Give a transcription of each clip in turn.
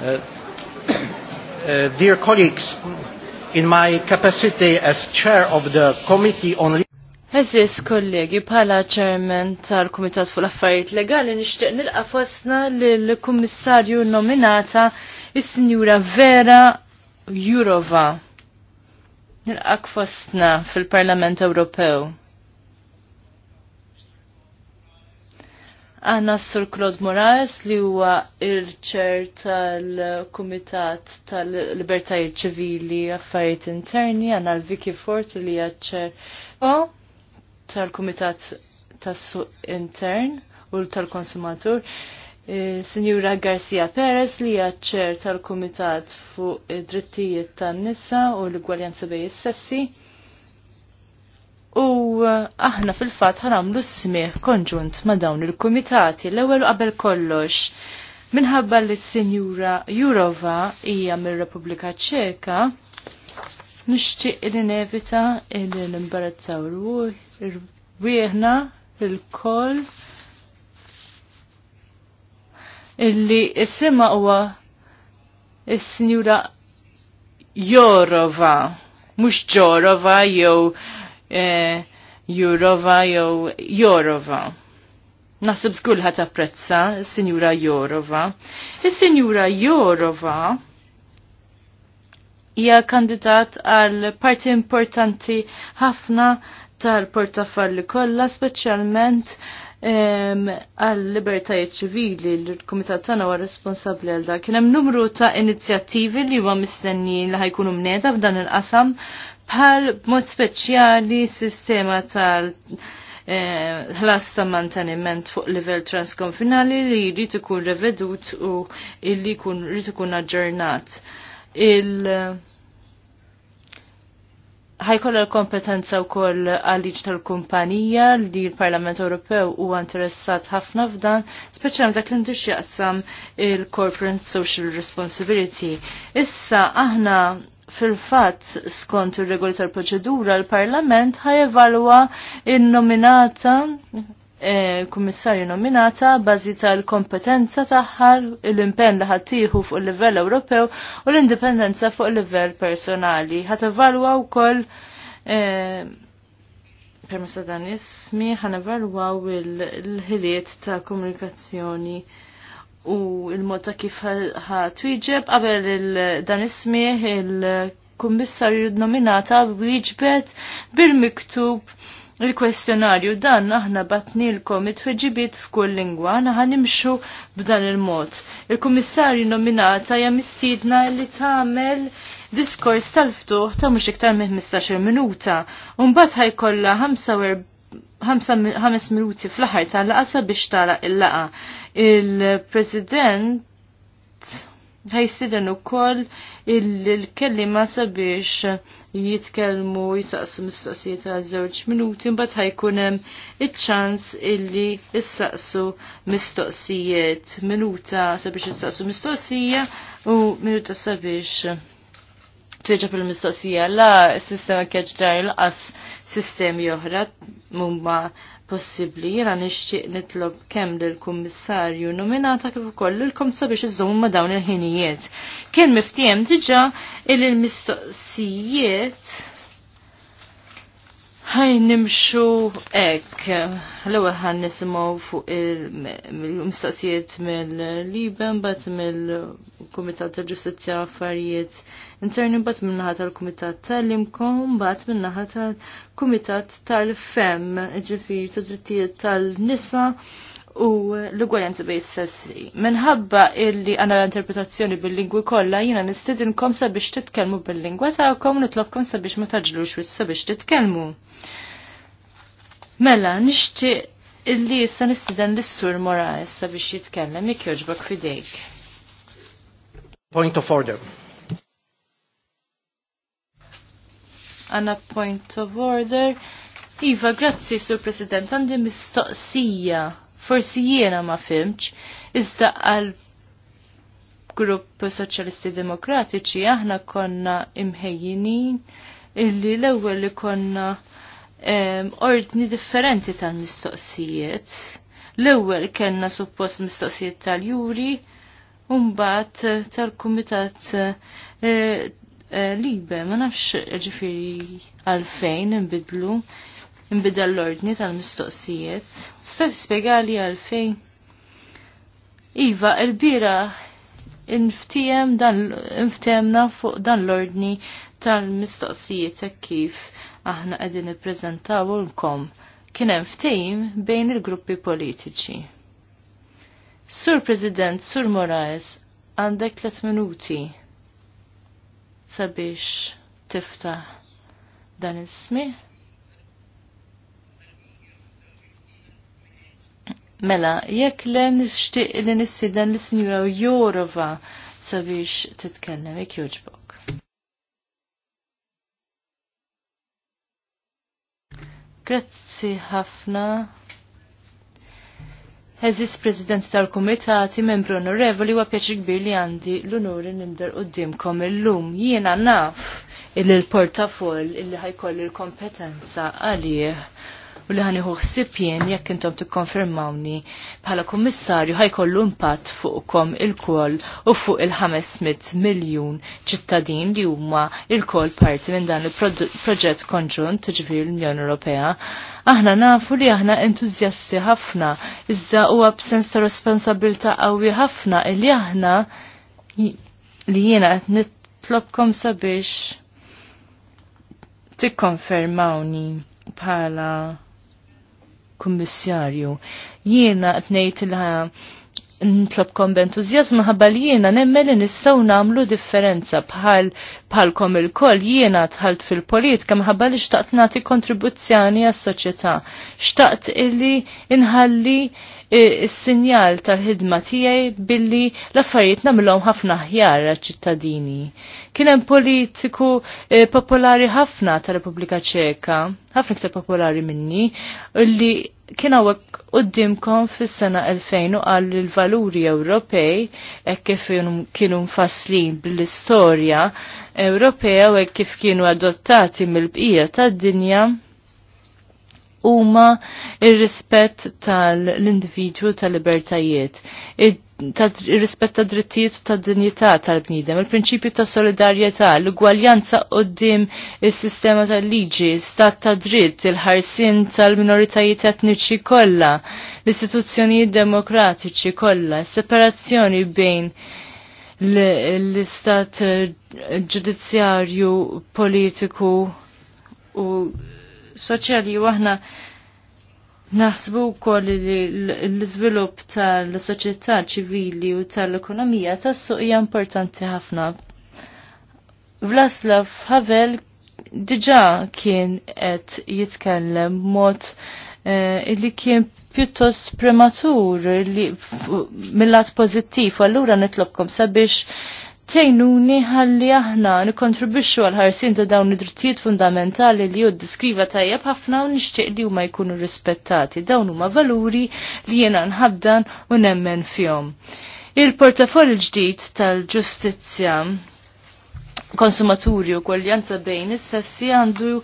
Uh, uh, dear colleagues, in my capacity as chair of the committee on Eżis kollegi, bħala ċermen tal-Kumitat fuq l-Affarijiet Legali nixtieq nilqa' fostna lill-Kummissarju nominata is-Sinjura Vera Jurova. Nilqak fostna fil-Parlament Ewropew. Għanna s-sur Claude Moraes li huwa il-ċer tal-Kumitat tal-Libertajiet ċivili Affarijiet Interni, għanna l viki Fort li hija ċer tal-Kumitat tas-Suq Intern u tal-Konsumatur. E, Sinjura Garcia Perez li hija ċer tal-Kumitat fuq id-Drittijiet tan-Nisa u l-Igwaljanza bejn is-sessi. U eh, aħna fil-fat ħanamlu s smih konġunt ma dawn il-komitati l-ewel qabel kollox. Minħabba li s-senjura Jurova hija mir-Repubblika Ċeka, nixtieq li nevita li nimbarazzaw rwieħna il-koll illi s-sema huwa s-senjura Jorova, mhux Ġorova jew Eh, Jurova jew Jorova. Naħseb skull ħadd apprezza is-Sinjura Jorova. Is-Sinjura Jorova hija kandidat għal parti importanti ħafna tal-portafalli kollha, speċjalment għal libertajiet ċivili l-Kumitat tagħna huwa responsabbli għal dak. Kien hemm numru ta' inizjattivi li huwa mistennijin li ħajkunu mneda f'dan il-qasam bħal mod speċjali sistema tal- eh, ħlas ta' manteniment fuq livell transkonfinali li jrid ikun revedut u illi jkun jrid ikun aġġornat. Il ħajkollha l-kompetenza wkoll għalliġ tal-kumpanija li l-Parlament Ewropew huwa interessat ħafna f'dan, speċjalment dak li ntux jaqsam il-Corporate Social Responsibility. Issa aħna fil-fatt skont ir-regoli tal-proċedura l-Parlament ħajevalwa il nominata E, eh, kummissarju nominata bazi tal-kompetenza tagħha, l-impenn li ħaddieħu fuq il-livell Ewropew u l-indipendenza fuq il-livell personali. Ħat evalwa wkoll e, permessa dan ismi ħan evalwaw il-ħiliet ta' komunikazzjoni u il-mod ta' kif ħa twieġeb qabel dan ismih il-kummissarju nominata wieġbet bil-miktub il-kwestjonarju dan aħna batnilkom it-tweġibiet f'kull lingwa aħna nimxu b'dan il-mod. Il-kummissarju nominata hija mistiedna li tagħmel diskors tal-ftuħ ta' mhux iktar minn 15-il minuta. Mbagħad ħajkollha 45 ħames minuti fl-ħar tal-laqasa biex tara il-laqa. Il-President ħajsidan u koll il-kellima sabiex jitkellmu jisaqsu mistoqsijiet għal żewġ minuti mbagħad ħajkunem hemm iċ-ċans illi jissaqsu mistoqsijiet minuta sabiex jissaqsu mistoqsija u minuta sabiex tweġa pil-mistoqsija la s-sistema kieċdar l-qas sistem oħra mumma possibli jena nixtieq nitlob kemm lil kummissarju nominata kif ukoll lilkom sabiex iżżomm ma' dawn il-ħinijiet. Kien miftiem diġà il-mistoqsijiet ħaj nimxu ek, l-ewel ħan nisimaw fuq il-mistaqsijiet mill liban bat mill-Komitat tal-Ġustizja Affarijiet Interni, bat minnaħat tal-Komitat tal-Imkom, bat minnaħat tal-Komitat tal-Fem, ġifir tal-Drittijiet tal-Nisa. tal komitat tal fem ġifir tal drittijiet tal nisa u l-ugwaljanza bej sessi. Minħabba illi għanna l-interpretazzjoni bil-lingwi kollha jiena nistidinkom sabiex titkellmu bil-lingwa kom nitlobkom sabiex ma taġlux wis sabiex titkellmu. Mela, nixtieq illi issa nistiden lis-sur Moraes sabiex jitkellem jekk jogħġbok fidejk. Point of order. Għanna point of order. Iva, grazzi, Sur President, għandi mistoqsija forsi jiena ma fimx, iżda għal grupp Soċjalisti Demokratiċi aħna konna imħejjinin illi l-ewwel li konna um, ordni differenti tal-mistoqsijiet. L-ewwel kellna suppost mistoqsijiet tal-juri, Umbat tal-Kumitat eh, eh, Libe, ma nafx ġifiri għalfejn nbidlu imbidel l-ordni tal-mistoqsijiet. Stat spiegali għalfejn. Iva, il-bira inftiem dan fuq dan l-ordni tal-mistoqsijiet kif aħna qegħdin nippreżentaw lkom kien hemm ftejim bejn il-gruppi politiċi. Sur President, Sur Moraes, għandek tliet minuti sabiex tiftaħ dan is-smih. Mela, jekk le nixtieq li nissidan l-Sinjura Jorova sabiex titkellem jekk joġbok. Grazzi ħafna. Eżis President tal-Kumitati, membru onorevoli, huwa pjaċi kbir li għandi l unuri nimder qudiemkom illum. Jiena naf il-portafol illi ħajkoll il-kompetenza għalih u li ħaniħu huħsib jien jekk intom tikkonfermawni bħala kummissarju ħajkollu impatt fuqkom il kol u fuq il-500 miljun ċittadin li huma il kol parti minn dan il-proġett konġunt ġifieri l-Unjoni Ewropea. Aħna nafu li aħna entużjasti ħafna, iżda huwa b'sens ta' responsabilta' qawwi ħafna li aħna li jiena qed nitlobkom sabiex tikkonfermawni bħala kummissarju. Jiena tnejt il nitlobkom b'entużjażmu ħabba li jiena nemmen li nistgħu nagħmlu differenza bħal bħalkom il-koll jiena tħalt fil-politika minħabba li xtaqt nagħti kontribuzzjoni għas-soċjetà. Xtaqt illi inħalli is-sinjal tal-ħidma tiegħi billi l-affarijiet ħafna ħjar ċittadini. Kien hemm politiku eh, popolari ħafna tar-Repubblika Ċeka, ħafna iktar popolari minni, li kien hawnhekk uddimkom fis-sena 2000 qal il-valuri Ewropej ek kif kienu mfasslin bl-istorja Ewropea u kif kienu adottati mill-bqija tad-dinja huma ir-rispett tal-individwu tal-libertajiet, ir-rispett tad drittijiet u tad dinjità tal-bniedem, il-prinċipju ta' solidarjetà, l-ugwaljanza qoddim is-sistema tal-liġi, stat ta' dritt, il-ħarsin tal-minoritajiet etniċi kollha, l-istituzzjonijiet demokratiċi kollha, separazzjoni bejn l-istat ġudizzjarju politiku u soċjali u aħna naħsbu wkoll li l-iżvilupp tal-soċjetà ċivili u tal-ekonomija tas-suq hija importanti ħafna. Vlaslav Havel diġà kien qed jitkellem mod eh, li kien pjuttost prematur li mill-lat pozittiv, allura nitlobkom sabiex tejnuni ħalli aħna nikontribixxu għal ħarsin ta' dawn id-drittijiet fundamentali li jod diskriva tajjeb ħafna u nixtieq li huma jkunu rispettati. Dawn huma valuri li jiena nħaddan u nemmen fihom. Il-portafoll ġdid tal-ġustizzja konsumaturi u kwaljanza bejn is-sessi għandu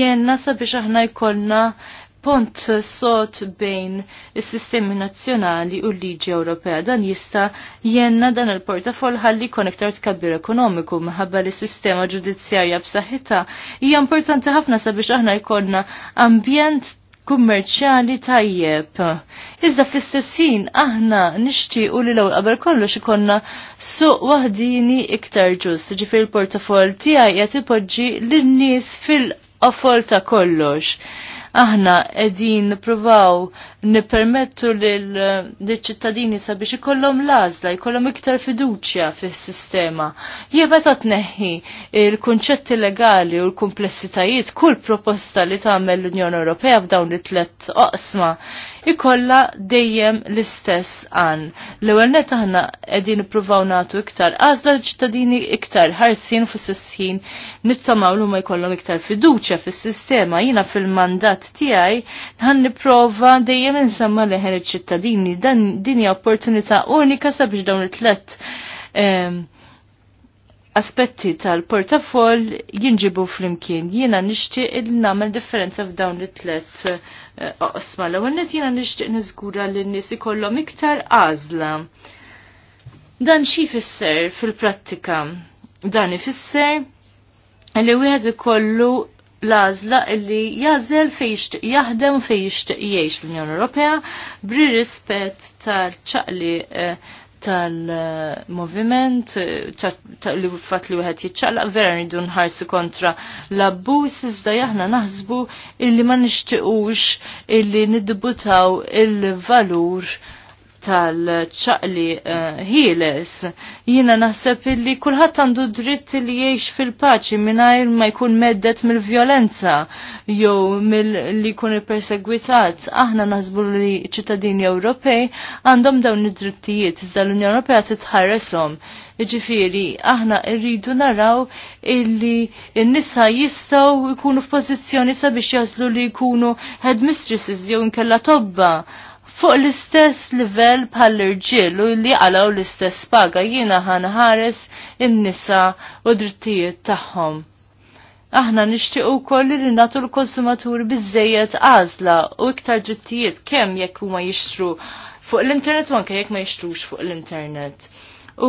jenna sabiex aħna jkollna pont sot bejn is-sistemi nazzjonali u l-liġi Ewropea. Dan jista' jenna dan il-portafol ħalli iktar tkabbir ekonomiku minħabba li sistema ġudizzjarja b'saħħitha hija importanti ħafna sabiex aħna jkollna ambjent kummerċjali tajjeb. Iżda fl-istessin aħna nixtiequ li l-ewwel qabel kollox ikollna suq waħdini iktar ġust, ġifier il-portafol tiegħi qed ipoġġi lin-nies fil-qofol ta' kollox aħna qegħdin nippruvaw nipermettu l-ċittadini sabiex ikollhom lażla, jkollhom iktar fiduċja fis-sistema. Jeva meta tneħħi il-kunċetti legali u l-kumplessitajiet kull proposta li tagħmel l-Unjoni Ewropea f'dawn it tlet oqsma ikolla dejjem l-istess għan. L-ewwel net aħna qegħdin nippruvaw nagħtu iktar għażla l-ċittadini iktar ħarsin fis-sisħin nittamaw l ma jkollhom iktar fiduċja fis-sistema. Jiena fil-mandat tiegħi ħan nipprova dejjem dejjem insemma leħen iċ-ċittadini dan din hija opportunità unika sabiex dawn it-tlet ehm, aspetti tal-portafol jinġibu fl-imkien. Jiena nixtieq il nagħmel differenza f'dawn it-tlet eh, oqsma. L-ewwel jina jiena nixtieq niżgura li n-nies ikollhom iktar għażla. Dan xi fisser fil-prattika? Dan ifisser li wieħed ikollu l-għażla illi jażel fejn jahdem fejxt fejn jixtieq jgħix fl-Unjoni Ewropea bri rispett tal-ċaqli eh, tal-moviment, eh, li fatt li wieħed jiċċaqlaq vera rridu nħarsu kontra l-abbuż iżda jaħna naħsbu illi ma nixtiequx illi niddibutaw il-valur il valur tal-ċaqli eh, ħieles. Jina naħseb illi kulħadd għandu dritt li jgħix fil-paċi mingħajr ma jkun meddet mill-vjolenza jew mill-li jkun il-persegwitat. Aħna naħsbu li ċittadini Ewropej għandhom dawn id-drittijiet iżda l-Unjoni Ewropea titħarreshom. Iġifiri, aħna rridu naraw illi n-nisa jistaw jkunu f'pożizzjoni sabiex jazlu li jkunu headmistresses jew nkella tobba fuq l-istess livell bħal l-irġiel u li għalaw l-istess paga jiena ħanħares in-nisa u drittijiet tagħhom. Aħna nixtieq ukoll li nagħtu l-konsumatur biżejjed għażla u iktar drittijiet kemm jekk huma jixtru fuq l-internet u anke jekk ma jixtrux fuq l-internet.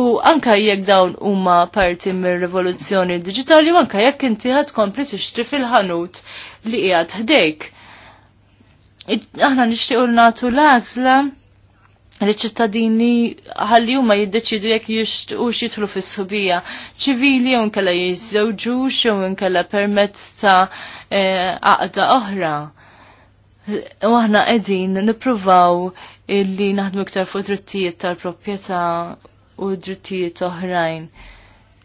U anka jekk dawn huma parti mir rivoluzzjoni digitali u anka jekk inti ħad kompli tixtri fil-ħanut li qiegħed ħdejk aħna nixtiequ nagħtu l-għażla l-ċittadini ħalli huma jiddeċidu jekk jixtqux jidħlu fis-subija ċivili jew inkella jiżżewġux jew inkella permezz ta' e, għaqda oħra. U aħna qegħdin nippruvaw illi naħdmu iktar fuq drittijiet tal-proprjetà u drittijiet oħrajn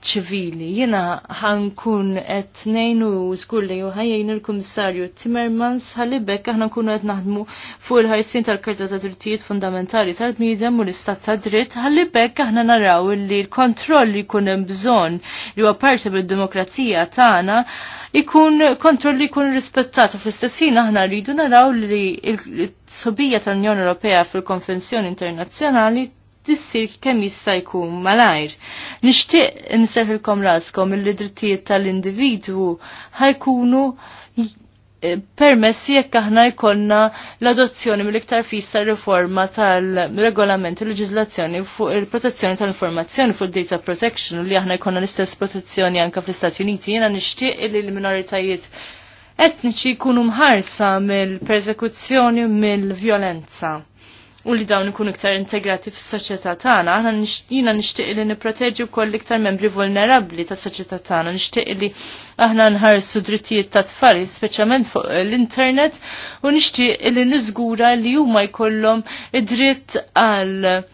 ċivili. Jena ħankun et nejnu zgulli u ħajjajn il-Komissarju Timmermans ħalibek aħna nkunu et naħdmu fuq il ħajsin tal-Karta ta' Drittijiet Fundamentali tal-Bniedem u l-Istat ta' Dritt ħalibek aħna naraw li l-kontroll li jkun hemm bżonn li huwa parti mid-demokrazija tagħna ikun kontroll li jkun rispettatu fl istessin aħna rridu naraw li l-sobija tal-Unjoni Ewropea fil-Konvenzjoni Internazzjonali tissir kemm jista' jkun malajr. Nixtieq inserħilkom raskom il-drittijiet tal-individwu ħajkunu eh, permessi jekk aħna jkollna l-adozzjoni mill-iktar fissa riforma tal-regolament il leġiżlazzjoni fuq il-protezzjoni tal-informazzjoni fuq data protection u li aħna jkollna l-istess protezzjoni anke fl-Istati Uniti jiena nixtieq li l-minoritajiet etniċi jkunu mħarsa mill-persekuzzjoni mill-vjolenza u li dawn ikun iktar integrati fis-soċjetà tagħna, aħna jiena nixtieq li nipproteġi wkoll iktar membri vulnerabbli tas-soċjetà tagħna, nixtieq li aħna nħarsu drittijiet ta' tfal, speċjalment fuq l-internet, u nixtieq li niżgura li huma jkollhom id-dritt għal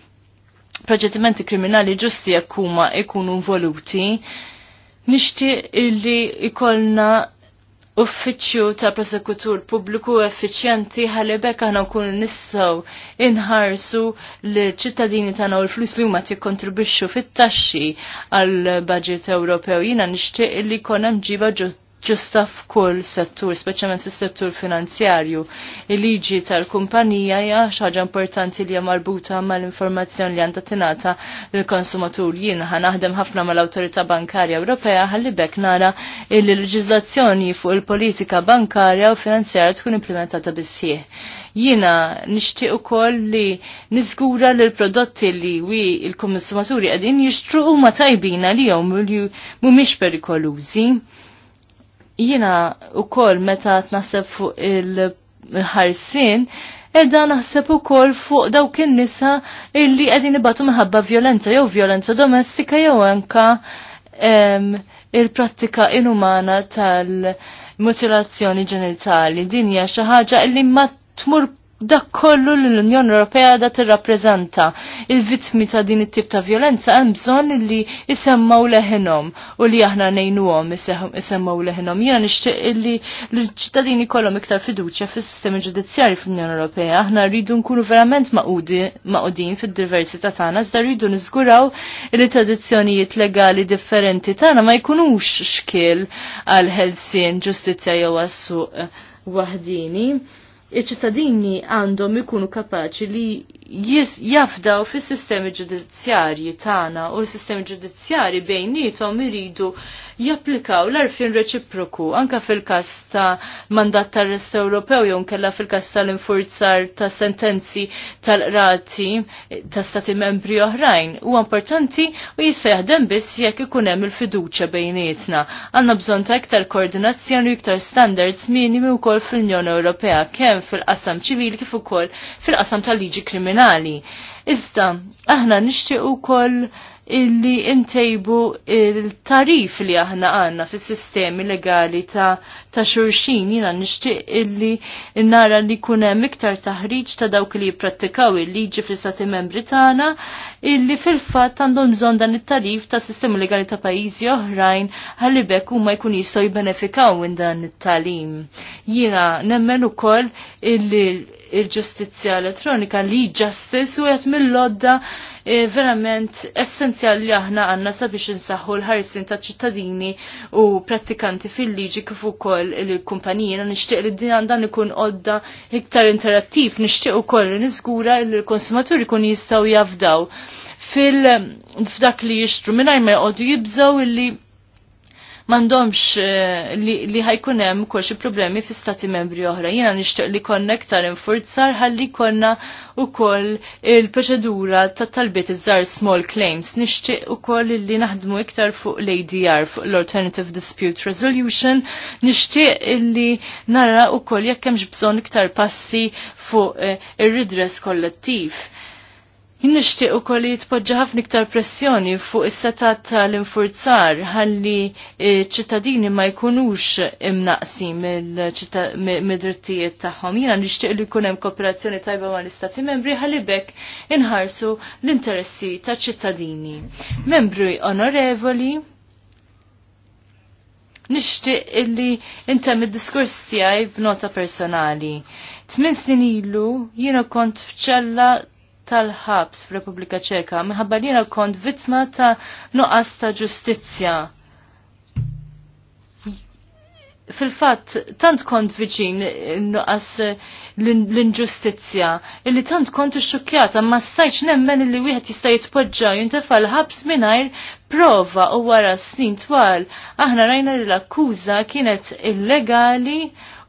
proġettimenti kriminali ġusti jekk huma jkunu involuti. Nixtieq li ikollna uffiċċju ta' prosekutur pubbliku effiċjenti ħalibek aħna nkunu nissaw inħarsu li ċittadini tagħna u l-flus li huma tikkontribwixxu fit-taxxi għall baġit Ewropew. Jiena nixtieq li jkun hemm ġiba ġusta f'kull settur, speċjalment fis-settur finanzjarju. Il-liġi tal-kumpanija hija ħaġa importanti li hija marbuta mal-informazzjoni li għandha tingħata lill-konsumatur. Jien ħa naħdem ħafna mal-Awtorità Bankarja Ewropea ħalli bekk nara il leġiżlazzjoni fuq il-politika bankarja u finanzjarja tkun implementata bissieħ. Jiena nixtieq ukoll li niżgura l prodotti li wi il-konsumaturi qegħdin jixtruqu ma tajbina li jom li mhumiex perikolużi. Jiena u kol meta t-naħseb fuq il-ħarsin, edha naħseb u kol fuq dawk in nisa illi għedin ibatu meħabba violenza, jew violenza domestika, jew anka il-prattika inumana tal-mutilazzjoni ġenitali. Din hija xi ħaġa illi ma tmur dak kollu li l-Unjoni Ewropea da tirrappreżenta. Il-vittmi ta' din it-tip ta' violenza hemm bżonn li isemmaw leħinhom u li aħna ngħinuhom isemmaw leħinhom. Jiena nixtieq li l-ċittadini kollhom iktar fiduċja fis-sistemi ġudizzjarji fl-Unjoni Ewropea. Aħna rridu nkunu verament maqudin fid-diversità tagħna iżda rridu niżguraw li tradizzjonijiet legali differenti tagħna ma jkunux xkiel għal ħelsien ġustizzja jew għas-suq waħdini iċ-ċittadini għandhom ikunu kapaċi li jafdaw fis sistemi ġudizzjarji tagħna u sistemi ġudizzjarji bejnietom iridu japplikaw l-arfin reċiproku anka fil-każ ta' mandat tar-rest Ewropew jew nkella fil-każ tal-infurzar ta' sentenzi tal rati ta' stati membri oħrajn. U importanti u jista' jaħdem biss jekk ikun hemm il-fiduċja bejnietna. Għandna bżonn ta' iktar koordinazzjoni u iktar standards minimi wkoll fil-Unjoni Ewropea kemm fil-qasam ċivili kif ukoll fil-qasam tal-liġi kriminali kriminali. Iżda, aħna nixtieq ukoll illi intejbu il-tarif li aħna għanna fis sistemi legali ta', ta xurxin jina nishtiq illi nara li kunem iktar taħriġ ta' dawk li jiprattikaw il-liġi fl istati membri tagħna illi fil-fatt għandhom bżonn dan it-tarif ta' sistemi legali ta' pajjiżi oħrajn ħalli bekk huma jkun jistgħu jibbenefikaw minn dan it-talim. Jiena nemmen ukoll illi il-ġustizzja elettronika li justice u jgħat mill-lodda eh, verament essenzjali li aħna għanna sabiex insaħħu l-ħarsin ta' ċittadini u prattikanti fil-liġi kif ukoll il-kumpanija nixtieq li din għandan ikun għodda iktar interattiv, nixtieq ukoll li niżgura li l-konsumaturi kun jistgħu jafdaw fil-fdak li jixtru mingħajr ma jqogħdu jibżgħu illi m'għandhomx eh, li ħajkun hemm kol xi problemi fi stati membri oħra. Jiena nixtieq li konna iktar infurzar ħalli konna ukoll il-proċedura ta' talbiet iż-żar small claims. Nixtieq ukoll li naħdmu iktar fuq l-ADR fuq l-Alternative Dispute Resolution. Nixtieq li nara ukoll jekk hemmx bżonn iktar passi fuq eh, ir-redress kollettiv Jinnishtiq u koll jitpoġġa ħafna iktar pressjoni fuq is-setat tal-infurzar ħalli eh, ċittadini ma jkunux imnaqsi mid-drittijiet tagħhom. Jiena nixtieq li jkun hemm kooperazzjoni tajba mal-Istati membri ħalli bekk inħarsu l-interessi taċ-ċittadini. Membri onorevoli, nixtieq illi intemm id-diskors tiegħi b'nota personali. Tmin snin ilu jiena kont f'ċella tal-ħabs f'Repubblika Ċeka minħabba li kont vittma ta' nuqqas ta' ġustizzja. Fil-fatt, tant kont viċin nuqqas l-inġustizzja, illi tant kont xokjata ma stajċ nemmen illi wieħed jista' jitpoġġa jintefa' l-ħabs mingħajr prova u wara snin twal aħna rajna li l-akkuża kienet illegali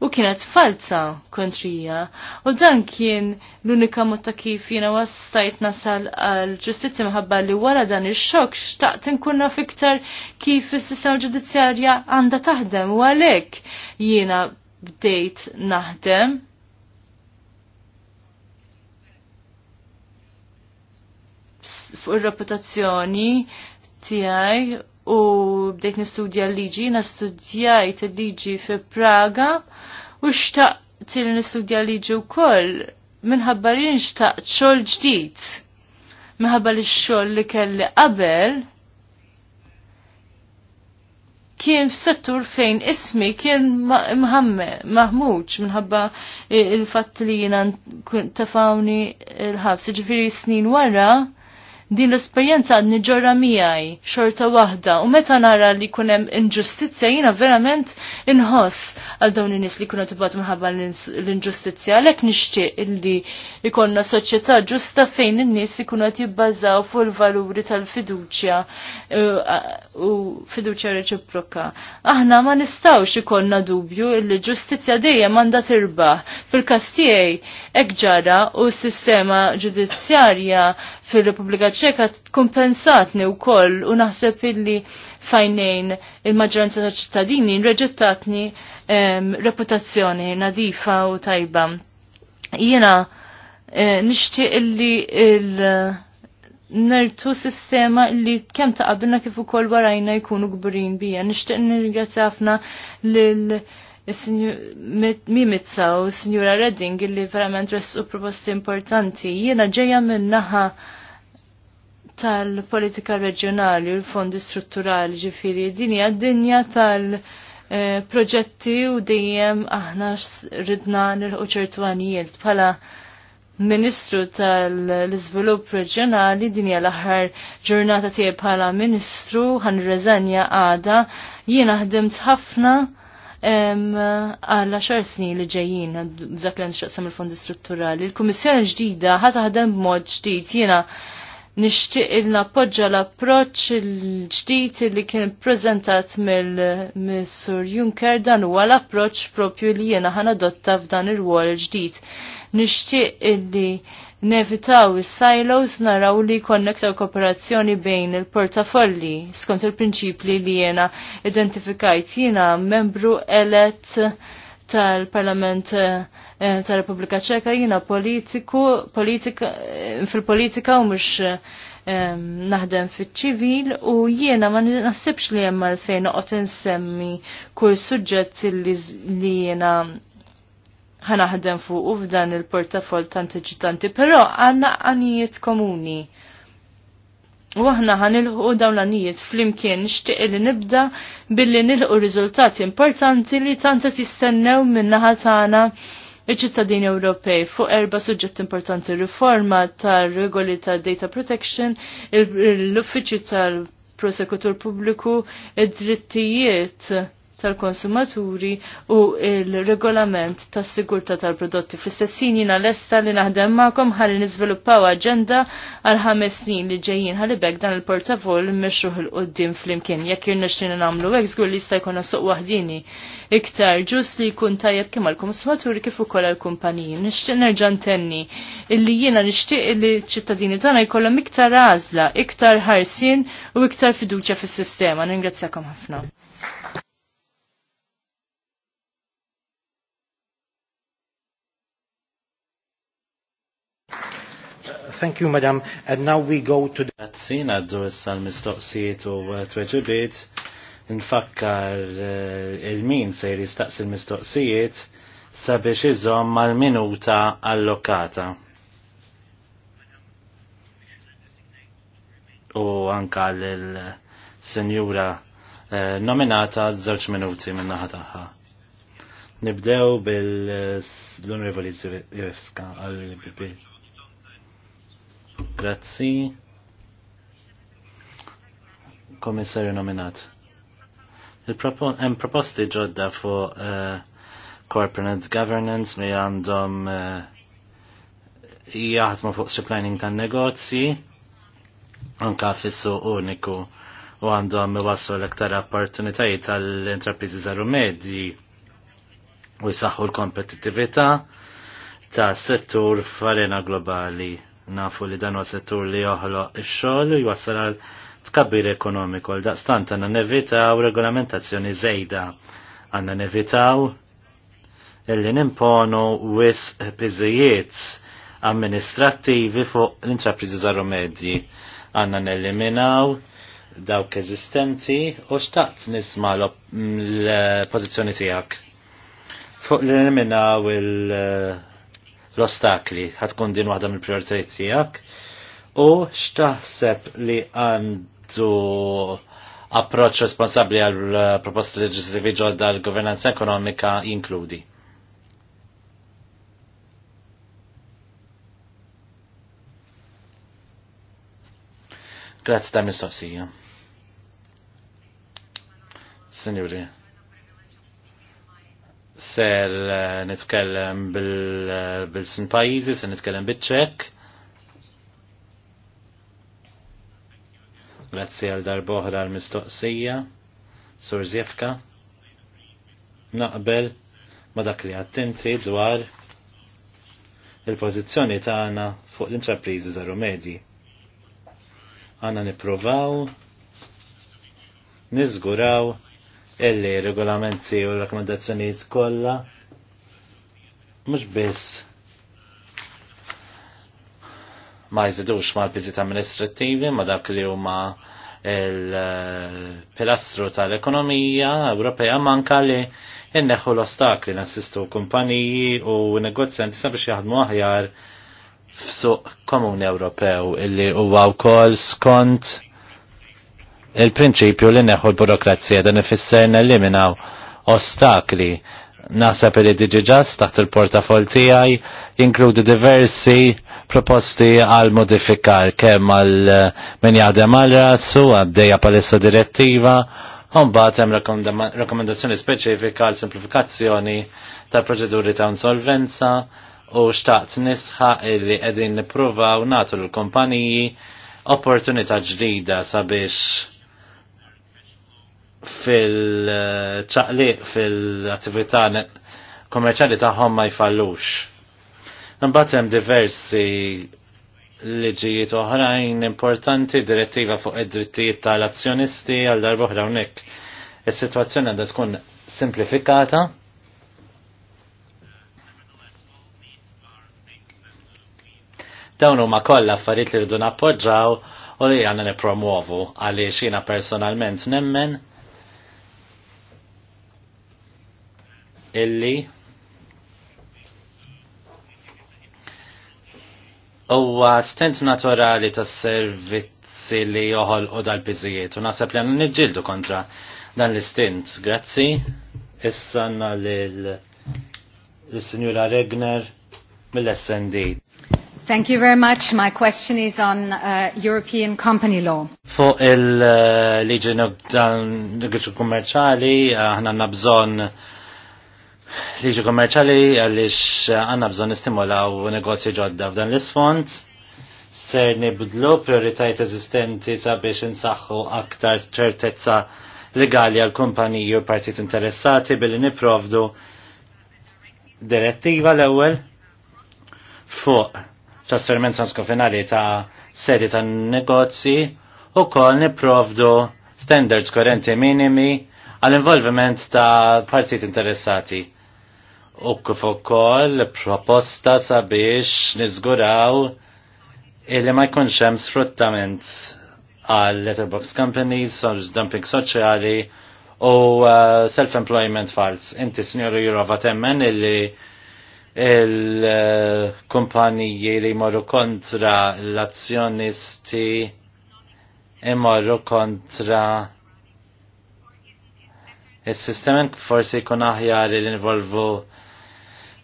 u kienet falsa kontrija. U dan kien l-unika motta kif jina wassajt nasal għal ġustizzja minħabba li wara dan ix-xokk xtaqt nkunna fiktar kif is-sistema ġudizzjarja għandha taħdem u għalhekk jiena bdejt naħdem. fuq ir reputazzjoni tiegħi bdejt nistudja l-liġi, nastudjajt l-liġi fi Praga u xtaqt li nistudja l-liġi u koll minħabba li nxtaqt xol ġdijt. Minħabba li xol li kelli qabel kien f-settur fejn ismi kien maħmuċ minħabba il-fat li jina tafawni il-ħabs. Ġifiri snin wara, din l-esperjenza għadni ġorra miħaj, xorta waħda u meta nara li jkun hemm inġustizzja jiena verament inħoss għal dawn in-nies li kuna tibgħat minħabba l-inġustizzja għalhekk nixtieq illi ikonna soċjetà ġusta fejn in-nies ikunu qed jibbażaw fuq il-valuri tal-fiduċja u fiduċja reċiproka. Aħna ma nistgħux ikollna dubju illi ġustizzja dejjem għandha tirbaħ. fil kastijaj tiegħi hekk ġara u s-sistema ġudizzjarja fil-Repubblika Ċeka kompensatni u koll u naħseb illi fajnejn il-maġġoranza ta' ċittadini reġettatni reputazzjoni nadifa u tajba. Jena eh, nishtiq illi il- nertu sistema li kem ta' qabilna kif ukoll warajna jkunu gburin bija. Nixtieq nirringrazzja ħafna lil Mimitza u Sinjura Redding li verament ressu proposti importanti. Jiena ġejja minn naħa tal-politika reġjonali u l-fondi strutturali ġifiri dinja dinja tal- proġetti u dejjem aħna ridna nilħu ċertu għanijiet bħala Ministru tal-Izvilupp Reġjonali din hija l-aħħar ġurnata tiegħi bħala Ministru ħan reżenja għada jiena ħdimt ħafna għal xar snin li ġejjin b'dak li nxaqsam il-fondi strutturali. Il-Kummissjoni ġdida ħa b'mod ġdid jiena nixtieq il nappoġġa l-approċċ il-ġdid li kien prezentat mill-Sur Juncker dan huwa l-approċċ propju li jiena ħanadotta f'dan ir-wol ġdid. Nixtieq illi nevitaw is-silos naraw li konnektaw kooperazzjoni bejn il-portafolli skont il-prinċipli li jena identifikajt jena membru elett tal-Parlament eh, eh, tal-Repubblika Ċeka jina politiku, politika, eh, fil-politika u mux naħdem fil ċivil u jiena ma nasibx li jemma l-fejn uqot nsemmi kull suġġett li jiena ħanaħdem fuq u f'dan il-portafol tanti ġitanti, pero għanna għanijiet komuni U aħna ħanilħu dawn l-anijiet flimkien nixtieq li nibda billi nilħu riżultati importanti li tant qed jistennew min-naħa tagħna iċ-ċittadini Ewropej fuq erba' suġġett importanti riforma tar-regoli tad-data protection, l-uffiċċju tal-prosekutur pubbliku, id-drittijiet tal-konsumaturi u il-regolament tas sigurta tal-prodotti. Fl-istessin jina l-esta li naħdem ma'kom ħalli nizviluppaw agenda għal ħames snin li ġejjin ħalli bekk dan il-portavol mexruħ il-qoddim fl-imkien. Jek jirnexxin namlu għek zgur li jista' jkun suq wahdini. iktar ġus li jkun tajjeb kemm għall-konsumaturi kif ukoll l kumpaniji Nixtieq nerġa' ntenni illi jiena nixtieq li ċittadini tagħna jkollhom iktar għażla, iktar ħarsien u iktar fiduċja fis-sistema. Ningrazzjakom ħafna. Thank you, madam. And now we go to the... Għazzin għaddu issa l-mistoqsijiet u tweġibiet. Nfakkar eh, il-min se staqsi l-mistoqsijiet sabiex iżom mal-minuta allokata. U anka l-senjura eh, nominata żewġ minuti minn naħa tagħha. Nibdew bil-Onorevoli Zivivska għal bibi Grazzi. Komissarju nominat. Hemm proposti ġodda fuq uh, eh, corporate governance li għandhom uh, jaħdmu fuq supplying tan negozji anka fissu uniku u għandhom iwassu l iktar opportunitajiet tal-intrapriżi żaru medji u jsaħħu l-kompetittività ta' settur farina globali. Nafu li dan huwa settur li joħloq ix-xogħol u jwassal għal tkabbir ekonomiku l daqstant għandna nevitaw regolamentazzjoni żejda għandna nevitaw illi nimponu wis piżijiet amministrattivi fuq l-intrapriżi żaru medji għandna neliminaw dawk eżistenti u xtaqt nisma l-pożizzjoni tiegħek fuq l-eliminaw il- l-ostakli ħatkun din waħda mill-prioritajiet tiegħek u x'taħseb li għandu approċċ responsabbli għal proposti leġislativi ġodda l governanza ekonomika jinkludi. Grazzi ta' Sossi. Signori ser eh, nitkellem eh, bil-sin pajizi, ser nitkellem bil-ċek. Grazzi għal darboħra għal mistoqsija, Sur Zjefka. Naqbel ma dak li għattinti dwar il-pozizjoni tagħna fuq l-intrapriżi żaru medji. Għana nippruvaw niżguraw illi regolamenti u rakkomandazzjonijiet kollha mhux biss ma jżidux ma l-biżit amministrattivi ma dak li huma il-pilastru tal-ekonomija Ewropea manka li inneħu l-ostakli nassistu kumpaniji u negozjanti sabiex jaħdmu aħjar f'suq komuni Ewropew illi huwa wkoll skont il-prinċipju li neħu l-burokrazija dan ifisser neliminaw ostakli Nasab li diġiġas taħt il-portafol tiegħi jinkludi diversi proposti għal modifikar kemm għal eh, min jaħdem għal rasu għaddejja palissa direttiva Mbagħad hemm rakkomandazzjoni speċifika għal simplifikazzjoni tal-proċeduri ta' insolvenza u xtaqt nisħa illi qegħdin nippruvaw nagħtu l-kumpaniji opportunità ġdida sabiex fil-ċaqliq fil-attività kommerċali tagħhom ma jfallux. Nambatem hemm diversi liġijiet oħrajn importanti, direttiva fuq id-drittijiet tal-azzjonisti għal darba oħra hawnhekk. Is-sitwazzjoni għandha tkun simplifikata. Dawn huma kollha affarijiet li rridu nappoġġaw u li għandna nippromuovu għaliex jiena personalment nemmen illi huwa stent naturali tas servizzi li joħol u dal-biżijiet u nasab li niġġieldu kontra dan l-istint. Grazzi. Issa għandna Signora Regner mill-SND. Thank you very much. My question is on uh, European company law. Fuq il-liġi uh, kummerċali, aħna uh, nabżon liġi kommerċali għalix għanna bżon nistimulaw negozju ġodda f'dan l-isfond. Ser nibdlu prioritajiet eżistenti sabiex insaħħu aktar ċertezza legali għal kumpaniji u partit interessati billi niprovdu direttiva l-ewwel fuq trasferment transkofinali ta' sedi ta' negozji u kol niprovdu standards korenti minimi għal-involviment ta' partit interessati u kif ukoll proposta sabiex niżguraw illi ma jkunx hemm sfruttament għal letterbox companies, dumping soċjali u uh, self-employment falls. Inti signoru Jurova temmen illi il-kumpaniji li jmorru kontra l-azzjonisti imorru kontra il-sistema forsi jkun aħjar li involvu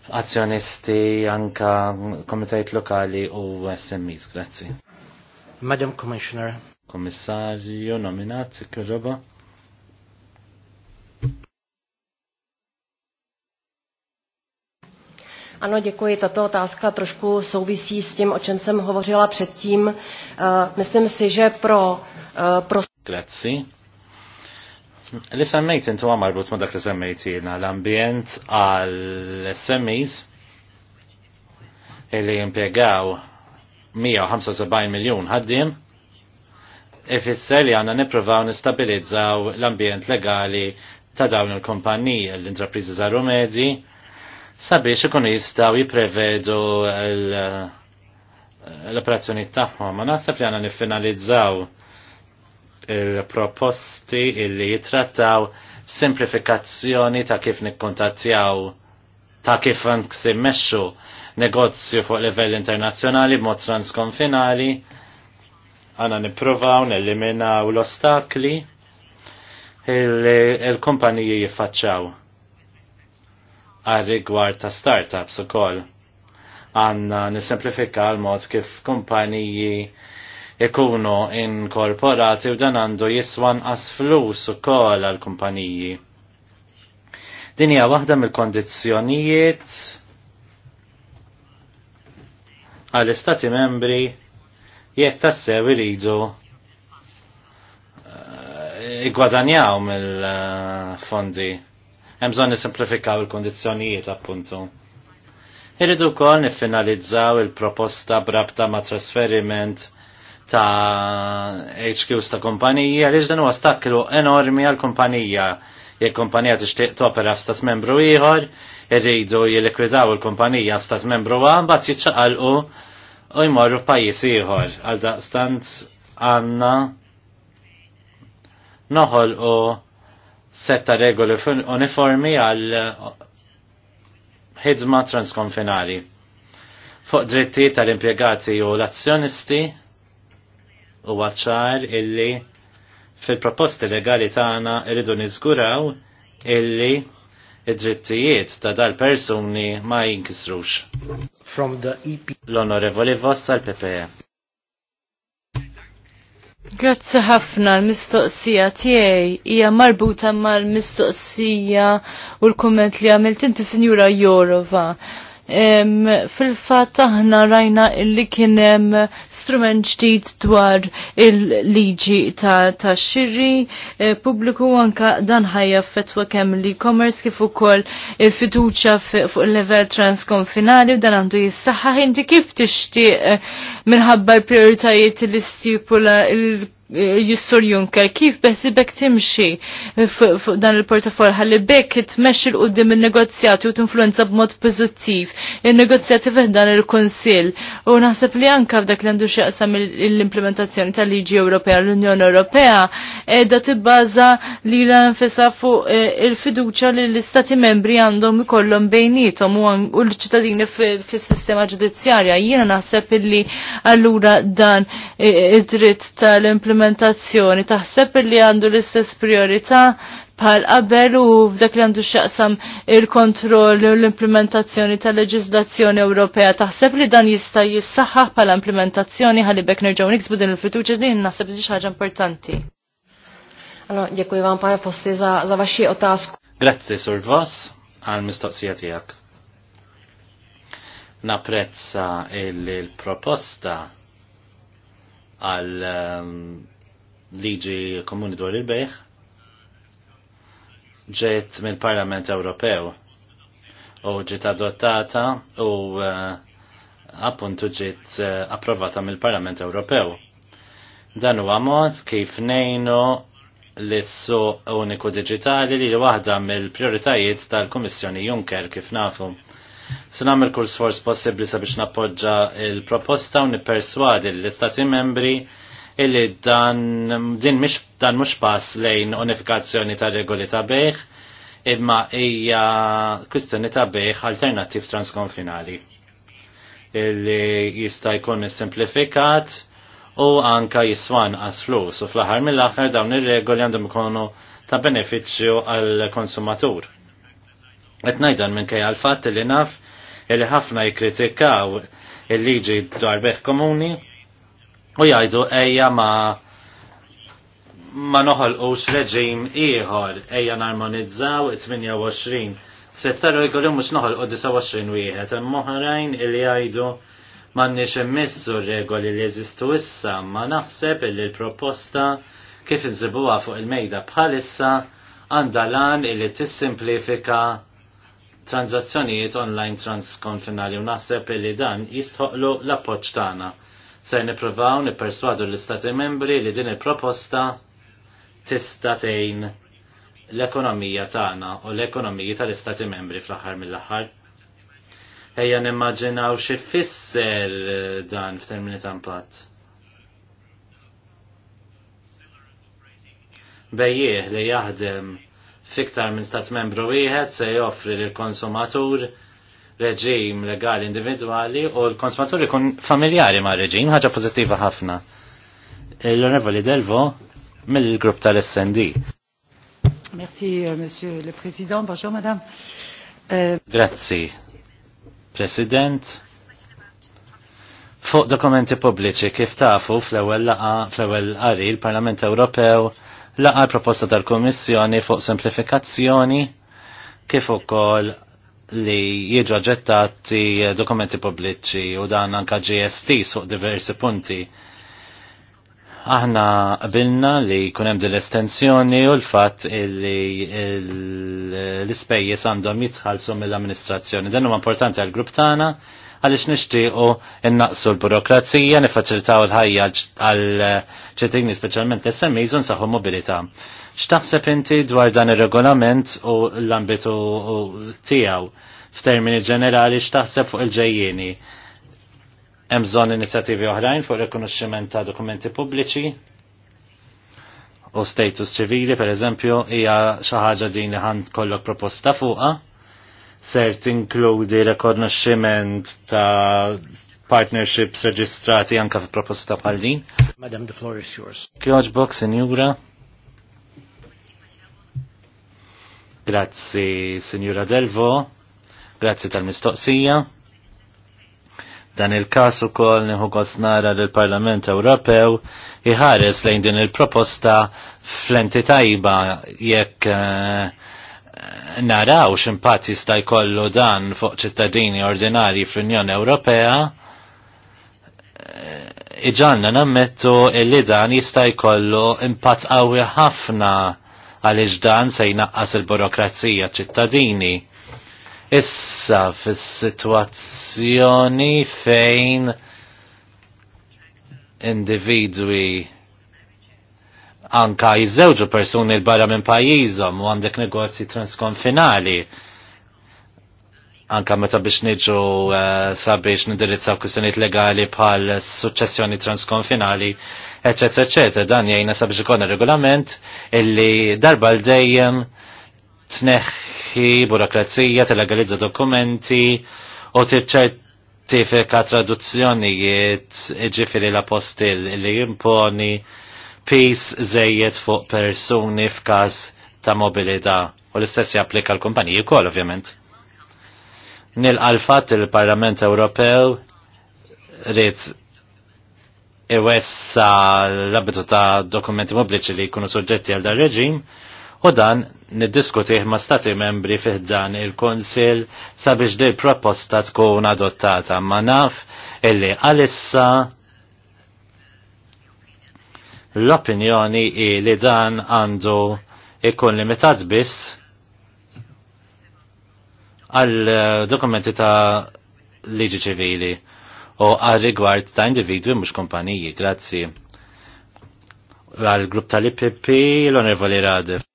azzjonisti anka komitajt lokali u SMEs. Grazzi. Madam Commissioner. Commissario nominat, kħirroba. Ano, děkuji. Tato otázka trošku souvisí s tím, o čem jsem hovořila předtím. Uh, myslím si, že pro... Uh, pro... Grazie. Li semmejt intu għamarbut ma dak li semmejt jina l-ambjent għal-SMEs li jimpiegaw 175 miljon ħaddim ifisser li għanna niprovaw nistabilizzaw l-ambjent legali ta' dawn il-kompaniji l-intrapriżi zaru medji sabiex ikun jistaw jiprevedu l-operazzjoni tagħhom. Ma naħseb li għanna niffinalizzaw proposti illi jitrattaw simplifikazzjoni ta' kif nikkontattjaw ta' kif nksimmexxu negozju fuq livell internazzjonali b'mod transkonfinali għana nipprovaw neliminaw l-ostakli il-kumpaniji il jiffaċċaw għal rigward ta' startups u koll. Għanna nisimplifika l-mod kif kumpaniji ikunu inkorporati u dan għandu jiswan as flus u kol għal-kumpaniji. Din hija waħda mill kondizjonijiet għall-istati membri jekk tassew iridu eh, igwadanjaw mill-fondi. Hemm bżonn nisimplifikaw il-kondizzjonijiet appuntu. Irridu wkoll niffinalizzaw il-proposta brabta ma' trasferiment ta' HQ ta' kompanija, li ġdenu huwa staklu enormi għal kompanija. Jek kompanija tixtieq topera f'stat membru ieħor, irridu jilikwidaw il-kumpanija stas membru għan, bat jiċċaqalqu u jmorru f'pajjiż ieħor. Għal daqstant għandna noħolqu setta regoli uniformi għal ħidma transkonfinali. Fuq drittijiet tal-impjegati u l-azzjonisti, u għacċar illi fil-proposti legali tagħna rridu niżguraw illi id-drittijiet ta' dal-persuni ma jinkisrux. From the EP. L-onorevoli Vossa l-PPE. Grazzi ħafna l-mistoqsija tiegħi hija marbuta mal-mistoqsija u l-kumment li għamilt inti Sinjura Jorova fil-fat aħna rajna illi kienem strument ġdid dwar il-liġi ta', ta xirri eh, publiku anka dan ħajja fetwa kemm li commerce kif ukoll il-fiduċa fuq il-level transkonfinali u dan għandu jissaħħaħ inti kif tixtieq eh, minħabba l-prioritajiet li stipula il Jissur Juncker, kif beħsibek timxi fuq dan il-portafol ħalli bekk tmexxi l qudiem il-negozjati u tinfluenza b'mod pożittiv il-negozjati fih dan il-Kunsill u naħseb li anka f'dak li għandu xieqsam l-implementazzjoni tal-liġi Ewropea l-Unjoni Ewropea qiegħda baza li nfisha fuq eh, il-fiduċja li l-Istati membri għandhom ikollhom bejnietom u l-ċittadini fis-sistema ġudizzjarja. Jiena naħseb illi allura dan eh, id-dritt tal-implementazzjoni l-implementazzjoni taħseb li għandu l-istess priorità bħal qabel u f'dak li għandu xaqsam il-kontroll u l-implementazzjoni tal leġislazzjoni Ewropea taħseb li dan jista' jissaħħaħ bħala implementazzjoni ħalibek nerġgħu niksbu din il-fiduċa din naħseb li ħaġa importanti. Allora, dziękuję wam panie possi za, za wasi otasku. Grazzi sur Voss għal mistoqsija tiegħek. Napprezza il-proposta il proposta għal ehm, liġi komuni dwar il-bejħ ġiet mill-Parlament Ewropew u ġiet adottata u eh, appuntu ġiet eh, approvata mill-Parlament Ewropew. Dan huwa mod kif nejnu l-issu uniku digitali li waħda mill-prioritajiet tal-Kummissjoni Juncker kif nafu. Se nagħmel kull sforz possibbli sabiex nappoġġa il-proposta u nipperswadi l-Istati membri illi dan din mish, dan mhux pass lejn unifikazzjoni ta' regoli ta' bejħ imma hija kwistjoni ta' bejħ alternattiv transkonfinali illi jista' jkun simplifikat u anka jiswan as flus u fl-aħħar mill-aħħar dawn ir-regoli għandhom ikunu ta' beneficju għal konsumatur. Qed minn minkejja għal fatt li naf illi ħafna jikritikaw il-liġi darbeħ komuni u jgħidu ejja ma ma noħolqux reġim ieħor ejja narmonizzaw 28 settaru mux mhux u 29 wieħed hemm oħrajn illi jgħidu m'għandniex immissu r-regoli li jeżistu issa ma naħseb illi l-proposta kif nżibuwa fuq il-mejda bħalissa għandha lan illi tissimplifika tranzazzjonijiet online transkonfinali u naħseb li dan jistħoqlu l-appoġġ tagħna. Se nippruvaw nipperswadu l-Istati membri li din il-proposta tista' tgħin l-ekonomija tagħna u l-ekonomiji tal-Istati membri fl-aħħar mill-aħħar. Ejja nimmaġinaw xi fisser eh, dan f'termini ta' impatt. Bejjieh li jaħdem fiktar minn stat membru wieħed se joffri lil konsumatur reġim legali individwali u l-konsumatur ikun familjari ma' reġim, ħaġa pożittiva ħafna. L-Onorevoli Delvo mill-grupp tal-SND. Merci, euh, Monsieur le Président. Bonjour, Madame. Euh, Grazzi, President. Fuq dokumenti pubbliċi kif tafu fl-ewwel laqa fl-ewwel qari l-Parlament Ewropew laqa proposta tal-Komissjoni fuq semplifikazzjoni kif ukoll li jiġu ġettati dokumenti pubbliċi u dan anka GST suq diversi punti. Aħna qabilna li kunem din estensjoni u l-fatt li l-ispejjeż għandhom jitħallsu mill-amministrazzjoni. Dan huwa importanti għall-grupp tagħna għaliex nixtiequ innaqsu l-burokrazija, nifacilitaw l-ħajja għal ċetigni speċjalment l-SMEs un saħu mobilità. X'taħseb inti dwar dan ir-regolament u l-ambitu tiegħu f'termini ġenerali x'taħseb fuq il ġejjini Hemm bżonn inizjattivi oħrajn fuq rikonoxximent ta' dokumenti pubbliċi, u status ċivili, per eżempju, hija xi ħaġa din li ħand kollok proposta fuqha ser tinkludi rekonoxximent ta' partnerships reġistrati anka fi proposta bħal din. Madam, the floor is yours. Kjoġ box senjura. Grazzi senjura Delvo. Grazzi tal-mistoqsija. Dan il-kas ukoll neħu nara l parlament Ewropew iħares lejn din il-proposta fl entitajba tajba jekk uh, naraw x'impatt jista' jkollu dan fuq ċittadini ordinari fl-Unjoni Ewropea, eh, iġanna nammettu illi dan jista' jkollu impatt qawwi ħafna għaliex dan se jnaqqas il-burokrazija ċittadini. Issa fis-sitwazzjoni fejn individwi anka jizzewġu persuni l-barra minn pajjiżhom u għandek negozji transkonfinali. Anka meta biex niġu eh, sabiex nindirizzaw kwistjonijiet legali bħal suċċessjoni transkonfinali, eċetera, eċetera, dan jajna sabiex ikon regolament illi darba l-dejjem tneħħi burokrazija, t-legalizza dokumenti u t-ċertifika traduzzjonijiet ġifiri la postil li jimponi pis żejjed fuq persuni f'każ ta' mobilità u l-istess japplika l-kumpaniji wkoll ovvjament. Nil l il-Parlament Ewropew rrid iwessa l-abitu ta' dokumenti pubbliċi li jkunu suġġetti għal dar reġim u dan niddiskutih ma' stati membri fih dan il-Konsil sabiex dil proposta tkun adottata ma' naf illi għalissa L-opinjoni li dan għandu ikun limitat biss għal eh, dokumenti ta' liġi ċivili u għal rigward ta' individwi mux kompaniji, grazzi. Għal grupp tal-IPP l-Onorevoli Radef.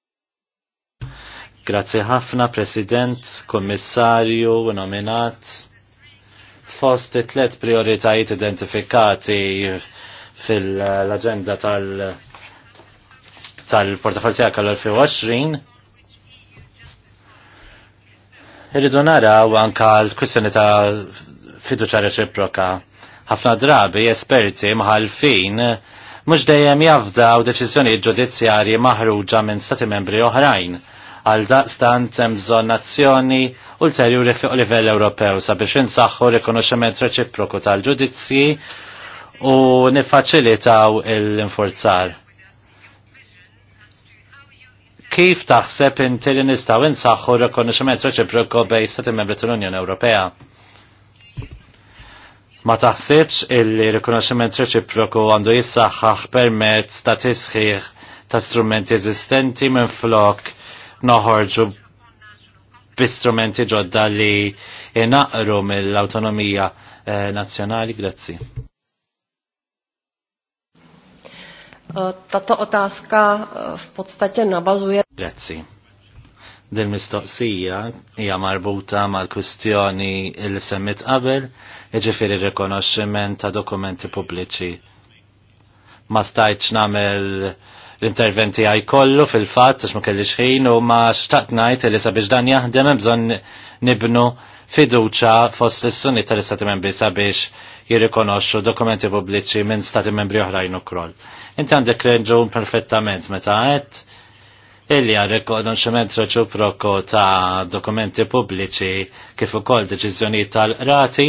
Grazzi ħafna, President, Kommissarju, nominat. Fost it-tlet prioritajiet identifikati fil-agenda tal- tal-portafol tiegħek għal-2020. Irridu naraw anka l kwissjoni ta' fiduċa reċiproka. Ħafna drabi esperti mħalfin mhux dejjem u deċiżjonijiet ġudizzjarji maħruġa minn stati membri oħrajn għal daqstant hemm bżonn azzjoni ulterjuri fuq livell Ewropew sabiex insaħħu rikonoxximent reċiproku tal-ġudizzji u nifaċilitaw l inforzar Kif taħseb inti li nistaw insaħħu rekonoxximent reċiproku bej stati membri tal-Unjoni Ewropea? Ma taħsibx il-rikonoxximent reċiproku għandu jissaħħaħ permezz ta' tisħiħ ta' strumenti eżistenti minn flok noħorġu b'istrumenti ġodda li inaqru mill-autonomija eh, nazzjonali. Grazzi. Tato otázka eh, v podstatě navazuje. Grazzi. Din mistoqsija hija marbuta mal-kwistjoni li semmit qabel, jiġifieri rikonoxximent ta' dokumenti pubbliċi. Ma stajtx nagħmel l-interventi għaj kollu fil-fatt għax ma kellix ħin u ma xtaqt ngħid li sabiex dan jaħdem hemm bżonn nibnu fiduċa fost l-istuni tal-istati membri sabiex jirrikonoxxu dokumenti pubbliċi minn stati membri oħrajn ukoll. Inti għandek reġun perfettament meta għedt illi għal rikonoxximent proko ta' dokumenti pubbliċi kif ukoll deċiżjonijiet tal rati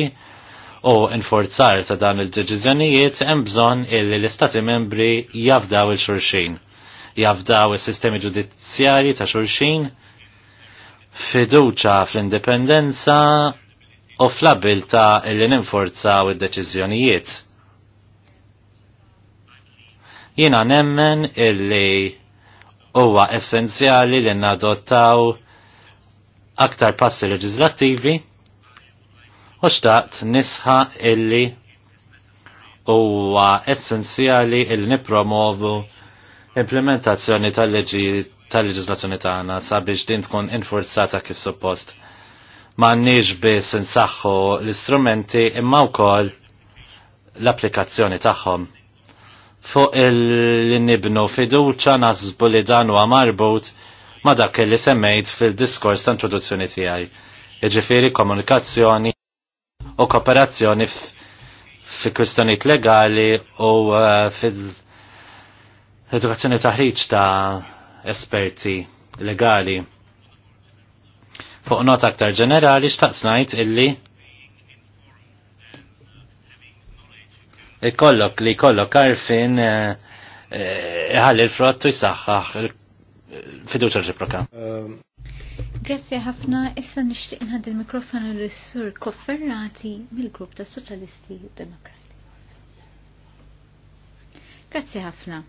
u inforzar ta' dan il-deċiżjonijiet hemm bżonn illi l-Istati membri jafdaw il-xurxin, jafdaw is-sistemi ġudizzjarji ta' xurxin, fiduċa fl-indipendenza u fl-abilta illi ninforzaw id-deċiżjonijiet. Jina nemmen illi huwa essenzjali li nadottaw aktar passi leġislattivi u xtaqt nisħa illi huwa essenzjali illi nipromovu implementazzjoni tal-leġi tal-leġislazzjoni tagħna sabiex din tkun infurzata kif suppost. M'għandniex biss insaħħu l-istrumenti imma wkoll l-applikazzjoni tagħhom fuq il-nibnu fiduċa nasbu li dan huwa marbut ma dak li semmejt fil-diskors ta' introduzzjoni tiegħi. Jiġifieri komunikazzjoni u kooperazzjoni fi kwistjonijiet legali u uh, fil-edukazzjoni taħriġ ta' esperti legali. Fuq not aktar ġenerali xtaqsnajt illi ikollok li kollok arfin eh, eh, ħalli l-frott u jisaxħax fiduċa ġiproka. Grazie ħafna, issa nishtiq nħad il-mikrofonu l-sur Kofferrati mill-grupp ta' Soċjalisti u Demokrati. Grazie ħafna.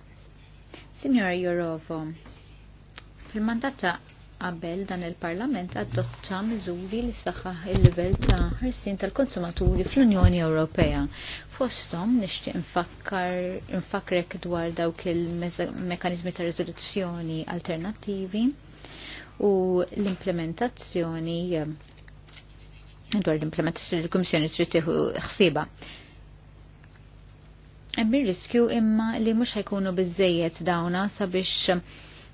Signora Jorovo, fil-mandata qabel dan il-Parlament adotta miżuri li saħħaħ il-livell ta' ħarsin tal-konsumaturi fl-Unjoni Ewropea. Fostom nixtieq infakrek dwar dawk il-mekanizmi ta' riżoluzzjoni alternattivi u l-implementazzjoni dwar l-implementazzjoni l-Kummissjoni trid tieħu ħsiba. Hemm riskju imma li mhux ħajkunu biżejjed dawna sabiex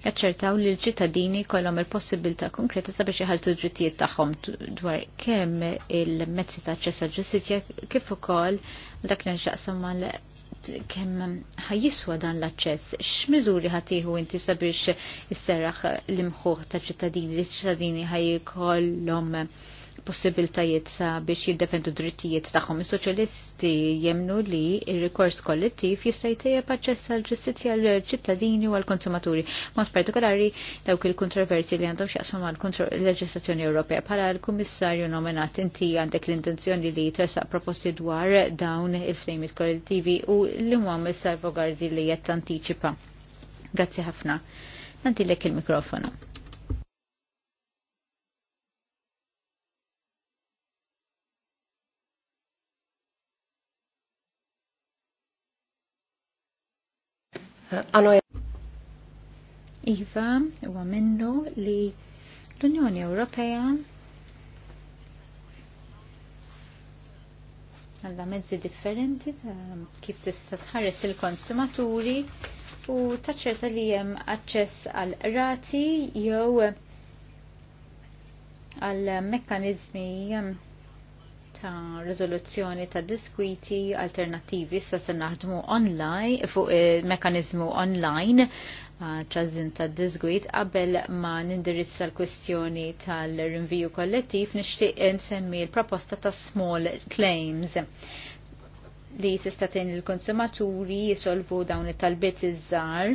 jaċċertaw li l-ċittadini kollhom il-possibilità konkreta sabiex jħaltu d-drittijiet tagħhom dwar kemm il-mezzi ta' ċess ġustizzja kif ukoll dak li nxaqsam mal kemm ħajjiswa dan l-aċċess, x'miżuri ħatiħu inti sabiex isserraħ l-imħuħ ta' ċittadini li ċittadini ħajkollhom possibiltajiet biex jiddefendu drittijiet tagħhom. Is-soċjalisti jemnu li r rikors kollettiv jista' jtejjeb aċċess għall ġustizzja għall ċittadini u għall konsumaturi. Mod partikolari dawk il-kontroversi li għandhom x'jaqsam l leġislazzjoni Ewropea. Bħala l-Kummissarju nominat inti għandek l-intenzjoni li tresaq proposti dwar dawn il-ftejmiet kollettivi u li huma salvogardi li qed tantiċipa. Grazzi ħafna. lek il-mikrofonu. Iva, huwa minnu li l-Unjoni Ewropea għandha mezzi differenti ta' kif tista' tħares il-konsumaturi u taċċerta li hemm aċċess għal rati jew għal mekkaniżmi um, ta' rezoluzzjoni ta' diskwiti alternativi sa' se naħdmu online fuq il-mekanizmu eh, online ċazzin eh, ta' diskwit qabel ma' nindirizza l-kwestjoni tal-rinviju kollettiv nixtieq nsemmi l-proposta ta' small claims li tista' tgħin il-konsumaturi jisolvu dawn it-talbiet iż-żgħar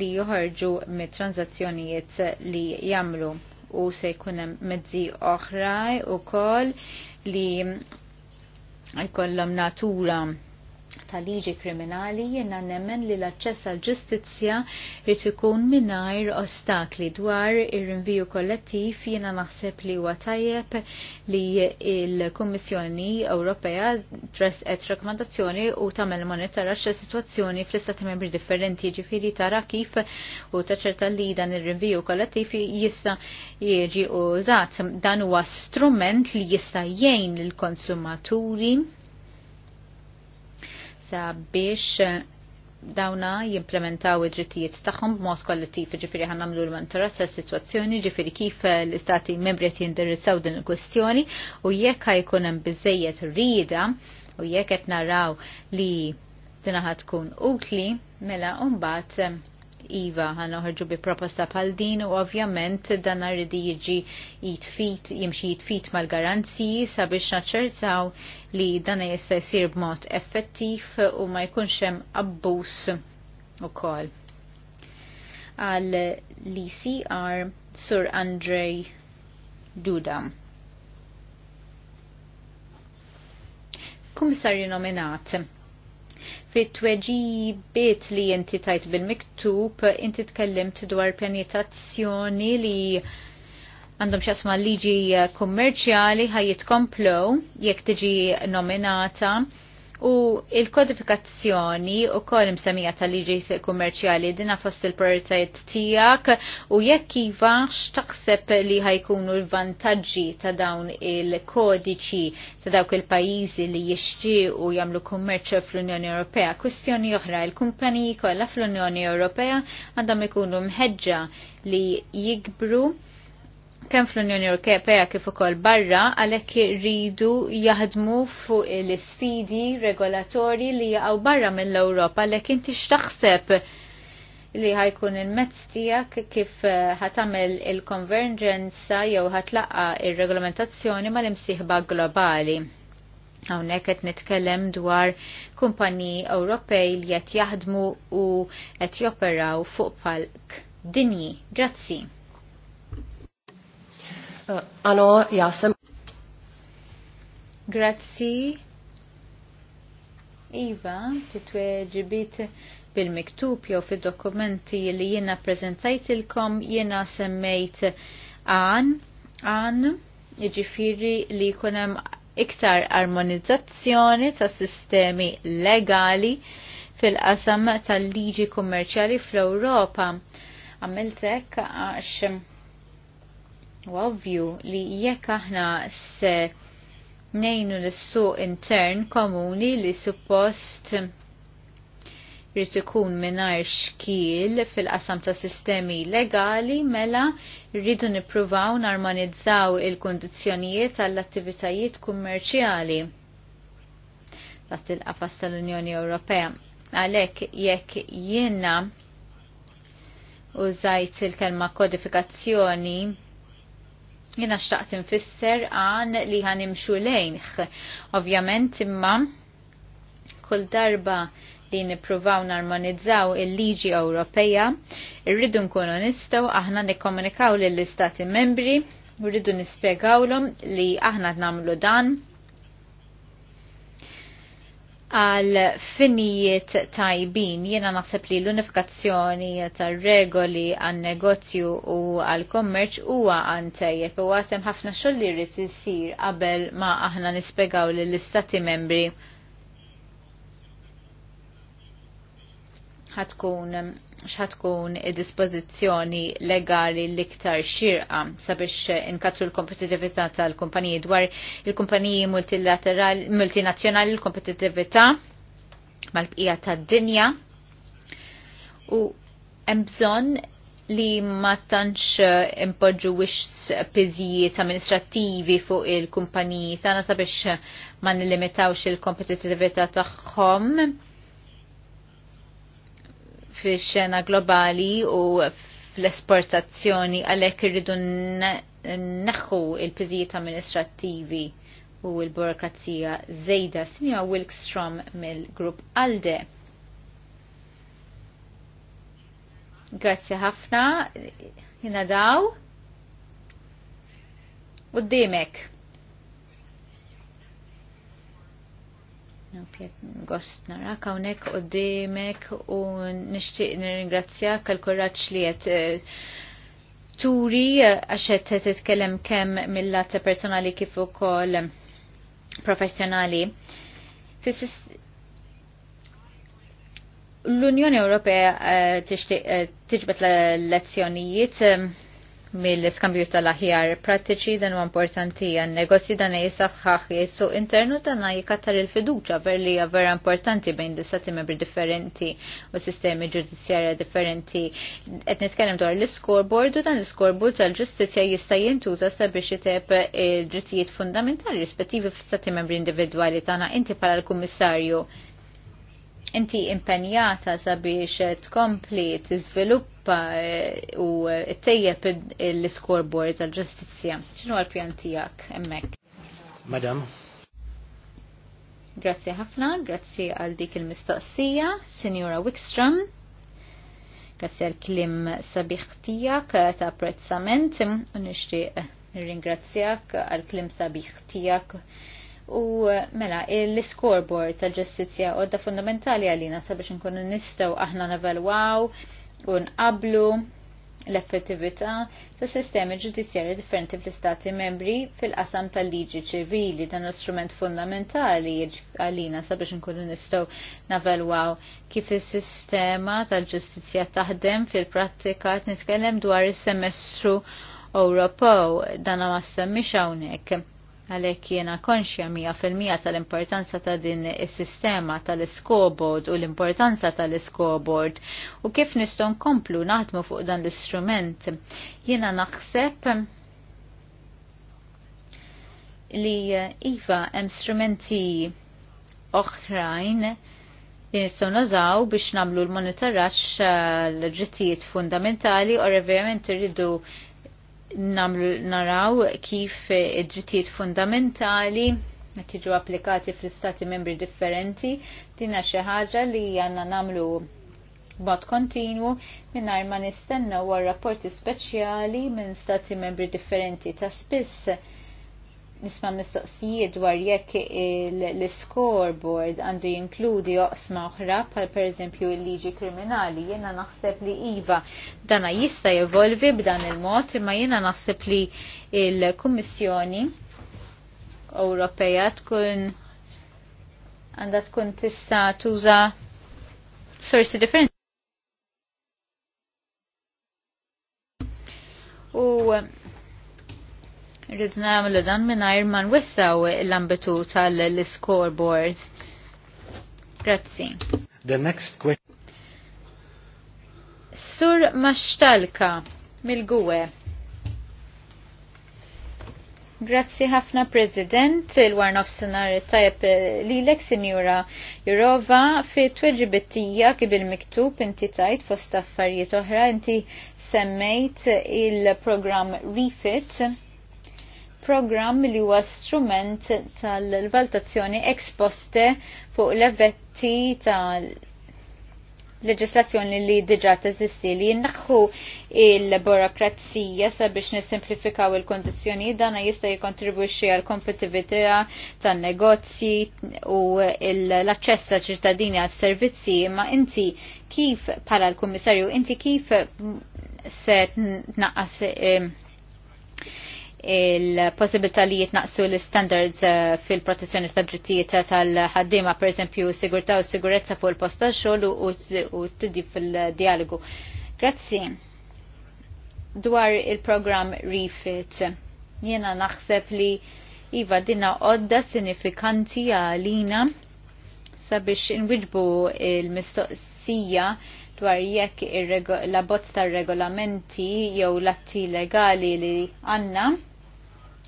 li joħorġu mit-tranzazzjonijiet li jagħmlu u se jkun hemm mezzi u koll li jkollhom natura tal-liġi kriminali jenna nemmen li l-aċċess għal ġustizzja jrid ikun mingħajr ostakli dwar ir-rinviju kollettiv jiena naħseb li huwa tajjeb li l-Kummissjoni Ewropea et rakkomandazzjoni u tagħmel monitoraġġ ta' sitwazzjoni fl-istati membri differenti ġifiri tara kif u taċċerta li dan ir-rinviju kollettiv jista' jiġi użat. Dan huwa strument li jista' jgħin lill-konsumaturi sabiex eh, dawna jimplementaw id-drittijiet tagħhom b'mod kollettiv, ġifieri ħan nagħmlu l-monitoraż tas-sitwazzjoni, ġifieri kif eh, l-istati membri qed jindirizzaw din il-kwestjoni u jekk ħajkun hemm biżejjed rida u jekk qed naraw li dinaħa tkun utli mela mbagħad eh, Iva ħan uħarġu bi proposta pal din u ovvjament dan rridi jiġi jitfit, jimxi jitfit mal-garanziji sabiex naċċertaw li dan jista jsir b'mod effettiv u ma jkunx hemm abbuż ukoll. Għal l-ECR Sur Andrej Duda. sarri nominat Fit tweġibiet li inti tajt bil-miktub, inti tkellimt dwar penetazzjoni li għandhom xasma liġi kummerċjali komplow jekk tiġi nominata U il-kodifikazzjoni u kol msemija tal-liġi kummerċjali dina fost il-prioritajt tijak u jekk iva x'taħseb li ħajkunu l-vantaġġi ta' dawn il-kodiċi ta' dawk il-pajjiżi li jixti u jagħmlu kummerċ fl-Unjoni Ewropea. Kwistjoni oħra, il-kumpaniji kollha fl-Unjoni Ewropea għandhom ikunu mħeġġa li jikbru kemm fl-Unjoni Ewropea kif ukoll barra għalhekk iridu jaħdmu fuq l-isfidi regolatorji li jaqgħu barra mill-Ewropa għalhekk inti x'taħseb li ħajkun il-mezz tiegħek kif eh, ħatamel il-konverġenza jew ħatlaqa ir-regolamentazzjoni mal-imsieħba globali. Hawnhekk qed nitkellem dwar kumpaniji Ewropej li qed jaħdmu u qed joperaw fuq palk dinji. Grazzi. Eh, ano, jasem. Grazzi. Iva, fit ġibit bil-miktub jew fil-dokumenti li jiena prezentajt il-kom jiena semmejt għan, għan, jiġifieri li jkun hemm iktar armonizzazzjoni ta' sistemi legali fil-qasam tal-liġi kummerċjali fl-Ewropa. Għamiltek għax U ovvju li jekk aħna se nejnu l-suq intern komuni li suppost rrit ikun minar xkiel fil-qasam ta' sistemi legali mela rridu nippruvaw narmonizzaw il-kondizjonijiet għall-attivitajiet kummerċjali taħt il-qafas tal-Unjoni Ewropea. Għalek jekk jiena użajt il-kelma kodifikazzjoni jina xtaqt infisser għan li għan imxu lejnħ. Ovjament imma kull darba li niprovaw narmonizzaw il-liġi Ewropeja, irridu nkunu nistgħu aħna nikkomunikaw lill-istati membri, rridu nispjegawlhom li aħna nagħmlu dan għal finijiet tajbin. Jena naħseb li l-unifikazzjoni tar regoli għal negozju u għal kommerċ huwa tajjeb, u għasem ħafna xoll li rrid isir qabel ma aħna nispegaw lill istati membri ħatkun xħatkun dispozizjoni legali l-iktar xirqa sabiex inkatru l-kompetitivita tal-kumpaniji dwar il-kumpaniji multinazzjonali l-kompetitivita mal-bqija tad-dinja u mbżon li ma tantx impoġġu wix piżijiet amministrattivi fuq il-kumpaniji tagħna sabiex ma nillimitawx il-kompetitività tagħhom fi xena globali u fl-esportazzjoni għalek irridu naħħu il-piżijiet amministrattivi u l-burokrazija zejda. Sinja Wilkstrom mill-grupp ALDE. Grazzi ħafna. Jina daw. U d-dimek. Pjek gost narak hawnhekk dimek u nixtieq nirringrazzjak għal kuraġġ li qed eh, turi għax t-tkellem kemm mill-lat personali kif ukoll professjonali. L-Unjoni Ewropea eh, tixtieq eh, tiġbed l-lezzjonijiet mill-skambju tal-aħjar prattiċi dan u importanti għan negozji dan jisaxħax jessu internu dan jikattar il-fiduċa ver li vera importanti bejn l-istati membri differenti u sistemi ġudizzjarja differenti. Et nitkellem dwar l-scoreboard u dan l-scoreboard tal-ġustizja jista jintuża sabiex jiteb il-ġrittijiet fundamentali rispettivi fl-istati membri individuali tana inti pala l-kummissarju inti impenjata sabiex tkompli t-izviluppa eh, u ttejjeb eh, l-scoreboard tal-ġustizzja. X'inhu għal pjan tiegħek hemmhekk? Madam. Grazzi ħafna, grazzi għal dik il-mistoqsija, Signora Wickstrom. Grazzi għal klim sabiħ tijak eh, ta' apprezzament, u nishtiq nirringrazzjak għal klim sabiħ tijak U mela, l-scoreboard tal u da fundamentali għalina sabiex nkunu nistaw aħna navalwaw u nqablu l-effettività ta' sistemi ġudizjari differenti fl-istati membri fil-qasam tal-liġi ċivili dan l-istrument fundamentali għalina sabiex nkunu nistgħu navelwaw kif is-sistema tal-ġustizzja taħdem fil-prattika nitkellem dwar is-semestru Ewropew dan ma semmix hawnhekk għalhekk jiena konxja mija fil tal-importanza ta' din is-sistema tal-iskobord u l-importanza tal-iskobord u kif nistgħu nkomplu naħdmu fuq dan l-istrument. Jiena naħseb li iva hemm strumenti oħrajn li nistgħu nożaw biex nagħmlu l monitoraċ l-drittijiet fundamentali u revjament irridu namlu naraw kif id-drittijiet fundamentali tiġu applikati fl-istati membri differenti, tina xi ħaġa li għandna namlu b'mod kontinwu mingħajr ma nistenna war rapporti speċjali minn stati membri differenti ta' spiss nisma' mistoqsijiet dwar jekk l-scoreboard għandu jinkludi oqsma oħra pal pereżempju l-liġi kriminali, jiena naħseb li iva dana jista' jevolvi b'dan il-mod, imma jiena naħseb li l-Kummissjoni Ewropea tkun għandha tkun tista' tuża sorsi differenti. U Rridu nagħmlu dan mingħajr ma nwessaw l-ambitu tal scoreboards Grazzi. The next question. Sur Mashtalka, mill-Gwe. Grazzi ħafna President, il-war nofsenar tajab li l-ek Sinjura Jurova fi tweġibittija kib il-miktub inti tajt fost affarijiet oħra inti semmejt il-program Refit programm li huwa strument tal-valutazzjoni ex poste fuq l-effetti tal leġislazzjoni li diġa teżisti li jinnaħħu il-burokrazija sabiex nisimplifikaw il-kondizjoni dana jista' jikontribwixxi għal kompetitività tan-negozji u l-aċċess ċittadini għal servizzi ma inti kif bħala l-Kummissarju inti kif se tnaqqas eh, il-possibilità li jitnaqsu l-standards eh, fil-protezzjoni ta' drittijiet tal-ħaddima, per esempio, sigurtà u sigurezza fuq il posta xol xogħol u tiddi fil-dialogu. Grazzi. Dwar il-programm Refit, jiena naħseb li iva dinna odda sinifikanti għalina sabiex inwiġbu il-mistoqsija dwar jekk la bozz tar regolamenti jew l-atti legali li għanna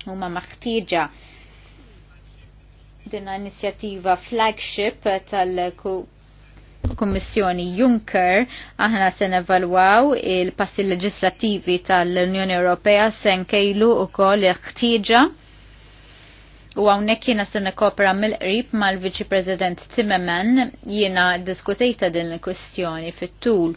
huma maħtieġa din l-inizjattiva flagship tal-Kummissjoni Juncker aħna se nevalwaw il-passi leġislattivi tal-Unjoni Ewropea se nkejlu wkoll il-ħtieġa u hawnhekk jiena se nikkopra mill-qrib mal-Viċi President Timmerman jiena ddiskutejta din il-kwistjoni fit-tul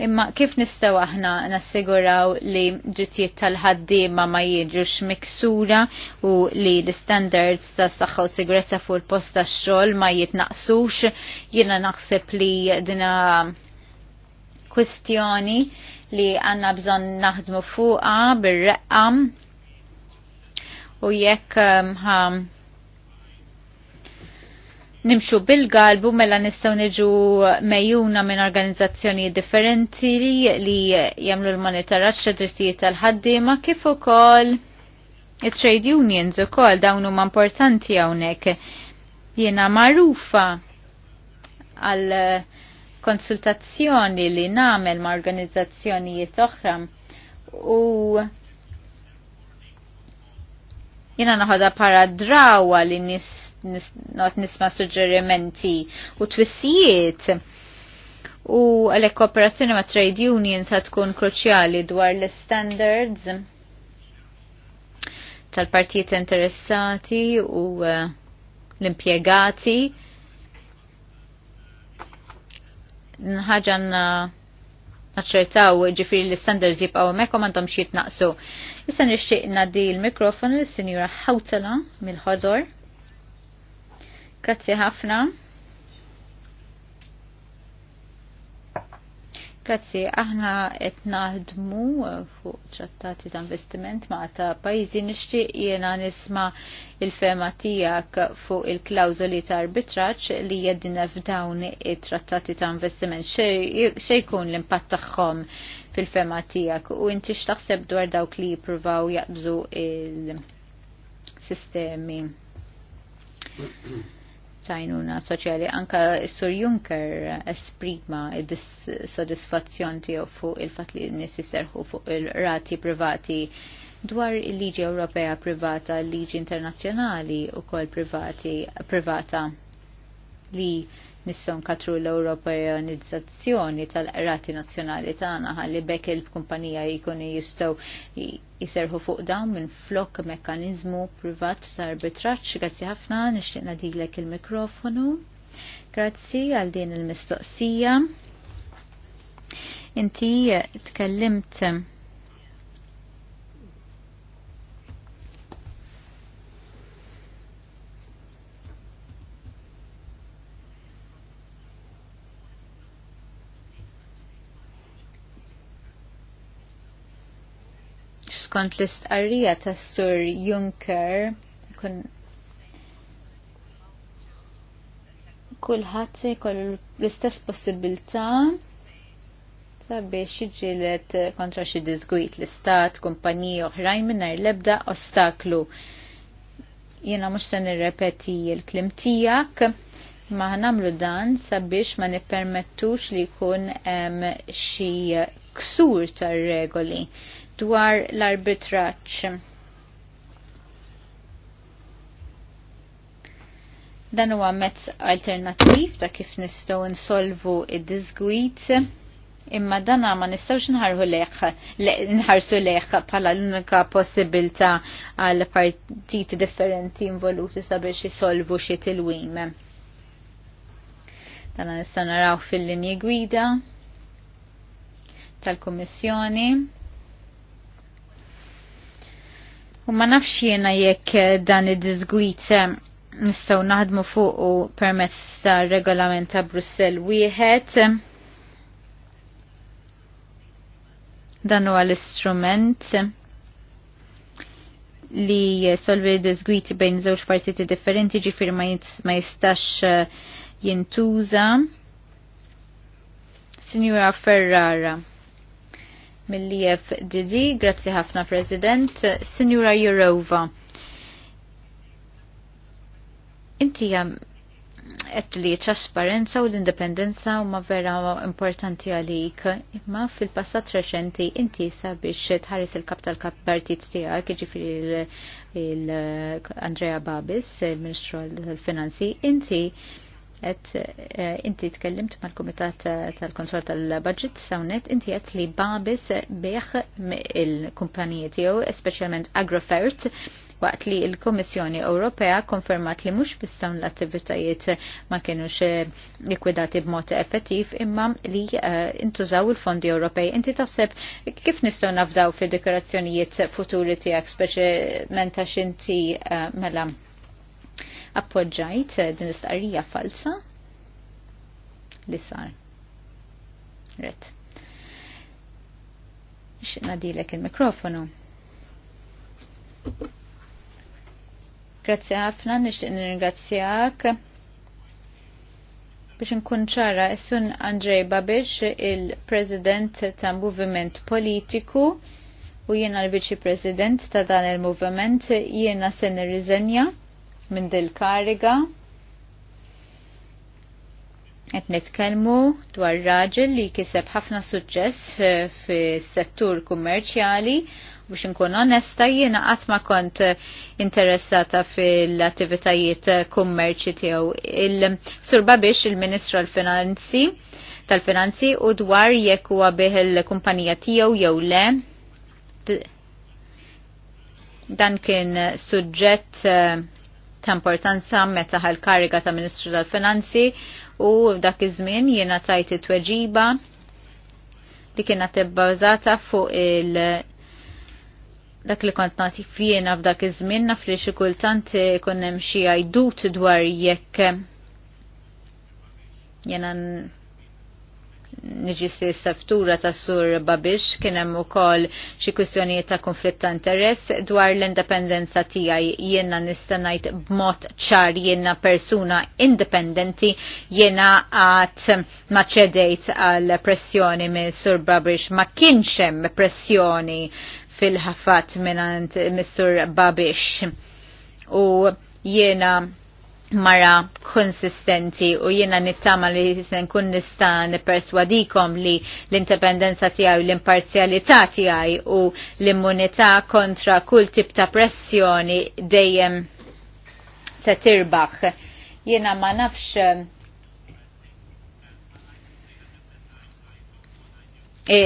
Imma kif nistaw aħna nassiguraw li drittijiet tal-ħaddiema ma jiġux miksura u li l-standards ta' saħħa u sigurezza fuq il-post tax-xogħol ma jitnaqsux, jiena naħseb li dina kwestjoni li għanna bżon naħdmu fuqa bir-reqqam u jekk um, nimxu bil-galbu mela nistaw niġu mejjuna minn organizzazzjoni differenti li jamlu l-monitoraċ ta' drittijiet tal-ħaddiema kif ukoll il trade unions ukoll dawn huma importanti hawnhekk. Jiena magħrufa għal konsultazzjoni li nagħmel ma' organizzazzjonijiet oħra u jina naħoda para drawa li nis, nis, not nisma suġġerimenti u twissijiet. U għalek kooperazzjoni ma' trade unions ħad tkun kruċjali dwar l-standards tal-partijiet interessati u eh, l-impiegati nħagġan naċċertaw ġifiri l-standards jibqaw mekkom għandhom xiet naqsu. So. Issa nixtieq ngħaddi l-mikrofonu lis-Sinjura Hawtala mill-ħodor. Grazzi ħafna. Grazzi, aħna qed naħdmu fuq ċattati ta' investiment ma' ta' pajjiżi nixtieq jiena nisma' il-fema tiegħek fuq il-klawżoli ta' arbitraġġ li jedina f'dawn it-trattati ta' investiment Xej jkun l-impatt tagħhom fil-fema tiegħek u inti x'taħseb dwar dawk li jippruvaw jaqbżu il-sistemi tajnuna soċjali anka Sur Juncker esprima id-sodisfazzjon tiegħu fuq il-fatt li n-nies iserħu fuq il-rati privati dwar il-liġi Ewropea privata, il liġi internazzjonali u kol privati privata li nissom katru l-Europeanizzazzjoni tal-qrati nazzjonali tagħna ħalli bekk il-kumpanija jkunu jistgħu jiserħu fuq dawn minn flok mekkaniżmu privat ta' arbitraġġ. Grazzi ħafna nixtieq nadilek il-mikrofonu. Grazzi għal din il-mistoqsija. Inti tkellimt skont l-istqarrija tas Sur Juncker kun se jkollu l-istess possibilità sabiex jiġilet kontra xi diżgwit l-istat, kumpaniji oħrajn mingħajr l-ebda ostaklu. Jiena mhux se nirrepeti l-klim tiegħek ma nagħmlu dan sabiex ma nippermettux li jkun hemm xi ksur tar-regoli dwar l-arbitraċ. Dan huwa mezz alternattiv ta' kif nistgħu nsolvu id-disgwit imma dana ma nistawx nħarħu leħ, nħarsu leħ pala l-unika possibilta għal partiti differenti involuti sabiex jisolvu xie tilwim. Dana nista naraw fil-linji gwida tal kummissjoni U ma nafx jena jekk eh, dan id-dizgwit eh, nistaw naħdmu fuq u permezz ta' regolament ta' Brussel wieħed. Dan huwa l-istrument li solvi d-dizgwit bejn żewġ partiti differenti ġifir ma jistax eh, jintuża. Signora Ferrara mill Didi, grazzi ħafna President, Signora Jurova. Inti jam qed li trasparenza u l-indipendenza huma vera importanti għalik, imma fil-passat reċenti inti sabiex tħares il-kap tal-partit tiegħek, jiġifieri l-Andrea Babis, il-Ministru tal-Finanzi, inti et eh, inti tkellimt mal-Komitat eh, tal-Kontroll tal-Budget sawnet inti qed li babis bieħ il-kumpaniji tiegħu speċjalment Agrofert waqt li l-Komissjoni Ewropea konfermat li mhux biss dawn l-attivitajiet ma kienux eh, likwidati b'mod effettiv imma li intużaw il-fondi Ewropej. Inti taħseb kif nistgħu nafdaw fi dekorazzjonijiet futuri tiegħek speċjalment għax inti mela appoġġajt eh, din l-istqarrija falsa li sar. Ret. Xitna dilek il-mikrofonu. Grazzi ħafna, nixtieq nirringrazzjak biex nkun ċara, issun Andrej Babish, il-President ta' Movement Politiku u jiena l-Viċi President ta' dan il-Moviment, jiena se nirriżenja minn dil-kariga. Et nitkellmu dwar raġel li kiseb ħafna suċċess eh, fis-settur kummerċjali biex nkun onesta jiena qatt ma kont interessata fil-attivitajiet kummerċi tiegħu. Il-surba biex il-Ministru l-Finanzi tal-Finanzi u dwar jekk huwa bih il-kumpanija tiegħu jew le dan kien suġġett uh, ta' importanza meta ħal kariga ta' Ministru tal-Finanzi u dak iż-żmien jiena tajt it-tweġiba li kienet tibbażata fuq il dak li kont nagħti fjena f'dak iż-żmien naf li xi kultant ikun hemm xi għajdut dwar jekk jena niġi s-saftura ta' sur Babix kien hemm ukoll xi kwistjonijiet ta' konflitt ta' interess dwar l-indipendenza tiegħi jiena nista' ngħid b'mod ċar jiena persuna indipendenti jiena għat ma ċedejt għal pressjoni minn sur Babix ma kienx hemm pressjoni fil-ħafat minn sur Babix u jiena mara konsistenti u jiena nittama li se nkun nista nipperswadikom li l independenza tijaj u l-imparzjalità tiegħi u l-immunità kontra kull tip ta' pressjoni dejjem se tirbaħ. Jiena ma nafx e,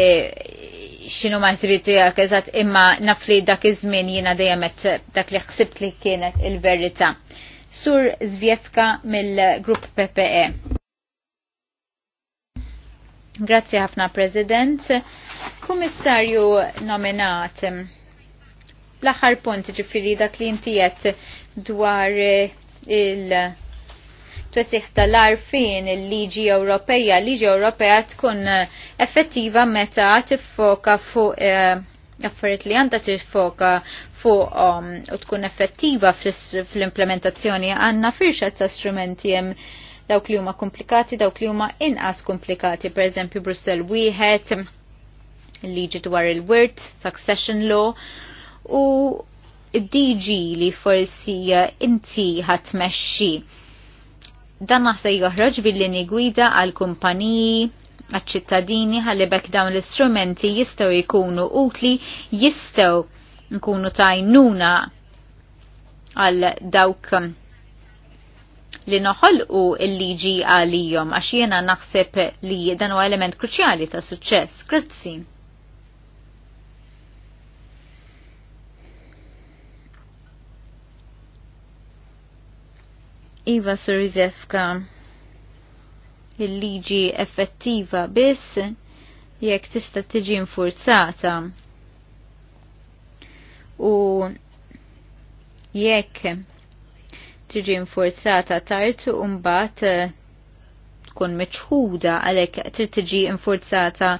xinu ma jisibitu jgħak imma nafli dak iż-żmien jiena dejjem dak li ħsibt li kienet il-verità Sur Zvjefka mill-Grupp PPE. Grazie ħafna President. Kummissarju nominat. L-aħħar punt ġifiri dak li intijet dwar il- twessiħ tal-arfin il-liġi Ewropeja. l Liġi Ewropeja tkun effettiva meta tiffoka fuq eh, affarijiet li għandha tiffoka fuqhom u tkun effettiva fl-implementazzjoni għandna firxa ta' strumenti hemm dawk li huma komplikati, dawk li huma inqas komplikati, pereżempju Brussel wieħed, liġi dwar il-wirt, succession law, u DG li forsi eh, inti ħatmexxi. Dan naħseb joħroġ billi gwida għal kumpaniji għal-ċittadini ħalli bekk dawn l-istrumenti jistaw jkunu utli jistaw nkunu tajnuna għal dawk li noħolqu il-liġi għalijom għax jena naħseb li dan huwa element kruċjali ta' suċċess. Grazzi. Iva Surizefka il-liġi effettiva biss jekk tista' tiġi infurzata u jekk tiġi infurzata tard u mbagħad eh, tkun meċħuda għalhekk trid tiġi infurzata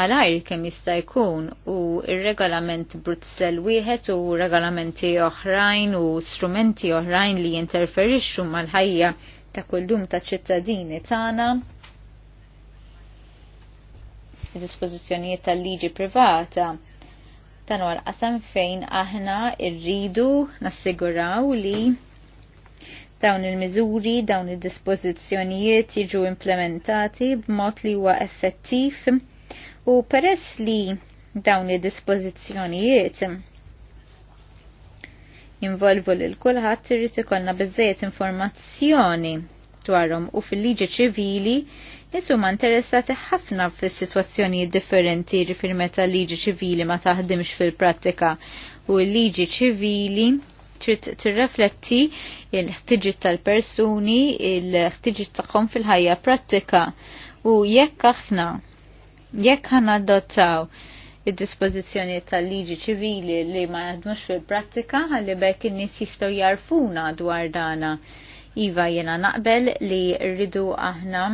malajr kemm jista' jkun u ir-regolament Brussell wieħed u regolamenti oħrajn u strumenti oħrajn li jinterferixxu mal-ħajja ta' kullum ta' ċittadini tagħna id-dispożizzjonijiet tal-liġi privata dan huwa qasam fejn aħna rridu nassiguraw li dawn il-miżuri, dawn id-dispożizzjonijiet jiġu implementati b'mod li huwa effettiv u peress li dawn id-dispożizzjonijiet jinvolvu lil kulħadd irid ikollna biżejjed informazzjoni dwarhom u fil-liġi ċivili Nisu ma interessati ħafna fis situazzjoni differenti ġifir meta liġi ċivili ma taħdimx fil-prattika u l-liġi ċivili trid tirrefletti il-ħtiġit tal-persuni, il-ħtiġit tagħhom fil-ħajja prattika u jekk aħna jekk ħana adottaw id-dispożizzjoni tal-liġi ċivili li ma naħdmux fil-prattika ħalli bekk in-nies jistgħu jarfuna dwar dana. Iva jena naqbel li rridu aħna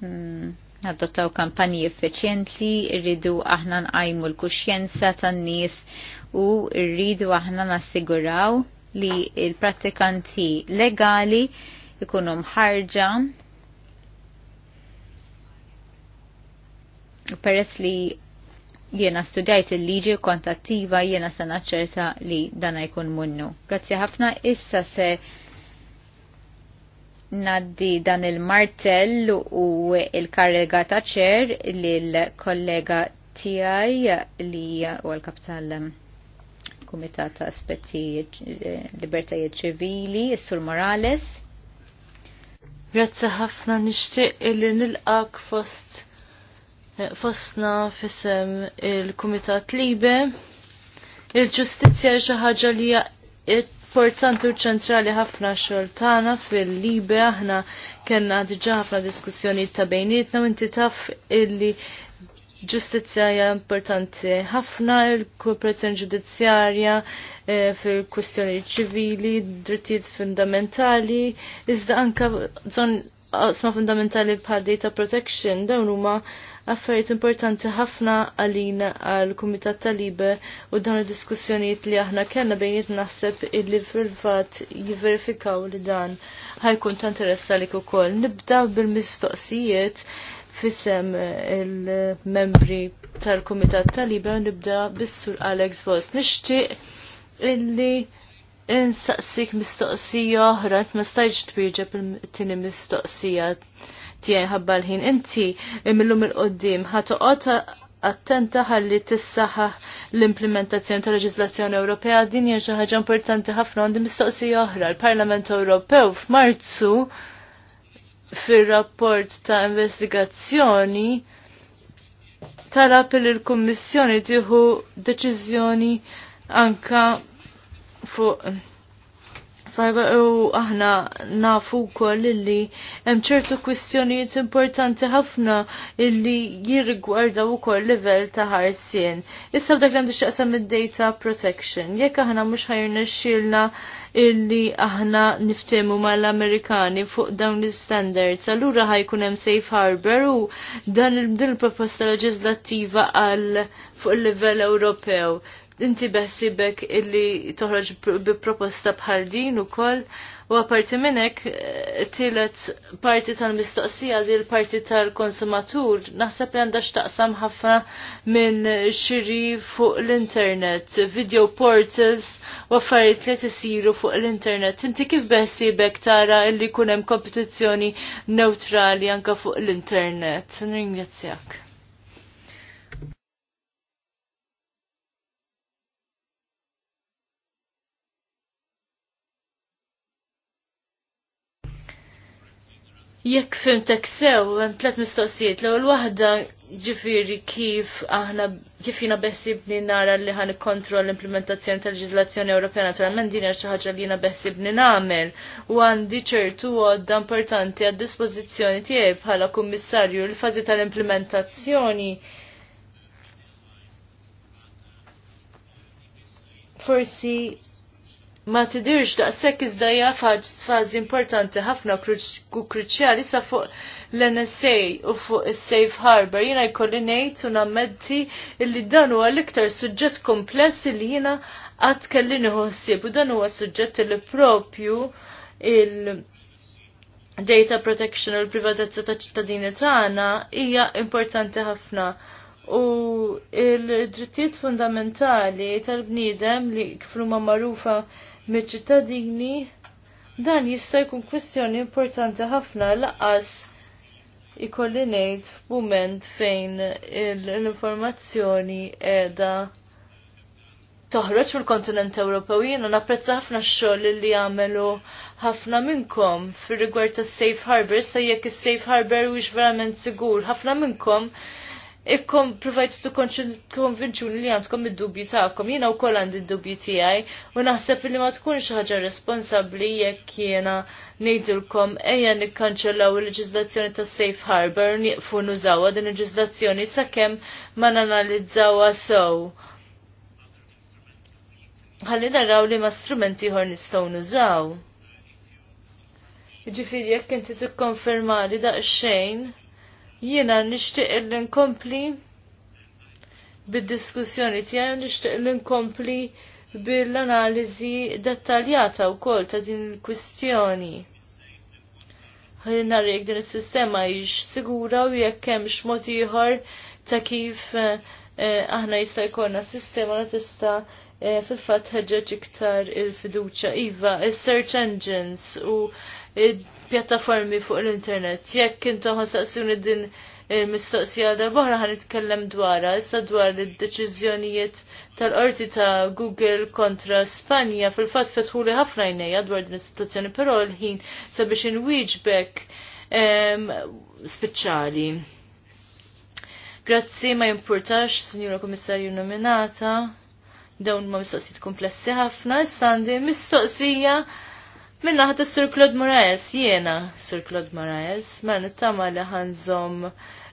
Naddottaw hmm. kampanji effiċjenti, rridu aħna nqajmu l-kuxjenza tan-nies u rridu aħna nassiguraw li l prattikanti legali ikunu mħarġa peress li jiena studjajt il-liġi kontattiva jiena se naċċerta li dana jkun munnu. Grazzi ħafna issa se naddi dan il-martell u il-karrega ta' ċer l-kollega tijaj li u l-kapital um, Kumitat ta' Aspetti eh, Libertajiet Ċivili, Sur Morales. Grazzi ħafna nixtieq li nilqak fost eh, fostna fisem il-Kumitat Libe. Il-ġustizzja xi ħaġa li importanti u ċentrali ħafna xogħol tagħna fil-libe aħna kellna diġà ħafna diskussjonijiet ta' bejnietna u inti taf illi ġustizzja hija importanti ħafna il-kooperazzjoni ġudizzjarja eh, fil-kwestjoni ċivili, drittijiet fundamentali, iżda anka żon qosma fundamentali bħal data protection dawn huma affarijiet importanti ħafna għalin għal kumitat talibe u dawn id-diskussjonijiet li aħna kellna bejniet naħseb illi fil-fatt jiverifikaw li dan ħajkun ta' interessa li ukoll. Nibda bil-mistoqsijiet fissem il-membri tal-kumitat talibe u nibda bis-sur Alex Vos. Nixtieq illi insaqsik mistoqsija oħra, ma stajġ twieġeb il-tini mistoqsija tiegħi ħabba l-ħin inti millum il-qoddim ħatoqgħod attenta ħalli tissaħa l-implementazzjoni tal leġislazzjoni Ewropea din hija xi ħaġa importanti ħafna għandi mistoqsija oħra. Il-Parlament Ewropew f'Marzu fir-rapport ta' investigazzjoni talab li l-Kummissjoni tieħu deċiżjoni anka fuq tajba u aħna nafu wkoll illi hemm ċertu kwistjonijiet importanti ħafna illi u kol livell ta' ħarsien. Issa dak l għandu x'aqsam id-data protection. Jekk aħna mhux ħajrna xilna illi aħna niftemu mal-Amerikani fuq dawn l-standards. Allura ħajkun hemm safe harbor u dan il-proposta leġislattiva għal fuq il-livell Ewropew inti beħsibek illi toħroġ bi proposta bħal din ukoll u apparti minnek eh, tielet parti tal-mistoqsija li l-parti tal-konsumatur naħseb li għandha x'taqsam ħafna minn xiri fuq l-internet, video portals u affarijiet li tisiru fuq l-internet. Inti kif beħsibek tara illi kunem hemm kompetizzjoni neutrali anke fuq l-internet? Nringrazzjak. Jekk fimtek sew, hemm tliet mistoqsijiet. L-ewwel waħda ġifieri kif aħna kif jiena beħsibni nara li ħan ikkontroll l-implementazzjoni tal-leġiżlazzjoni Ewropea naturalment din hija xi ħaġa li jiena beħsibni nagħmel u għandi ċertu għodda importanti għad-dispożizzjoni tiegħi bħala kummissarju l-fażi tal-implementazzjoni. Forsi ma tidirx daqshekk iżda hija fażi importanti ħafna u kruċjali sa fuq l-NSA u fuq is-Safe Harbor. Jiena jkolli ngħid u nammetti li dan huwa l-iktar suġġett kompless li jiena qatt kellini nieħu ħsieb u dan huwa suġġett li propju il- data protection u l-privatezza ta' ċittadini tagħna hija importanti ħafna. U il drittijiet fundamentali tal-bniedem li kif huma magħrufa mill dan jista' jkun kwestjoni importanti ħafna laqas ikolli ngħid f'mument fejn l-informazzjoni qiegħda toħroġ fil-kontinent Ewropew jiena napprezza ħafna x-xogħol li jagħmlu ħafna minnkom fir rigward tas-safe harbor se jekk is-safe harbor wiex verament sigur ħafna minnkom ikkom provajtu tu konvinċu li għandkom id-dubji ta'kom, jina u koll għandi id-dubji tijaj, u naħseb li ma tkunx ħagġa responsabli jekk jena nejdilkom eja nikkanċellaw il-leġizlazzjoni ta' Safe Harbor niqfu nużawa din il-leġizlazzjoni sakemm ma nanalizzawa sew. Ħalli naraw li ma strumenti ħor nistgħu nużaw. Ġifieri jekk inti tikkonferma li daqsxejn Jiena nixtieq li nkompli bid-diskussjoni tiegħi nixtieq li nkompli bil-analiżi dettaljata wkoll ta' din il-kwistjoni ħalli nar jekk din is-sistema hix sigura u jekk hemmx mod ieħor ta' kif eh, eh, aħna jista' jkollna sistema li tista' eh, fil-fatt ħeġġeġ iktar il-fiduċja iva, is-search engines u pjattaformi fuq l-internet. Jekk intu ħansaqsuni din il-mistoqsija dal-boħra ħan itkellem dwarha, issa dwar id-deċiżjonijiet tal-qorti ta' Google kontra Spanja fil-fatt fetħuli ħafna jnejja dwar din is-sitwazzjoni, però l-ħin sabiex inwieġbek speċjali. Grazzi ma jimpurtax, Signora Komissarju nominata, dawn ma mistoqsijiet komplessi ħafna, issa għandi mistoqsija Minna ħat Sir Claude Moraes, jiena Sir Claude Moraes, ma mela nittama li ħanżom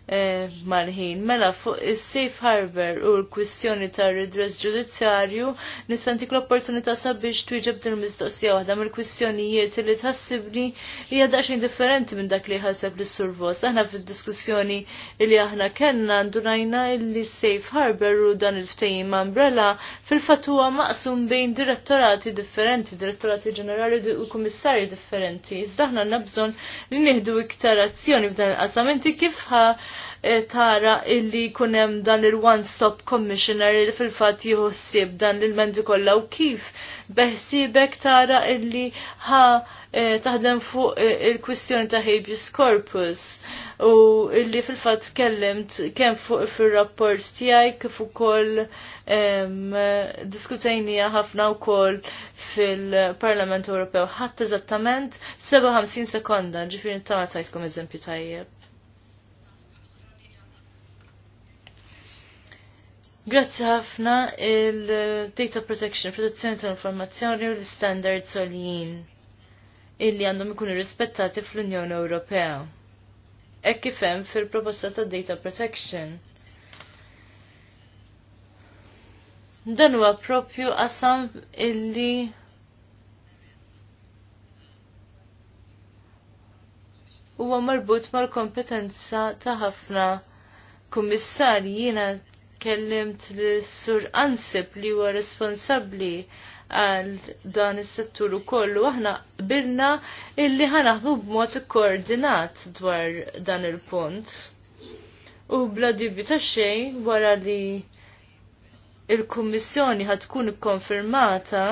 Eh, mal-ħin. Mela fuq is-safe harbor u l-kwistjoni ta' redress ġudizzjarju nistantik l-opportunità sabiex twieġeb din mistoqsija waħda mill-kwistjonijiet li tħassibni hija daqsxejn differenti minn dak li ħaseb l survos Aħna fid-diskussjoni li aħna kellna ndurajna li safe harbor u dan il-ftehim umbrella fil-fatt huwa maqsum bejn direttorati differenti, direttorati ġenerali u kummissarji differenti. Iżda aħna nabżon li nieħdu iktar azzjoni f'dan il-qasamenti kif Eh, tara illi kunem dan il-one-stop commissioner il fil-fat jħossib dan il-mendi kolla u kif beħsibek tara illi ha eh, taħdem fuq eh, il-kwistjoni ta' habeas corpus u illi fil-fat kellimt kem fuq fil-rapport tijaj kif ukoll diskutajnija ħafna u koll fil-Parlament Ewropew ħadd eżattament 57 sekonda ġifieri tara tajtkom eżempju tajjeb. Grazzi ħafna il-Data Protection, produzzjoni tal-informazzjoni u l-standards għoljien illi għandhom ikunu rispettati fl-Unjoni Ewropea. Ek kif hemm fil-proposta ta' Data Protection. Dan huwa propju qasam illi huwa marbut mal-kompetenza ta' ħafna kummissarji jiena kellimt l-sur ansib li huwa responsabbli għal dan is-settur ukoll u aħna qbilna illi ħanaħdu b'mod koordinat dwar dan il-punt. U bla dubju ta' xejn wara li il-Kummissjoni ħad tkun ikkonfermata,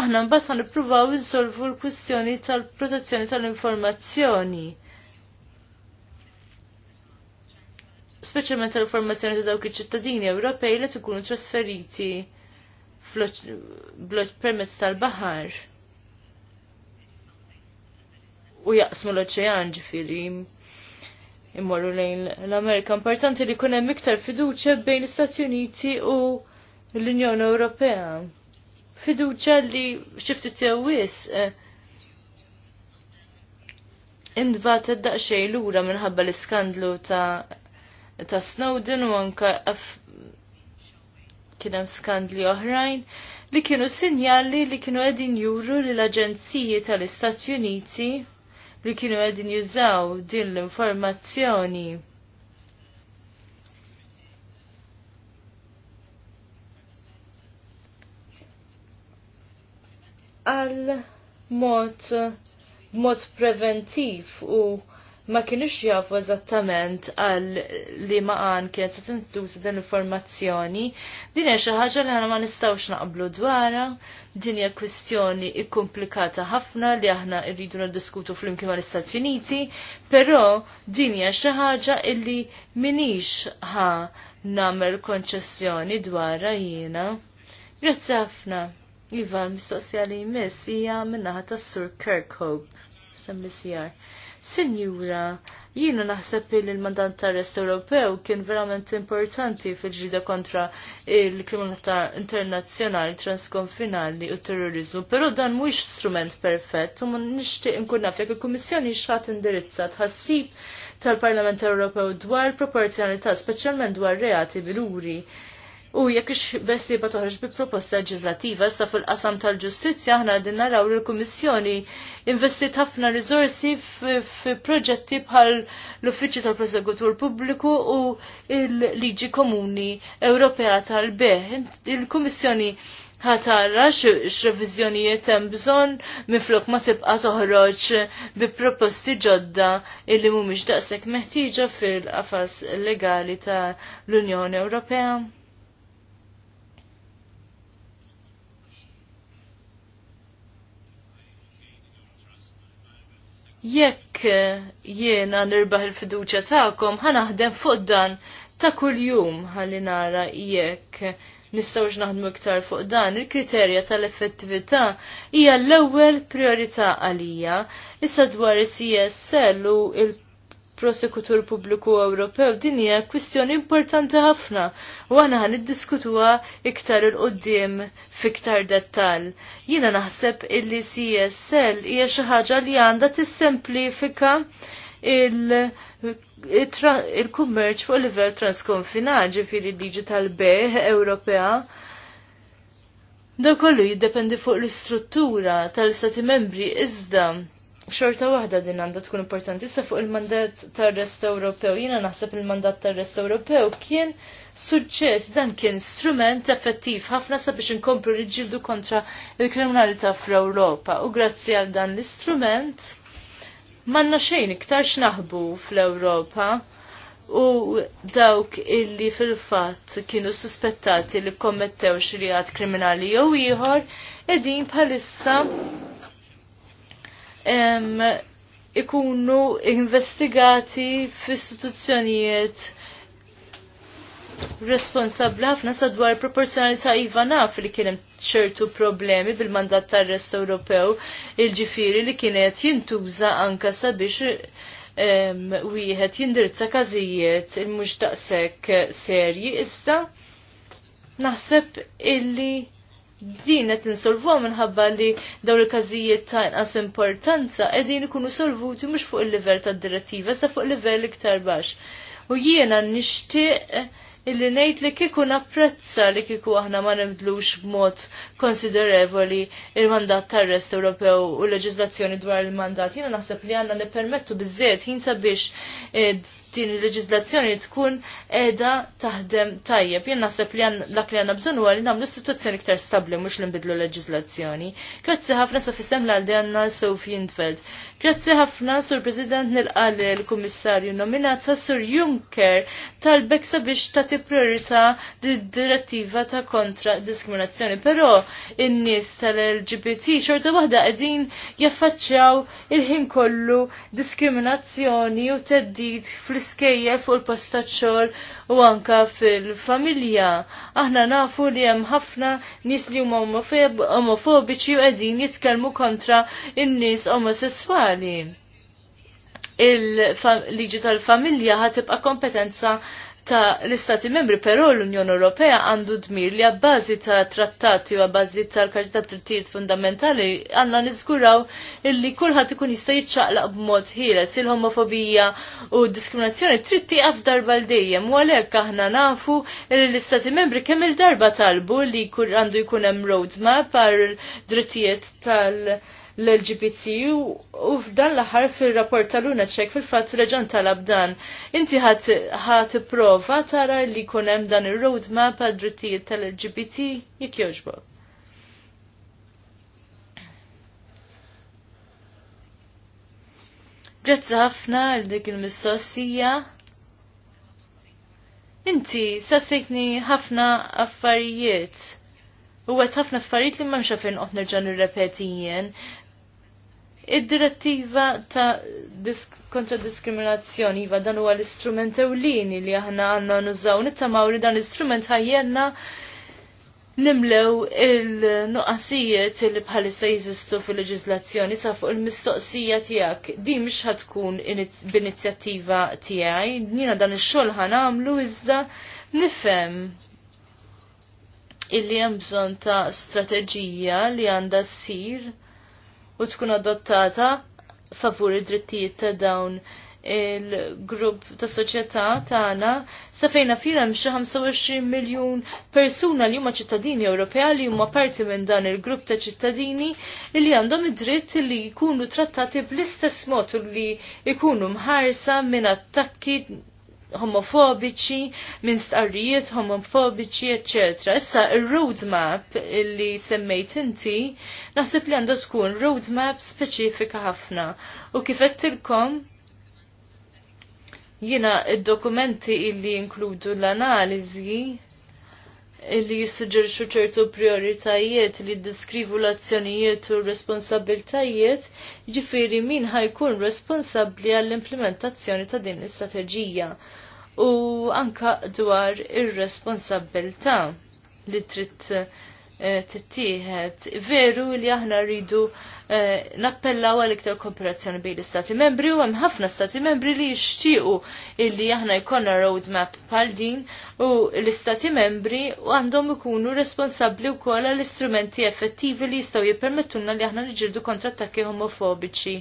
aħna mbagħad ħanippruvaw insolvu l-kwistjoni tal-protezzjoni tal-informazzjoni. tal protezzjoni tal informazzjoni speċjalment tal-formazzjoni ta' dawk iċ-ċittadini Ewropej li tkunu trasferiti bl-ogħġ permezz tal-baħar. U jaqsmu l-oċean ġifiri immorru lejn l-Amerika. Importanti li kunem iktar fiduċa bejn l-Istati Uniti u l-Unjoni Ewropea. Fiduċa li xifti tewis eh, indbat id-daqxej l-ura minħabba l-iskandlu ta' ta' Snowden u anka kienem skandli oħrajn li kienu sinjali li kienu għedin juru li l-Aġenziji tal-Istati Uniti li kienu għedin jużaw din l-informazzjoni. għal mod mod preventiv u ma kienux jafu eżattament għal li maqan kienet se tintuża din l-informazzjoni, din hija xi ħaġa li aħna ma nistgħux naqblu dwarha, din hija kwistjoni ikkumplikata ħafna li aħna rridu niddiskutu flimkien mal-Istati Uniti, però din hija xi ħaġa illi minix ħa nagħmel konċessjoni dwarha jiena. Grazzi ħafna. Iva, mis-sosjali jmiss hija minnaħa tas-Sur Kirkhope, semmi sijar. Sinjura, jiena naħseb li l-mandant tar-Rest Ewropew kien verament importanti fil-ġida kontra il-kriminalità internazzjonali transkonfinali u terrorizmu, però dan mhuwiex strument perfett u ma nixtieq inkun naf jekk il-Kummissjoni xħat indirizza tħassib tal-Parlament Ewropew dwar proporzjonalità, speċjalment dwar reati biluri U jekk ix bess li toħroġ bi proposta leġislativa sa fil-qasam tal-ġustizzja aħna din naraw li l-Kummissjoni investit ħafna riżorsi f'proġetti bħal l-Uffiċċju tal-Prosegutur Pubbliku u l-Liġi Komuni Ewropea tal-Beħ. Il-Kummissjoni ħatara x-revizjonijiet hemm bżonn miflok ma tibqa' toħroġ bi proposti ġodda illi mhumiex daqshekk meħtieġa fil-qafas legali tal-Unjoni Ewropea. jekk eh, jiena nirbaħ il-fiduċja tagħkom ħanaħdem fuq dan ta' kuljum ħalli nara jekk nistgħux naħdmu iktar fuq dan. Il-kriterja tal-effettività hija l-ewwel priorità għalija issa dwar is-CSL u il prosekutur pubbliku Ewropew din hija kwistjoni importanti ħafna u aħna ħan iddiskutuha iktar il qudiem fiktar dettal. Jiena naħseb illi CSL hija xi ħaġa li għandha tissemplifika il-kummerċ fuq livell transkonfinar ġifieri liġi tal-beħ Ewropea. Dak kollu jiddependi fuq l-istruttura tal-Stati membri iżda xorta waħda din għandha tkun importanti. Issa fuq il-mandat tar-Rest Ewropew, jiena naħseb il-mandat tar-Rest Ewropew kien suċċess, dan kien strument effettiv ħafna sabiex inkomplu niġġieldu kontra il-kriminalità fl-Ewropa. U grazzi għal dan l-istrument manna xejn iktar x'naħbu fl-Ewropa. U dawk illi fil-fatt kienu suspettati li kommettew xrijat kriminali jew ieħor, edin bħalissa ikunu investigati f-istituzzjonijiet responsabla ħafna sadwar proporzjonalità iva naf li kien hemm ċertu problemi bil-mandat tar-rest Ewropew il-ġifieri li kienet jintuża anka sabiex wieħed jindirizza każijiet il mhux daqshekk serji iżda naħseb illi din qed insolvuha minħabba li dawn il-każijiet ta' inqas importanza qegħdin ikunu solvuti mhux fuq il-livell tad-direttiva sa fuq livell iktar baxx. U jiena nixtieq eh, illi nejt li kiku napprezza li kiku aħna ma nibdlux b'mod konsiderevoli il-mandat tar-rest Ewropew u l leġizlazzjoni dwar il-mandat. Jiena naħseb li għandna nippermettu biżżejjed ħin sabiex eh, din il-leġizlazzjoni tkun edha taħdem tajjeb. Jien naħseb li għan dak li għanna bżonn huwa li nagħmlu situazzjoni ktar stabbli mhux li imbidlu leġizlazzjoni. Grazzi ħafna sa fissem l għaldi għandna Sophie Intfeld. Grazzi ħafna, Sur President, nilqal il-Kummissarju nominat ta' Sur Juncker talbek sabiex ta' ti priorità direttiva ta' kontra diskriminazzjoni. Però in-nies tal-LGBT xorta waħda qegħdin jaffaċċjaw il-ħin kollu diskriminazzjoni u teddid fl-iskejjel fuq il-postaċċol u anka fil-familja. Aħna nafu li hemm ħafna nies li huma omofobiċi u qegħdin jitkellmu kontra in-nies omosessuali il-liġi tal-familja ħatibqa kompetenza ta' l-Istati membri, però l-Unjoni Ewropea għandu dmir li għabbażi ta' trattati u għabbażi tal l-karġita trittijiet fundamentali għanna niżguraw illi kulħadd ikun jista' jiċċaqlaq b'mod ħieles il-homofobija u diskriminazzjoni tritti f'darba l dejjem u għalhekk aħna nafu li l-Istati membri kemm il-darba talbu li għandu jkun hemm roadmap għal drittijiet tal- l-LGBT u f'dan l-aħħar fil-rapport tal-Luna ċek fil-fatt reġan tal-abdan. Inti ħat prova tara li kunem dan il-roadmap għad drittijiet tal-LGBT jek joġbo. Grazzi ħafna għal dik il-mistoqsija. Inti sassejtni ħafna affarijiet. U għet ħafna affarijiet li ma mxafin fejn oħna ġan repetijen. Id-direttiva ta' disk kontra diskriminazzjoni iva dan huwa l-istrument ewlieni li aħna għandna nużaw nittamaw li dan l-istrument ħajjenna nimlew il-nuqqasijiet li bħalissa jeżistu fil leġislazzjoni sa fuq il-mistoqsija tiegħek. Di mhix tkun b'inizjattiva tiegħi, jiena dan ix-xogħol nagħmlu iżda nifhem illi hemm bżonn ta' strateġija li għandha ssir u tkun adottata favur id-drittijiet ta' dawn il-grupp ta' soċjetà tagħna sa fejna fira hemm xi 25 miljun persuna li huma ċittadini Ewropea li huma parti minn dan il-grupp ta' ċittadini li għandhom id-dritt li jkunu trattati bl-istess mod li jkunu mħarsa minn attakki homofobiċi, minn stqarrijiet homofobiċi, etc. Issa il-roadmap illi semmejt inti, naħseb li għandha tkun roadmap speċifika ħafna. U kifet ilkom jina il dokumenti il illi inkludu l-analizi illi jissuġġerixu ċertu prioritajiet li diskrivu l-azzjonijiet u responsabiltajiet, ġifiri min ħajkun responsabli għall-implementazzjoni ta' din l-istrateġija u anka dwar ir-responsabilta li trid eh, tittieħed. Veru li aħna rridu eh, nappellaw għal iktar kooperazzjoni bejn l-Stati membri u hemm ħafna Stati membri li jixtiequ illi aħna jkollna roadmap bħal din u l-Istati membri għandhom ikunu responsabbli wkoll għall istrumenti effettivi li jistgħu jippermettuna li aħna niġġieldu kontra attakki homofobiċi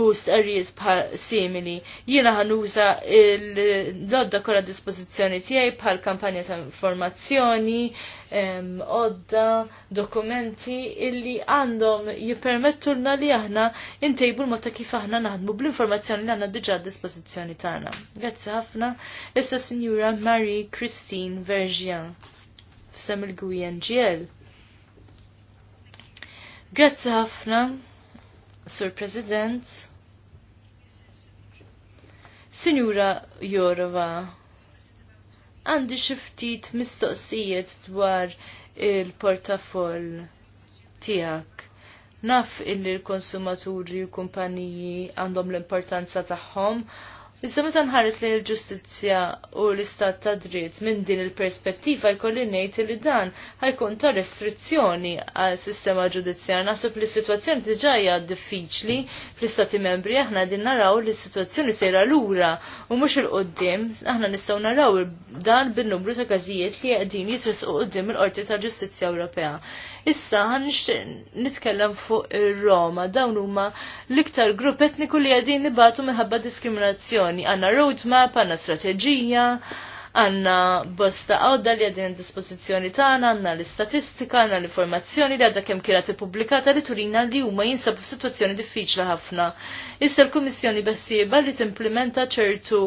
u stqarrijiet bħal simili. Jiena ħanuża l-odda kolla dispożizzjoni tiegħi bħal kampanja ta' informazzjoni, odda, dokumenti illi għandhom jippermettu li aħna intejbu l ta' kif aħna naħdmu bl-informazzjoni li għandna diġà dispożizzjoni tagħna. Grazzi ħafna, issa Sinjura Marie Christine Vergian f'sem il GL. ġiel. Grazzi ħafna. Sur President, Signora Jorova, għandi xiftit mistoqsijiet dwar il-portafoll tijak. Naf illi l-konsumaturi u kumpaniji għandhom l-importanza tagħhom Iżda meta nħares lejn il-ġustizzja u l-istat ta' dritt minn din il-perspettiva jkolli ngħid li dan ħajkun ta' restrizzjoni għal sistema ġudizzjar. Naħseb li s-sitwazzjoni diġà hija diffiċli fl-istati membri aħna din naraw li s-sitwazzjoni sejra lura u mhux il qudiem aħna nistgħu naraw dan bin-numru ta' każijiet li qegħdin jitrisqu quddiem il-Qorti ta' Ġustizzja Ewropea. Issa nitkellem fuq il roma dawn huma l-iktar grupp etniku li għadin nibatu minħabba diskriminazzjoni. Għandna roadmap, għandna strateġija, għandna bosta għodda li għadin dispożizzjoni tagħna, għandna l-istatistika, għandna l-informazzjoni li għadda kemm kienet ippubblikata li turina li huma jinsabu f'sitwazzjoni diffiċli ħafna. Issa l-Kummissjoni bessieba li timplementa ċertu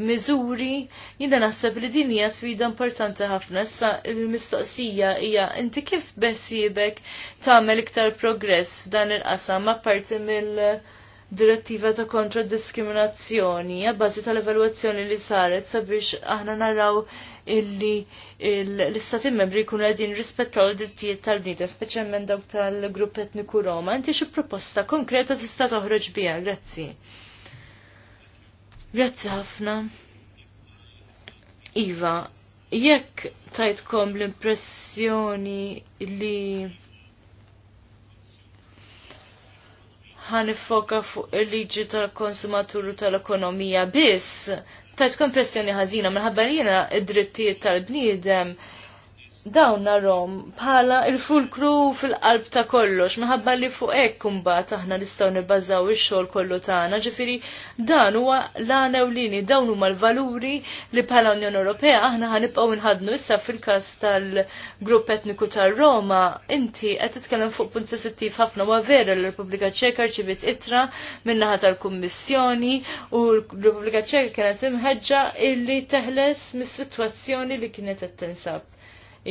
miżuri, jina naħseb li din hija sfida importanti ħafna. Issa l mistoqsija hija inti kif besibek tagħmel iktar progress f'dan il-qasam apparti mill- direttiva ta' kontra diskriminazzjoni għabbażi tal-evaluazzjoni li saret sabiex aħna naraw illi l-istati membri jkunu għedin rispettaw l-drittijiet tal-bnida, speċjalment dawk tal-grupp etniku Roma. Inti xi proposta konkreta tista' toħroġ bija, grazzi. Grazzi ħafna. Iva, jekk tajtkom l-impressjoni li ħanifoka fuq il-liġi tal-konsumatur tal-ekonomija biss, tajtkom pressjoni ħażina minħabba jiena id-drittijiet tal-bniedem dawn narom bħala il-fulkru fil-qalb ta' kollox, minħabba li fuq hekk kumbat aħna nistgħu nibbażaw ix-xogħol kollu tagħna, ġifieri dan huwa l-għana dawn huma l-valuri li bħala Unjoni Ewropea aħna ħanibqgħu nħadnu issa fil-każ tal-grupp etniku tar-Roma, inti qed titkellem fuq punt sensittiv ħafna huwa vera l repubblika Ċeka rċiviet ittra min-naħa tal-Kummissjoni u l-Repubblika Ċeka kienet imħeġġa illi teħles mis-sitwazzjoni li kienet qed tinsab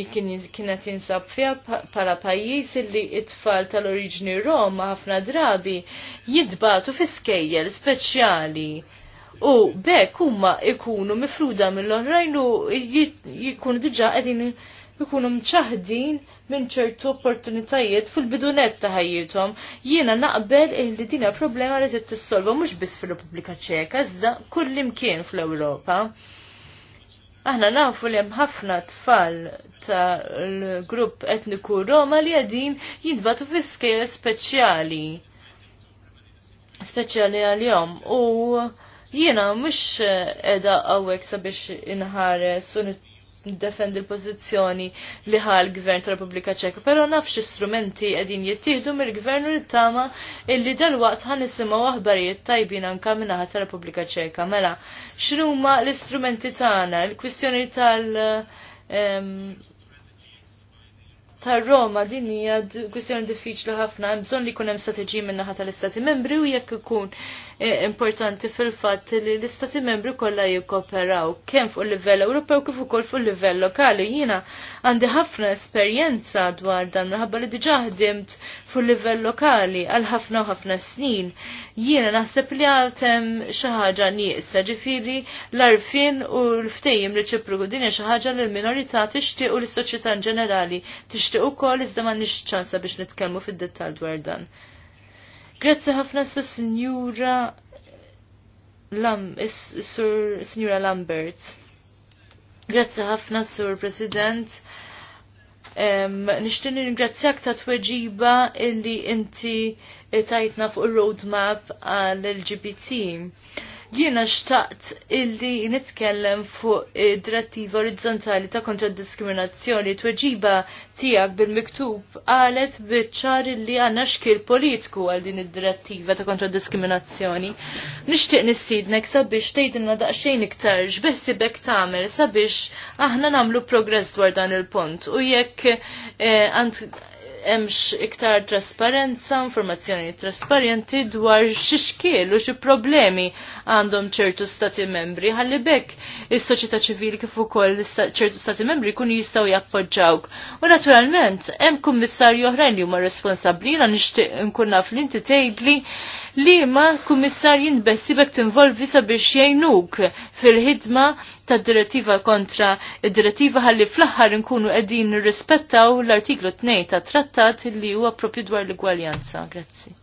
kienet jinsab fija pala pajis li it-tfal tal-oriġni Roma ħafna drabi jidbatu fi skejjel speċjali. U bekk huma ikunu mifruda mill-oħrajn u jikunu diġa' qegħdin ikunu mċaħdin minn ċertu opportunitajiet fil-bidunet ta' ħajjithom. Jiena naqbel li dina problema li tissolva mhux biss fir-Repubblika Ċeka, iżda kullimkien fl-Ewropa. Aħna nafu li hemm ħafna tfal tal-grupp etniku Roma li qegħdin jintbatu fi skejl speċjali. Speċjali għal-jom. U jiena mhux qiegħda hawnhekk sabiex inħares u defendi l-pozizjoni li l gvern ta' Repubblika Ċeka, pero nafx strumenti qegħdin jittieħdu mill-gvern u tama illi dal-waqt ħan nisimaw aħbarijiet tajbin anka minnaħat ta' Repubblika Ċeka. Mela, x'numa l-istrumenti tagħna, il-kwistjoni tal- ehm, ta' Roma din hija kwistjoni diffiċli ħafna, hemm bżonn li jkun hemm strateġiji minn naħa tal-Istati Membri u jekk ikun eh, importanti fil-fatt li l-Istati Membri kollha jikkoperaw kemm fuq il-livell Ewropew kif ukoll fuq il-livell lokali. Jiena għandi ħafna esperjenza dwar dan minħabba li diġa ħdimt fuq livell lokali għal ħafna ħafna snin. Jiena naħseb li għatem xi ħaġa nieqsa ġifieri l-arfin u l-ftejjem li ċipru din xi ħaġa li l-minorità tixtieq u l-soċjetà ġenerali tixtieq ukoll iżda m'għandniex ċansa biex nitkellmu fid-dettall dwar dan. Grazzi ħafna sa Sinjura Lam, Sinjura Lambert. Grazzi ħafna, Sur President. Um, Nishtini ringrazzjak ta' tweġiba illi inti tajtna fuq il-roadmap għal-LGBT. Jiena xtaqt illi nitkellem fuq id-direttiva orizzontali ta' kontra diskriminazzjoni tweġiba tiegħek bil-miktub qalet biċċar illi għandna xkil politiku għal din id-direttiva ta' kontra diskriminazzjoni. Nixtieq nistiednek sabiex tgħidilna daqsxejn iktar x'beħsibek tagħmel sabiex aħna nagħmlu progress dwar dan il-punt u jekk eh, hemmx iktar trasparenza, informazzjoni trasparenti dwar xi u xi problemi għandhom ċertu stati membri. Ħalli bekk is-soċjetà ċivili kif ukoll ċertu stati membri jkunu jistgħu jappoġġawk. U naturalment hemm kummissarju oħrajn li huma responsabbli na nixtieq nkun naf li inti tgħidli li ma kummissarji nbessibek tinvolvi sabiex jgħinuk fil-ħidma ta' direttiva kontra id direttiva ħalli fl-aħħar nkunu qegħdin nirrispettaw l-artiklu 2 ta' trattat li huwa propju dwar l-igwaljanza. Grazzi.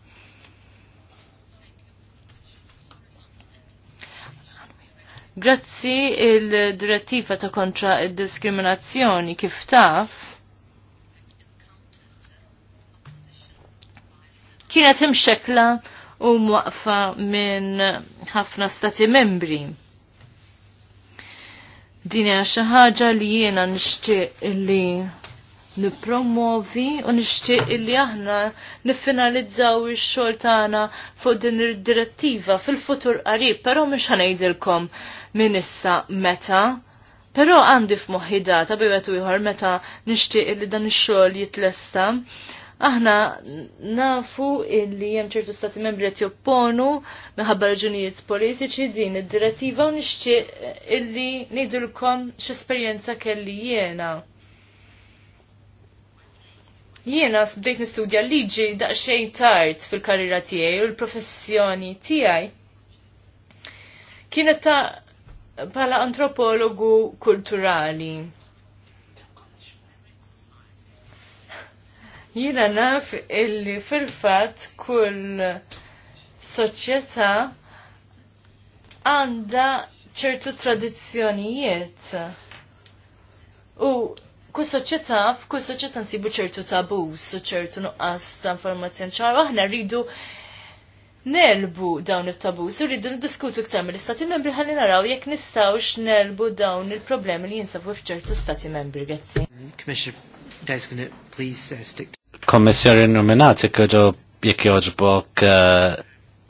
Grazzi il-direttiva ta' kontra il-diskriminazzjoni kif taf kienet imxekla u mwaqfa minn ħafna stati membri. Din hija xi ħaġa li jiena nixtieq li nippromovi u nixtieq li aħna niffinalizzaw ix-xogħol tagħna fuq din id-direttiva fil-futur qarib, però mhux ħanejdilkom minn issa meta. Pero għandi f'moħħi data bi għetu jħor meta nixtieq li dan ix-xogħol jitlesta. Aħna nafu illi hemm ċertu stati membri qed jopponu minħabba raġunijiet politiċi din id-direttiva u nixtieq illi ngħidulkom x'esperjenza kelli jiena. Jiena bdejt nistudja liġi daqsxejn tard fil-karriera tiegħi u l-professjoni tiegħi. Kienet ta' bħala antropologu kulturali. Jina naf illi fil-fat kull soċjetà għanda ċertu tradizzjonijiet. U kull soċjetà f'kull soċjetà nsibu ċertu tabus, ċertu nuqqas ta' informazzjoni ċara, aħna rridu nelbu dawn it-tabus u rridu ndiskutu iktar mill-istati membri ħalli naraw jekk nistgħux nelbu dawn il-problemi li jinsabu f'ċertu stati membri. Grazzi. Uh, Kommissjoni nominati kħoġo jekk joġbok uh,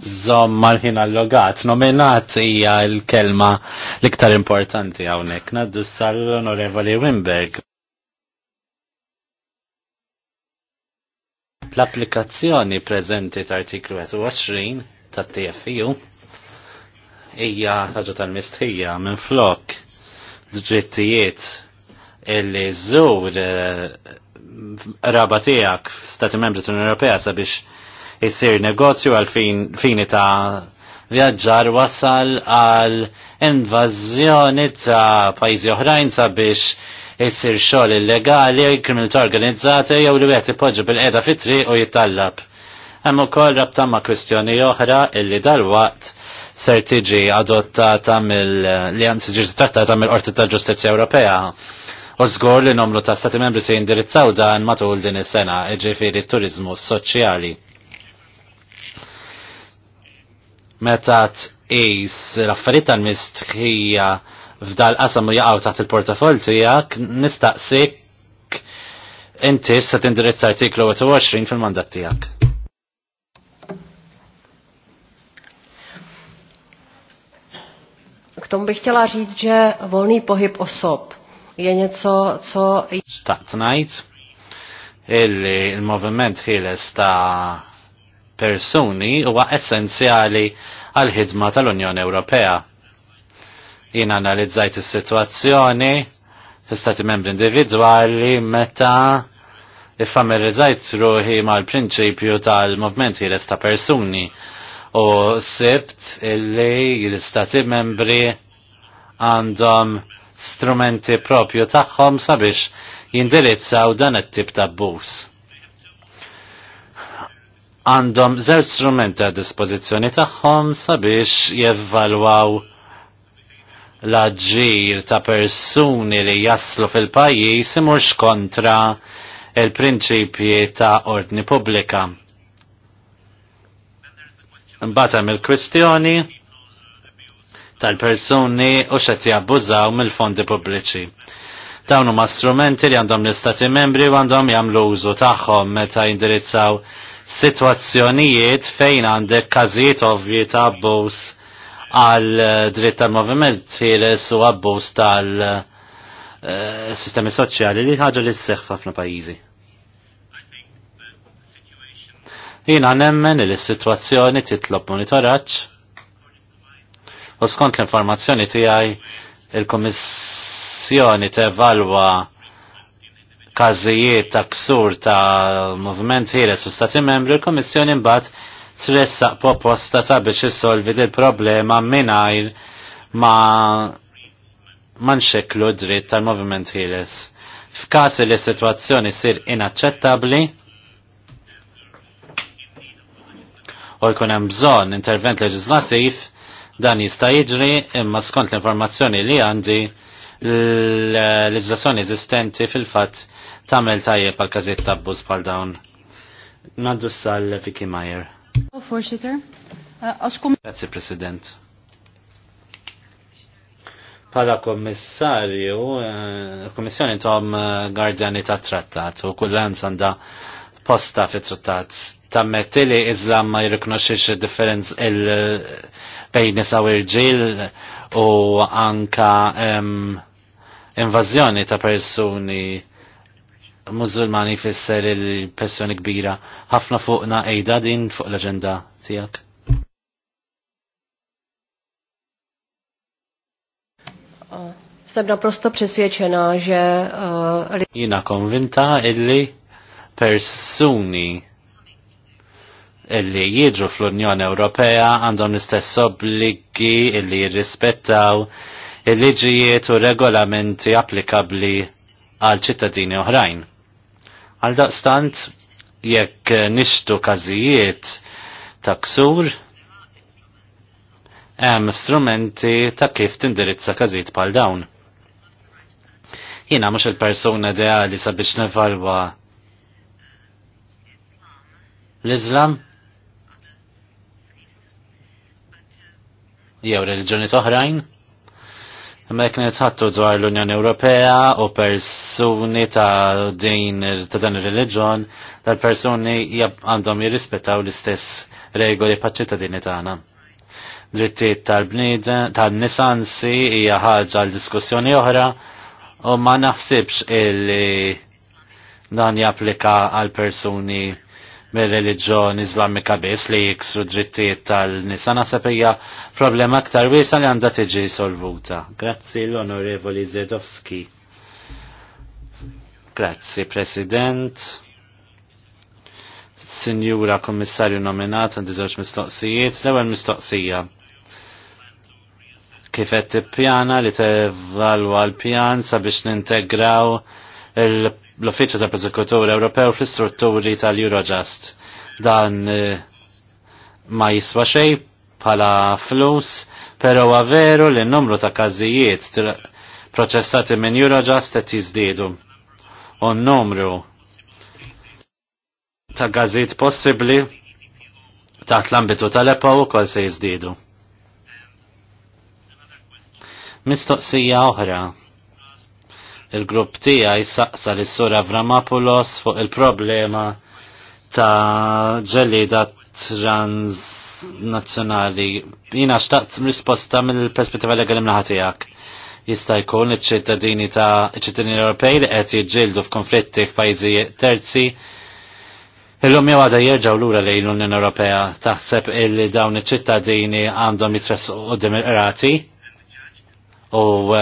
zom marħin allogat, nominat hija l-kelma l-iktar importanti hawnhekk. Naddu sal-Onorevoli Wimberg. L-applikazzjoni preżenti ta' artiklu 20 ta' TFU hija ħaġa tal-mistħija minn flok drittijiet illi zur eh, raba tiegħek stati Membri tal europea Ewropea sabiex jisir negozju għal fini ta' vjaġġar wasal għal invażjoni ta' pajjiżi oħrajn sabiex jessir xogħol illegali kriminalità organizzata jew li wieħed ipoġġu bil qeda fit-triq u jittallab. Hemm ukoll rabta ma' kwistjoni oħra illi dalwaqt ser tiġi adottata mill li għanzi trattata mill-Qorti tal-Ġustizzja Ewropea. U żgur li nomlu ta' stati membri se jindirizzaw dan matul din is-sena, ġifieri t-turizmu soċjali. Meta tqis l-affarijiet tal-mistħija f'dal qasam u jaqgħu taħt il-portafol tiegħek nistaqsik inti se tindirizz artiklu 20 fil-mandat tiegħek. K tomu bych chtěla říct, že volný pohyb osob je něco, co... Xtaqt najt, illi il-moviment ħiles ta' persuni huwa essenzjali għal-ħidma tal-Unjoni Ewropea Jien analizzajt is-sitwazzjoni fil-stati membri individwali meta iffamilizzajt ruħi mal-prinċipju tal-movement ħieles ta' persuni u sibt illi l-istati membri għandhom strumenti propju tagħhom sabiex jindirizzaw dan it-tip ta' bus. Għandhom żewġ strumenti għad dispożizzjoni tagħhom sabiex jevvalwaw l aġir ta' persuni li jaslu fil-pajjiż imurx kontra il-prinċipji ta' ordni pubblika. Mbagħad hemm il-kwistjoni tal-persuni u xed jabbużaw mill-fondi pubbliċi. Dawn huma strumenti li għandhom l-Istati membri u għandhom jagħmlu użu tagħhom meta jindirizzaw sitwazzjonijiet fejn għandek każijiet ovvji ta' abbuż għal dritt tal-moviment ħieles u abbuż tal-sistemi soċjali li ħagġa li s-seħ f'ħafna pajizi. Jina nemmen li s-situazzjoni titlob monitoraċ u skont l-informazzjoni tiegħi il t tevalwa każijiet ta' ksur ta' moviment ħieles u stati membri, il komissjoni mbagħad tressaq proposta sabiex issolvi il problema mingħajr ma man xeklu dritt tal-moviment ħieles. F'kas li s-sitwazzjoni sir inaċċettabbli, u jkun hemm bżonn intervent leġislattiv, dan jista' jiġri imma skont l-informazzjoni li għandi l-leġislazzjoni eżistenti fil-fatt tagħmel tajjeb għal każijiet ta' abbuż bħal dawn. Naddu sal Vicky Meyer voorzitter. Eh, Grazie, president. Pala kommissarju, kommissjoni eh, tom eh, gardjani ta' trattat u kullan sanda posta fi trattat Tammetili izlam ma jirriknoxiex differenz il bejn nisa u irġil u anka invażjoni ta' persuni Mużulmani fisser il-persjoni kbira ħafna fuqna ejda din fuq l-agenda tijak. Sem naprosto přesvědčena, že... Uh, Jina konvinta illi persuni illi jidru fl-Unjoni Ewropea għandhom l-istess obbligi illi jirrispettaw il-liġijiet u regolamenti applikabli għal ċittadini oħrajn. Għal daqstant, jekk nixtu kazijiet ta' ksur, hemm strumenti ta' kif tindirizza kazijiet pal dawn. Jina mhux il-persuna ideali sabiex nevalwa l-Islam jew religjoni oħrajn. Imma jek nitħattu dwar l-Unjoni Ewropea u persuni ta' din ta' dan ir-reliġjon, tal-persuni għandhom jirrispettaw l-istess regoli paċ-ċittadini tagħna. Drittijiet tal-bniedem tan-nisansi hija ħaġa l diskussjoni oħra u ma naħsibx illi dan japplika għal persuni mir-reliġjon Iżlamika biss li jiksru drittijiet tal-nisa naħseb hija problema aktar wiesa li għandha tiġi solvuta. Grazzi l-Onorevoli Zedowski. Grazzi President. Sinjura Kommissarju nominat għandi żewġ mistoqsijiet. L-ewwel mistoqsija kif qed tippjana li tevalwa l-pjan sabiex nintegraw il l-Uffiċċju ta' Prosekutur Ewropew fl-istrutturi tal-Eurojust. Dan eh, ma jiswa xej bħala flus, pero veru li n-numru ta' każijiet proċessati minn Eurojust qed jiżdiedu. U n-numru ta' każijiet possibbli ta' tlambitu ambitu tal-epa u kol se jizdidu. Mistoqsija oħra il-grupp tija jisaqsa li s-sura Vramapoulos fuq il-problema ta' ġellida transnazzjonali. Jina xtaqt risposta mill-perspettiva legali mnaħatijak. Jista' jkun iċ-ċittadini ta' iċ ċittadini Ewropej li qed jiġġieldu f'konflitti f'pajjiżi terzi Illum jew għada jerġgħu lura lejn l-Unjoni Ewropea taħseb illi dawn iċ-ċittadini għandhom jitressqu qudiem il-qrati u uh,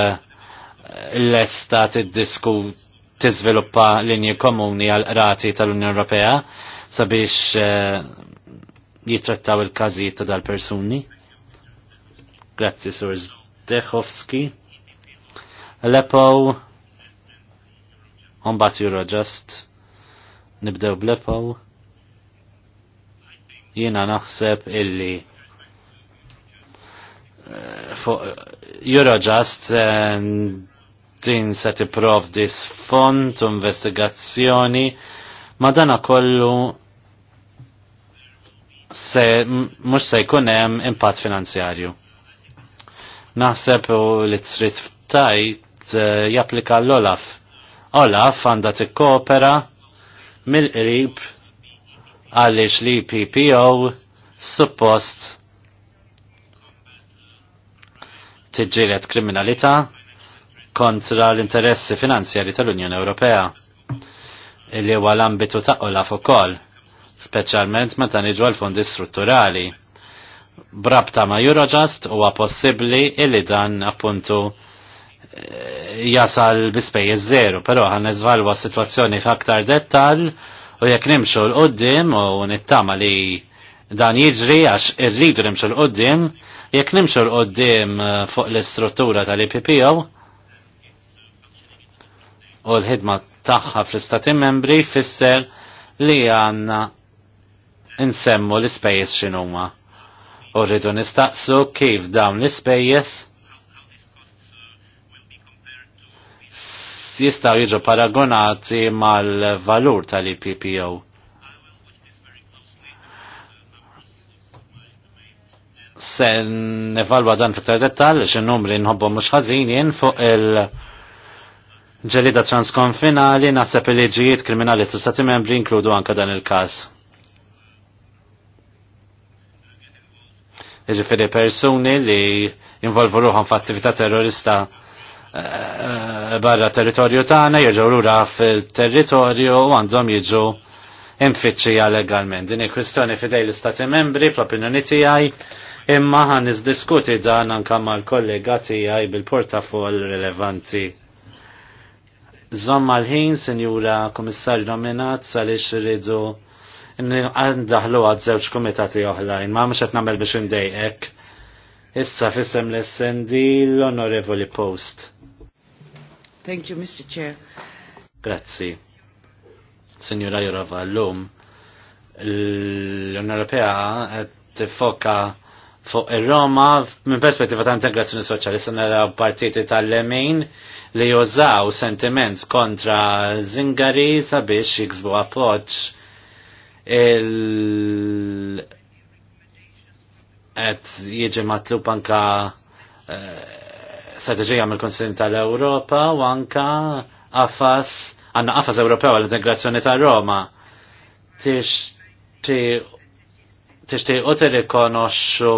l-esta tiddisku tiżviluppa linji komuni għal rati tal-Unjoni Ewropea sabiex eh, jitrattaw il-każijiet ta' dal-persuni. Grazzi Sur Zdechowski. Lepo Umbat ġast, Nibdew blepo. Jiena naħseb illi eh, fuq Eurojust din se tipprovdi sfond u investigazzjoni ma dana kollu se mhux se jkun hemm impatt finanzjarju. Naħseb u li trid ftajt eh, japplika l-Olaf. Olaf għandha tikkopera mill-qrib għaliex li PPO suppost tiġġieled kriminalità kontra l-interessi finanzjari tal-Unjoni Ewropea illi huwa l-ambitu taqqola fuq ukoll, speċjalment meta niġu għal-fondi strutturali. Brabta ma' Eurojust huwa possibbli illi dan appuntu eh, jasal bispej zero, żeru però ħan neżvalwa s-sitwazzjoni f'aktar dettal u jekk nimxu l-qoddim u nittama li dan jiġri għax irridu nimxu l-qoddim, jekk nimxu l-qoddim eh, fuq l-istruttura tal-IPPO, u l-ħidma tagħha fl-istati membri fisser li għanna insemmu l-ispejjeż x'inhuma. U rridu nistaqsu kif dawn l-ispejjeż jistaw jiġu paragonati mal-valur tal-IPPO. Se nevalwa dan fiktar dettal, xin numri nħobbu mux jien fuq il- ġelida transkonfinali naħseb il-liġijiet kriminali t-istati membri inkludu anka dan il-kas. Iġifiri persuni li involvu ruħan f'attività terrorista eh, eh, barra territorju tagħna jirġgħu lura fil-territorju u għandhom jiġu infittxija legalment. Din hi kwistjoni fidej l-Istati membri fl-opinjoni tiegħi imma ħan diskuti dan anka mal-kollega tiegħi bil-portafol rilevanti. Zomma l-ħin, Senjura Komissarju nominat, salix rridu daħlu għad zewċ komitati oħlajn, ma mux namel biex indejqek. Issa fissem l-essendi l-onorevoli post. Thank you, Mr. Chair. Grazzi. Senjura Jurova, l-lum l-Unjoni Ewropea qed tiffoka fuq ir-Roma minn perspettiva ta' integrazzjoni soċjali se nara partiti tal-lemin li jużaw sentiments kontra Zingari sabiex jiksbu appoġġ il et jieġi matlub anka eh, strategija mill konsin tal-Ewropa u anka qafas għandna qafas Ewropew għall-integrazzjoni tar-Roma. Tix tixtiequ tirrikonoxxu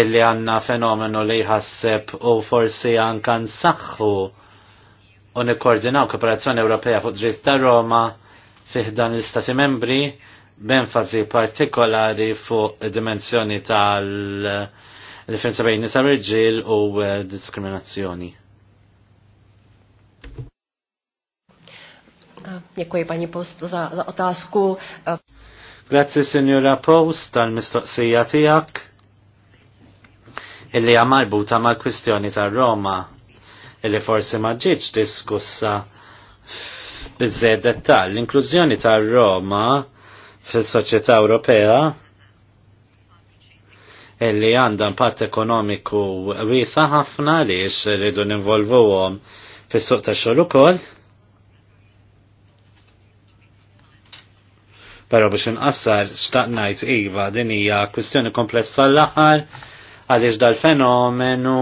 illi għanna fenomenu li jħasseb u forsi anka nsaħħu u nikkoordinaw kooperazzjoni Ewropea fuq dritt ta' Roma fih dan l-Istati membri b'enfasi partikolari fuq dimensjoni tal-differenza bejn nisa irġiel u eh, diskriminazzjoni. Děkuji pani post za, za Uh... Grazzi Sinjura Post tal-mistoqsija tiegħek illi hija marbuta mal-kwistjoni tar-Roma illi forsi ma ġietx diskussa bizzed dettal. L-inklużjoni tar-Roma fis-soċjetà Ewropea illi għandha impatt ekonomiku wiesa ħafna għaliex rridu ninvolvuhom fis-suq tax-xogħol ukoll Pero biex inqassar xtaq ngħid iva din hija kwistjoni komplessa l-aħħar għaliex dal-fenomenu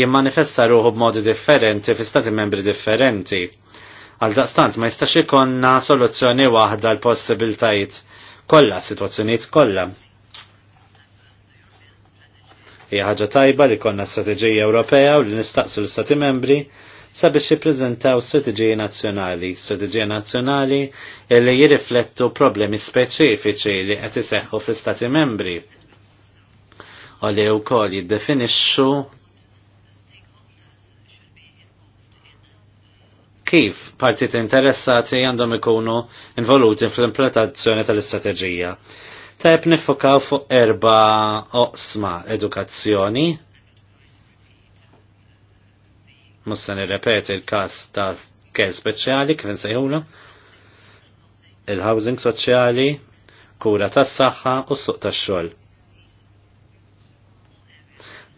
jimmanifesta ruħu b'modi differenti fi stati membri differenti. Għal daqstant ma jistax ikonna soluzzjoni waħda l-possibiltajiet kollha, situazzjonijiet kollha. Hija ħaġa tajba li konna strateġija Ewropea u li nistaqsu l-Stati membri sabiex jippreżentaw strategiji nazzjonali, strategiji nazzjonali li jirriflettu problemi speċifiċi li qed iseħħu fl istati membri u li wkoll jiddefinixxu kif partit interessati għandhom ikunu involuti fl-implementazzjoni tal-istrateġija. Tajb nifokaw fuq erba oqsma edukazzjoni, mussa nirrepeti il-kas ta' kell speċjali kif nsejħuna, il-housing soċjali, kura tas saħħa u suq tax xogħol.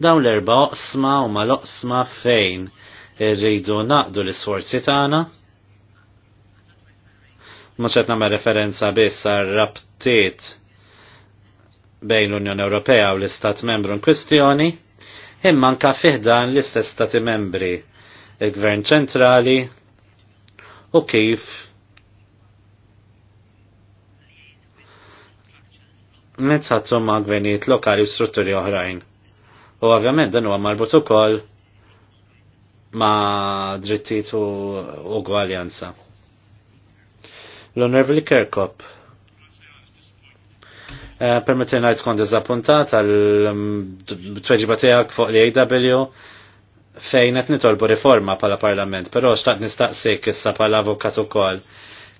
Dawn l-erba' oqsma u ma l-oqsma fejn irridu naqdu l-isforzi tagħna. Mhux qed nagħmel referenza biss għar-rabtiet bejn l-Unjoni Ewropea u l-Istat Membru in kwistjoni, imma anka fiħdan l-istess Stati Membri il-Gvern ċentrali u kif mezzazzu ma' gvernijiet lokali u strutturi oħrajn. U ovvjament dan huwa marbut ukoll ma' drittijiet u ugwaljanza. L-Onorevoli Kirkop. Eh, Permettina tkun dizappuntat għal mm, tweġiba tiegħek fuq li aw fejn qed nitolbu riforma pala parlament, però xtaqt nistaqsik issa pala avukat ukoll.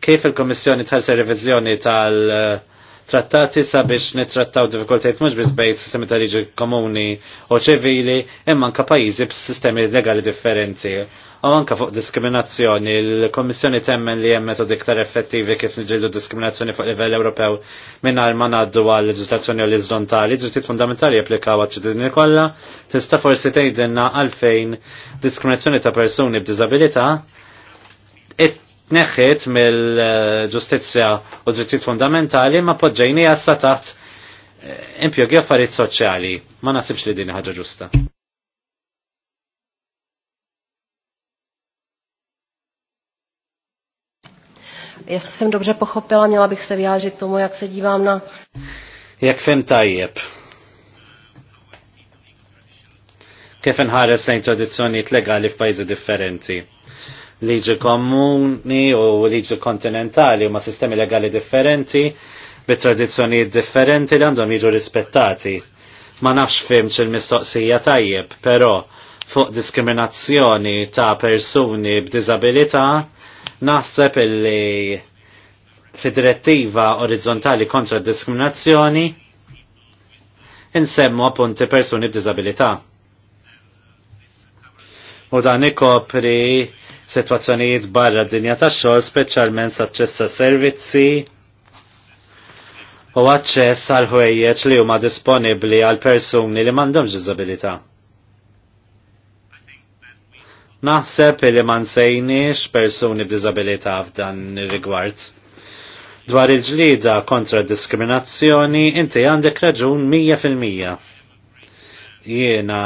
Kif il-Kommissjoni tħallse reviżjoni tal-trattati sabiex nittrattaw diffikultajt mhux biss bejn sistemi ta' liġi komuni u ċivili imma anke pajjiżi b'sistemi legali differenti u anka fuq diskriminazzjoni. Il-Kommissjoni temmen li hemm metodi iktar effettivi kif niġġieldu diskriminazzjoni fuq livell Ewropew mingħajr ma ngħaddu għal leġislazzjoni orizzontali, drittijiet fundamentali applikaw għaċ-ċittadini kollha, tista' forsi tgħidilna għalfejn diskriminazzjoni ta' persuni b'diżabilità neħħet mill-ġustizzja u drittijiet fundamentali ma poġġejni għassa taħt impjogi affarijiet soċjali. Ma nasibx li din ħaġa ġusta. jestli jsem dobře pochopila, měla bych se vyjádřit tomu, jak se dívám na... Jak fem tajjeb. Kif nħares lejn tradizzjonijiet legali f'pajjiżi differenti. Liġi komuni u liġi kontinentali huma sistemi legali differenti bit tradizzjonijiet differenti li għandhom jiġu rispettati. Ma nafx fim il-mistoqsija tajjeb, però fuq diskriminazzjoni ta' persuni b'diżabilità Naħseb illi fid-direttiva orizzontali kontra diskriminazzjoni insemmu appunti persuni b'dizabilità. U dan ikopri situazzjonijiet barra d-dinja ta' xogħol speċjalment s-aċċess servizzi u aċċess għal ħwejjeġ li huma disponibbli għal persuni li m'għandhomx diżabilità. Naħseb li ma nsejniex persuni b'diżabilità f'dan ir-rigward. Dwar il-ġlida kontra diskriminazzjoni inti għandek raġun 100%. Jiena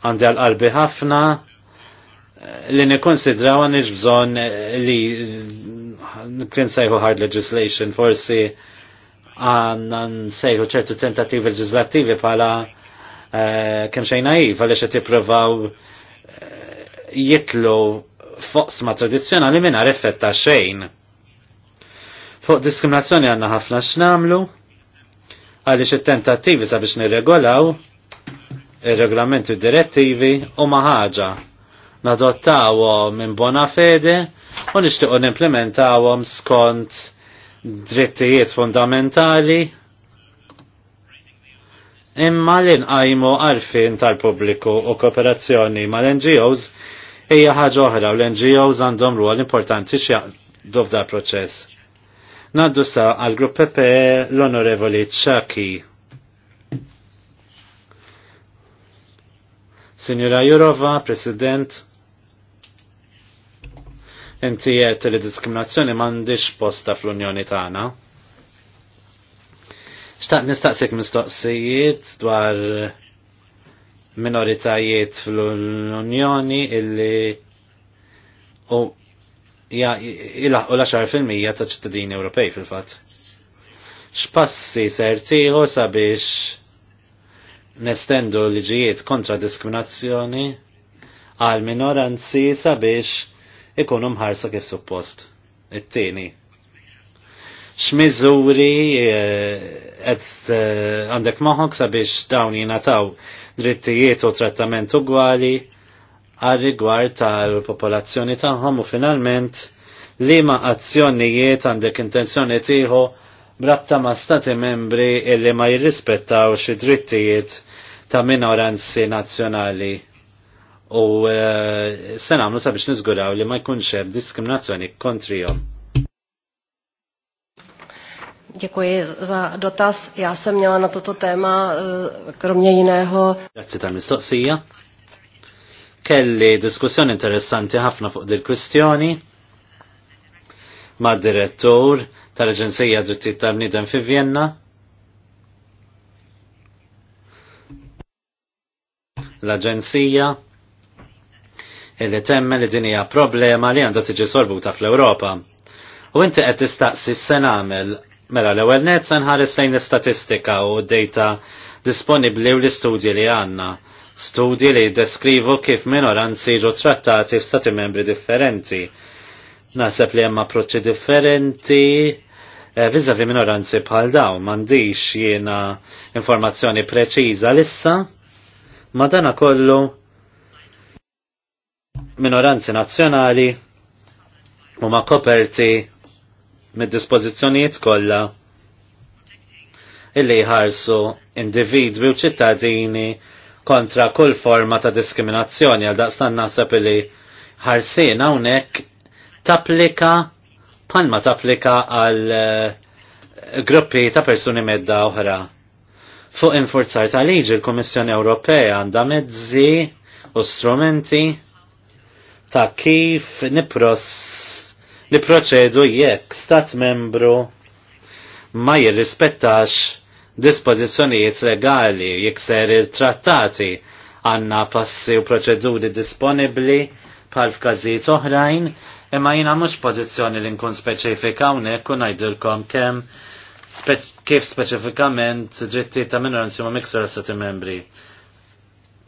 għandi għal-qalbi ħafna li nikonsidraw għanix bżon li kien sejħu hard legislation forsi għanna nsejħu ċertu tentativi leġislattivi pala eh, kem xejn naiv għaliex qed jippruvaw eh, jitlu foqsma tradizzjonali mingħajr effetta' xejn. Fuq diskriminazzjoni għandna ħafna x'namlu għaliex it-tentattivi sabiex nirregolaw ir-reglamenti direttivi u maħħaġa ħaġa nadottawhom minn bona fede u nixtiequ nimplementawhom skont drittijiet fundamentali imma l-inqajmu għalfin tal-pubbliku u kooperazzjoni ma l-NGOs hija ħaġa oħra u l-NGOs għandhom rwol importanti x'jaqdu f'dar proċess. Naddu sa għal grupp PP e, l-Onorevoli Ċaki. Signora Jurova, President, Inti qed li diskriminazzjoni m'għandix posta fl-Unjoni tagħna. Xtaqt nistaqsik mistoqsijiet dwar minoritajiet fl-Unjoni illi u ja, ilaħqu l-10% ta' ċittadini Ewropej fil-fatt. X'passi ser tieħu sabiex nestendu liġijiet kontra diskriminazzjoni għal minoranzi sabiex ikunu mħarsa kif suppost. It-tieni. X'miżuri eh, qed eh, għandek moħħok sabiex dawn jingħataw drittijiet u trattament ugwali għal rigward tal-popolazzjoni tagħhom u finalment li ma azzjonijiet għandek intenzjoni tieħu bratta ma' stati membri illi ma jirrispettawx id-drittijiet ta' minoranzi nazzjonali u eh, sena għamlu sabiex niżguraw li ma jkunx hemm diskriminazzjoni kontrihom. Děkuji za dotaz. Já jsem měla na toto téma, eh, kromě jiného. Grazie tal-mistoqsija. Kelli diskussjoni interessanti ħafna fuq dil-kwistjoni ma' direttur tal-Aġenzija Drittit tal nidem fi Vienna. L-Aġenzija illi temme li din hija problema li għandha tiġi solvuta fl-Ewropa. U inti qed tistaqsi s nagħmel mela l-ewwel net se nħares lejn l-istatistika u d-data disponibbli u l-istudji li għandna. Studji li deskrivu kif minoranzi ġu trattati f'stati membri differenti. Naseb li hemm approċċi differenti eh, vizavi minoranzi bħal daw m'għandix jiena informazzjoni preċiża lissa, ma dana kollu minoranzi nazzjonali huma koperti mid-dispożizzjonijiet kollha illi jħarsu individwi u ċittadini kontra kull forma ta' diskriminazzjoni għal daqstan nasab illi ħarsin hawnhekk tapplika palma taplika għal eh, gruppi ta' persuni medda oħra. Fuq infurzar tal liġi l-Kommissjoni Ewropea għandha mezzi u strumenti ta' kif nipros niproċedu jekk stat membru ma jirrispettax dispożizzjonijiet legali jikser il-trattati għanna passi u proċeduri disponibli pal f'każijiet oħrajn imma jina mhux pożizzjoni li nkun speċifika hawnhekk u ngħidilkom kemm kif speċifikament dritti ta' minoranzi ma miksur stati membri.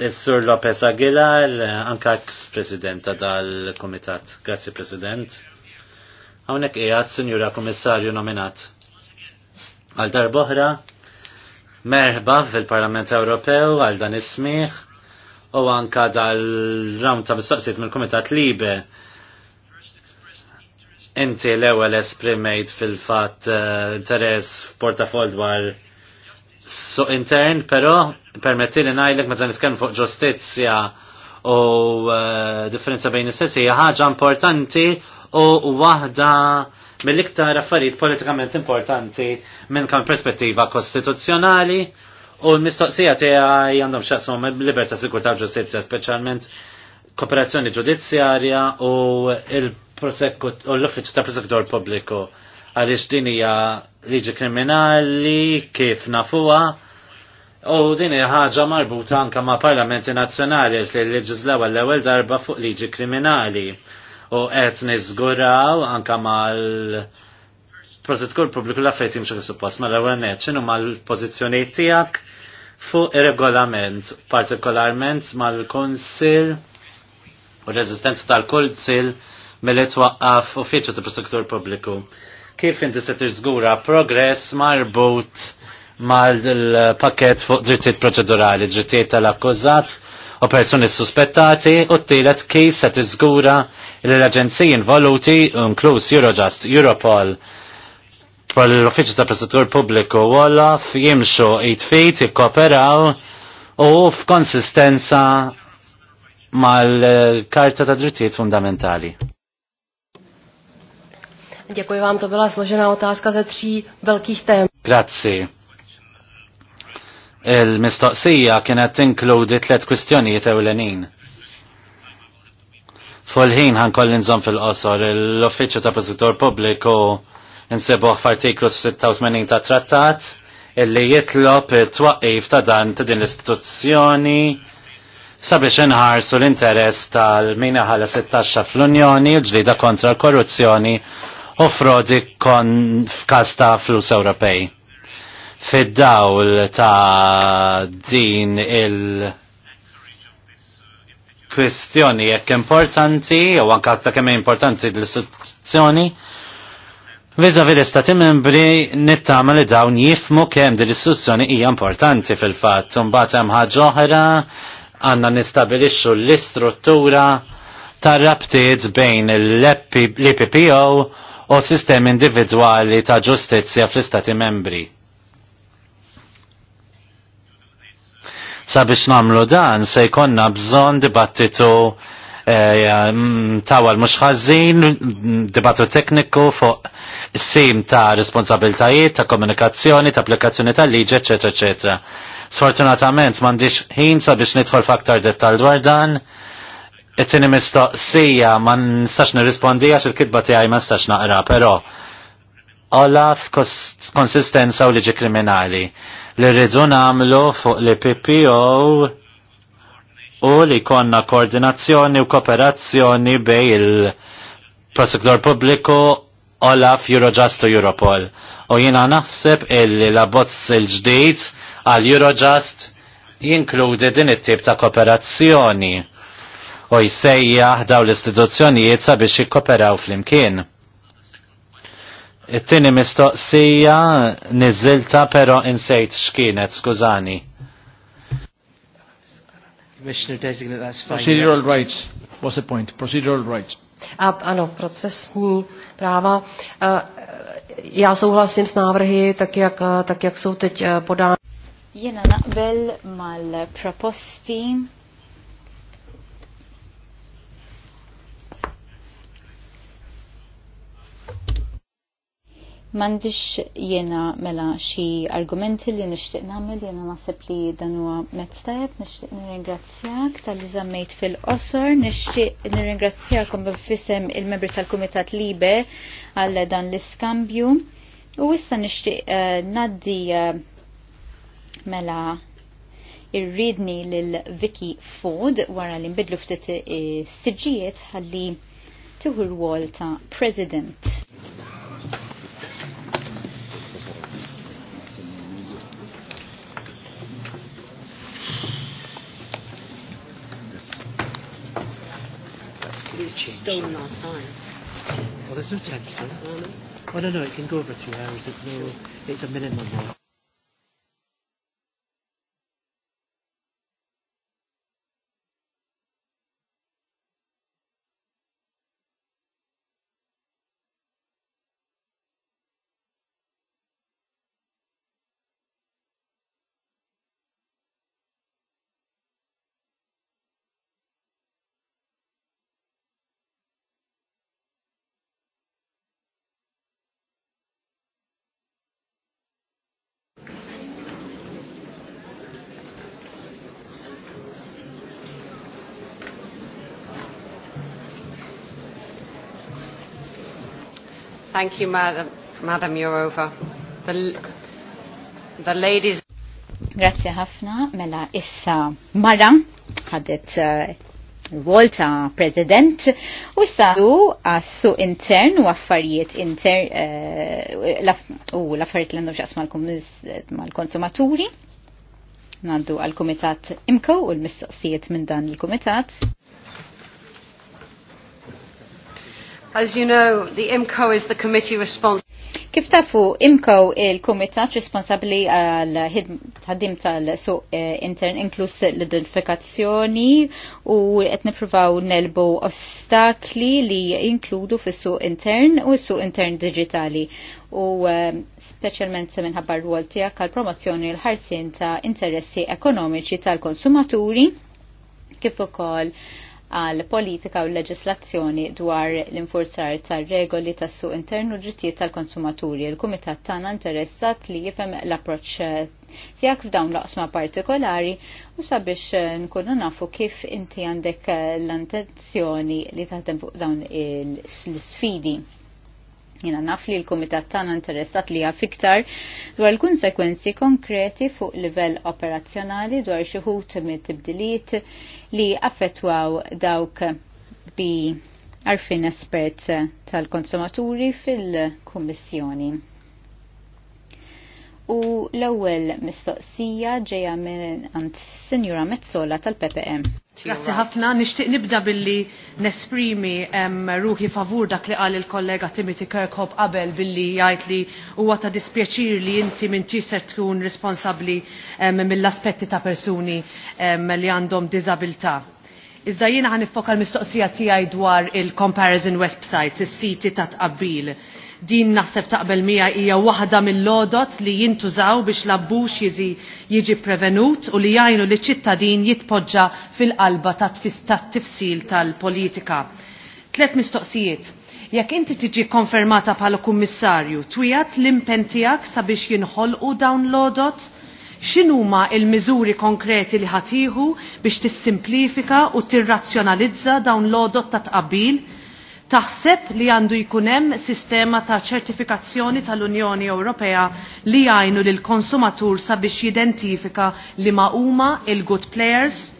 Is-Sur Lopez Aguilar, anka ex-president dal-Komitat. Grazzi, President. Hawnhekk qiegħed Sinjura komissarju nominat. Għal darboħra, merħba fil-Parlament Ewropew għal dan is u anka dal-ram ta' mistoqsijiet mill-Komitat Libe. Inti l-ewwel esprimejt fil-fatt eh, interess f'portafol dwar so intern, pero permetti li najlek meta nitkellem fuq ġustizzja u uh, differenza bejn is-sessi hija ħaġa importanti u waħda mill-iktar affarijiet politikament importanti minn kan perspettiva kostituzzjonali u l-mistoqsija tiegħi għandhom x'aqshom libertà sigurtà u ġustizzja speċjalment kooperazzjoni ġudizzjarja u l-uffiċċju ta' prosekutor pubbliku għaliex din hija liġi kriminali kif nafuha u din ħaġa marbuta anke ma' parlamenti nazzjonali li leġizlaw l-ewwel darba fuq liġi kriminali u qed niżguraw anke mal prosekutur pubbliku Publiku affarijiet jimxu suppost mal-ewwel nett x'inhu mal-pożizzjonijiet tiegħek fuq regolament, partikolarment mal-Konsil u rezistenza tal-Konsil mill-li twaqqaf uffiċċju ta' prosekutur pubbliku kif inti se tiżgura progress marbut mal-pakket fuq drittijiet proċedurali, drittijiet tal-akkużat u persuni suspettati u t-tielet kif se tiżgura l-aġenziji involuti, inkluż Eurojust, Europol, l-Uffiċċju ta' Prestatur Pubbliku u Olaf jimxu jitfit, jikkoperaw u f'konsistenza mal-Karta ta' Drittijiet Fundamentali. Děkuji vám, to byla složená otázka ze tří velkých tém. Grazzi. Il-mistoqsija kienet tinkludi tliet kwistjonijiet ewlenin. Fulħin ħan zon fil-qosor, l-Uffiċċju ta' Prosektor Pubbliku nsebuħ f'artiklu 86 ta' trattat illi jitlob it-twaqqif ta' dan ta' din l-istituzzjoni sabiex inħarsu l-interess tal-min ħala 16 fl-Unjoni u ġlida kontra l-korruzzjoni u frodi kon f'kas ta' flus Ewropej. Fid-dawl ta' din il- kwestjoni jekk importanti, u anka ta' kemm importanti l-istituzzjoni, Viza fil istati membri nittama li dawn jifmu kemm din l-istituzzjoni hija importanti fil-fatt. Imbagħad hemm ħaġa oħra għandna nistabilixxu l-istruttura tar-rabtiet bejn l-EPPO u sistemi individwali ta' ġustizzja fl-istati membri. Sabiex namlu dan se jkonna bżon dibattitu eh, mm, tawal mux ħażin, dibattu tekniku fuq sim ta' responsabiltajiet, ta' komunikazzjoni, ta' applikazzjoni ta' liġi, eccetera, eccetera. Sfortunatament mandiċ ħin sabiex nidħol faktar dettal dwar dan, it mistoqsija ma nistax għax il kitba tiegħi ma nistax naqra, però Olaf konsistenza u liġi kriminali li rridu nagħmlu fuq li PPO u li konna koordinazzjoni u kooperazzjoni bej il-prosektor pubbliku Olaf Eurojust u Europol. U jina naħseb illi la bozz il-ġdid għal Eurojust jinkludi din it-tip ta' kooperazzjoni u jsejjaħ daw l-istituzzjonijiet sabiex jikkoperaw flimkien. It-tieni mistoqsija niżilta però insejt x'kienet, skużani. Commissioner designate, that's fine. Procedural rights. What's the point? Procedural rights. A, ano, procesní práva. E, já souhlasím s návrhy, tak jak, e, tak jak jsou teď e, podány. Jena naqbel mal-proposti mandix jena mela xi argumenti li nishtiq namel, jena nasib li dan huwa mezz tajab, nishtiq nirringrazzjak tal-li zammejt fil-qosor, nishtiq nirringrazzjakom b'fisem il-membri tal-Kumitat Libe għal dan l-iskambju. U issa nishtiq uh, eh, naddi uh, eh, mela irridni lil Vicky Ford wara li nbidlu ftit eh, s-sġijiet ħalli tieħu l-wol ta' President. Well, there's no time um, still. Well no, no, it can go over three hours. It's, no, it's a minimum now. Thank you, Madam, Madam Jourova. The, the ladies... Grazie ħafna, mela issa Mara ħadet volta eh, president u sadu għassu intern u affarijiet intern eh, u l-affarijiet l-għandhom xas mal-konsumaturi. għandu għal-komitat imko u l-mistoqsijiet minn dan il-komitat. As you know, the IMCO is the committee response. Kif tafu IMCO il-Kumitat responsabli għal ħaddim tal-suq eh, intern inkluż l-identifikazzjoni u qed nippruvaw nelbu ostakli li jinkludu fis-suq intern u s-suq intern digitali u eh, speċjalment se minħabba r-rwol tiegħek għal promozzjoni l-ħarsien ta' interessi ekonomiċi tal-konsumaturi kif ukoll għal politika u leġislazzjoni dwar l-infurzar tar regoli tas suq internu ġittijiet tal-konsumaturi. Il-Kumitat tagħna interessat li jifhem l-approċċ tiegħek f'dawn l-oqsma partikolari u sabiex eh, nkunu nafu kif inti għandek eh, l-intenzjoni li taħdem fuq dawn l-sfidi. Jina naf li l-Komitat tana interessat li għafiktar dwar l-konsekwenzi konkreti fuq livell operazzjonali dwar xuħut mit tibdiliet li affettwaw dawk bi arfin espert tal-konsumaturi fil-Kommissjoni. U l-ewwel mistoqsija ġejja minn ant Sinjura Mezzola tal-PPM. Grazzi ħafna, nixtieq nibda billi nesprimi ruħi favur dak li qal il-kollega Timothy Kirkhope qabel billi jgħid li huwa ta' dispjaċir li inti minn tiser tkun responsabbli mill-aspetti ta' persuni li għandhom diżabilità. Iżda jiena ħanifokal l-mistoqsija tiegħi dwar il-comparison websites, is-siti ta' tqabbil din naħseb taqbel mija hija waħda mill-lodot li jintużaw biex l jizi jiġi prevenut u li jgħinu li ċittadin jitpoġġa fil-qalba ta' tifsil tal-politika. Tlet mistoqsijiet. Jekk inti tiġi konfermata bħala kummissarju, twijat l-impentijak sabiex jinħolqu dawn l-odot? xinuma il-miżuri konkreti li ħatiħu biex tissimplifika u tirrazzjonalizza dawn l-odot ta' tqabbil taħseb li għandu jkunem sistema ta' ċertifikazzjoni tal-Unjoni Ewropea li jgħinu lil konsumatur sabiex jidentifika li ma' huma il-good players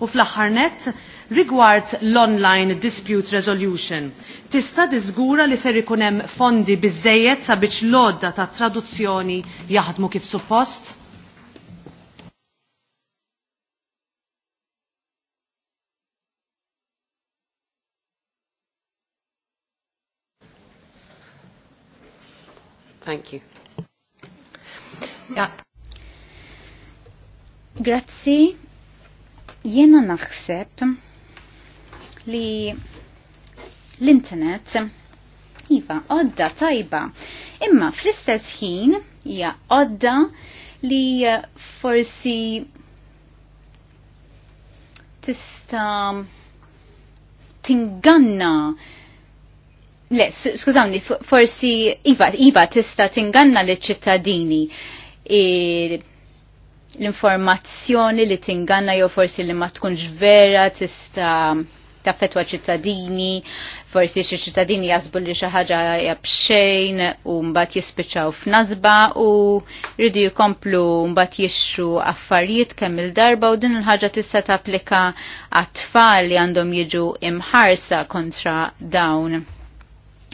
u fl-aħħar net rigward l-online dispute resolution. Tista' diżgura li ser ikun hemm fondi biżejjed sabiex l-odda ta' traduzzjoni jaħdmu kif suppost? Thank you. Yeah. Grazzi. Jena naħseb li l-internet iva odda tajba. Imma fl-istess ħin hija odda li forsi tista tinganna Le, skużawni, forsi Iva, Iva tista tinganna li ċittadini l-informazzjoni li tinganna jew forsi li ma tkunx vera tista taffetwa ċittadini, forsi xi ċittadini jasbu li xi ħaġa jabxejn u mbagħad jispiċċaw f'nazba u rridu jkomplu mbagħad jixxu affarijiet kemm il-darba u din il-ħaġa tista' tapplika għat-tfal li għandhom jiġu imħarsa kontra dawn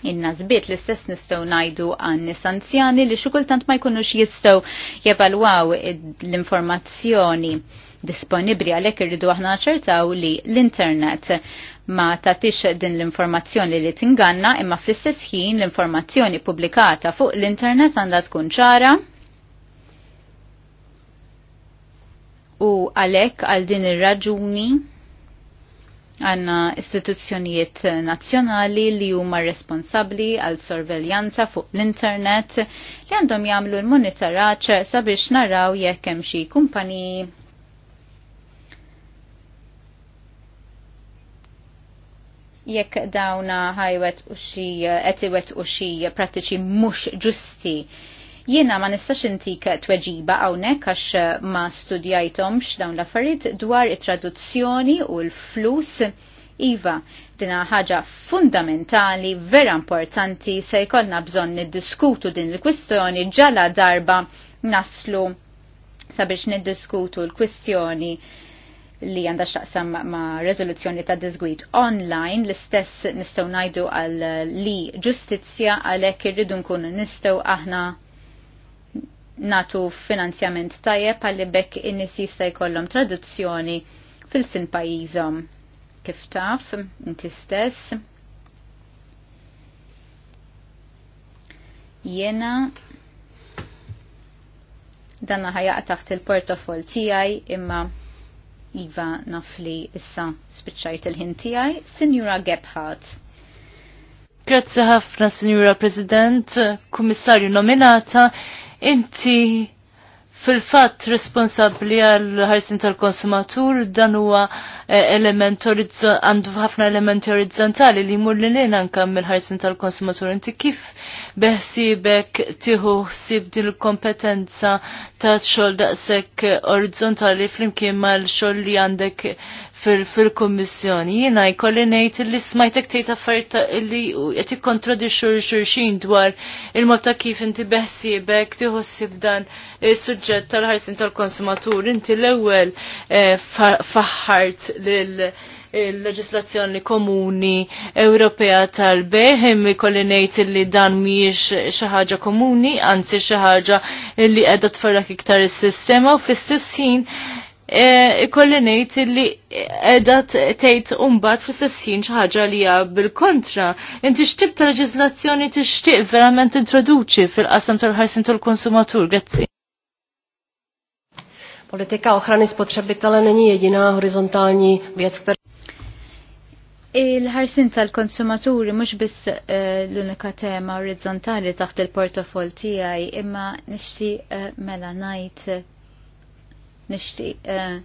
Inna zbiet l-istess nistaw najdu għan anzjani li xukultant ma jkunux jistaw jevalwaw l-informazzjoni disponibbli għalek irridu aħna ċertaw li l-internet ma tatix din l-informazzjoni li tinganna imma fl-istess ħin l-informazzjoni pubblikata fuq l-internet għandha tkun ċara u għalek għal din ir-raġuni għanna istituzzjonijiet nazzjonali li huma responsabli għal sorveljanza fuq l-internet li għandhom jagħmlu l-monitoraġġ sabiex naraw jekk hemm xi kumpaniji jekk dawna ħajwet u xi qed u xi prattiċi mhux ġusti Jiena ma nistax intik tweġiba hawnhekk għax eh, ma studjajtomx dawn l-affarijiet dwar it-traduzzjoni u l-flus Iva, dina ħaġa fundamentali, vera importanti, se jkollna bżon niddiskutu din il-kwistjoni ġala darba naslu sabiex niddiskutu l-kwistjoni li għandha xtaqsam ma' rezoluzzjoni ta' dizgwit online, l-istess nistaw najdu għal li ġustizja għalek irridu nkunu nistaw aħna natu finanzjament tajjeb għalli bekk in-nies jista' jkollhom traduzzjoni fil-sin pajjiżhom. Kif taf, inti stess. Jena dan ħajaq taħt il-portofol tiegħi imma Iva nafli issa spiċċajt il-ħin tiegħi. Sinjura Gebhardt. Grazzi ħafna, Signora President, Kummissarju nominata, Inti fil-fatt responsabbli għal ħarsin tal-konsumatur dan huwa eh, element għandu ħafna elementi orizzontali li jmur li lejna anke mill-ħarsin tal-konsumatur. Inti kif beħsibek tieħu ħsieb din il-kompetenza ta' xogħol daqshekk orizzontali flimkien mal-xogħol li għandek fil-kommissjoni. Jina jkolli nejt li smajtek tejt affarijiet li qed kontradi xur xurxin dwar il mota kif inti beħsiebek tiħossib dan il-sujġet tal-ħarsin tal-konsumatur. Inti l-ewel eh, faħħart lil il-leġislazzjoni komuni Ewropea tal-beħim ikolli ngħid li dan mhijiex xi ħaġa komuni, anzi xi ħaġa li qiegħda tfarrak iktar is-sistema u fl istessin E, ikolli ngħid li qiegħda tgħid umbat fi sessin xi ħaġa li hija bil-kontra. Inti x'tib ta' leġiżlazzjoni tixtieq verament introduċi fil-qasam tal-ħarsin tal-konsumatur, grazzi. Politika ochrany spotřebitele není jediná horizontální věc, která Il-ħarsin tal-konsumaturi mhux biss e, l-unika tema orizzontali taħt il-portofol tiegħi imma nixtieq e, mela ngħid nixtieq eh,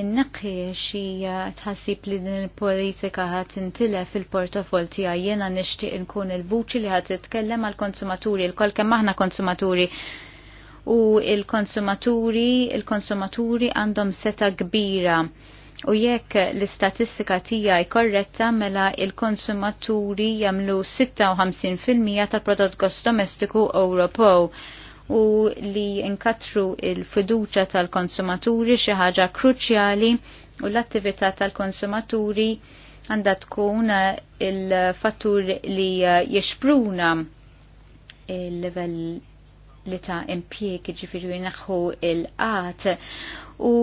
Innaqħi xie tħassib li din il-politika ħat intile fil-portafol tija jiena nixtieq nkun il-vuċi li ħat itkellem għal konsumaturi il-kol kem aħna konsumaturi. U il-konsumaturi, il-konsumaturi għandhom seta kbira. U jekk l-istatistika tija korretta mela il-konsumaturi jagħmlu 56% tal-prodott domestiku Europow u li nkatru il-fiduċa tal-konsumaturi xi ħaġa kruċjali u l-attività tal-konsumaturi għandha tkun il-fattur li jixpruna il-level li ta' impjeg ġifiri naħħu il-qat u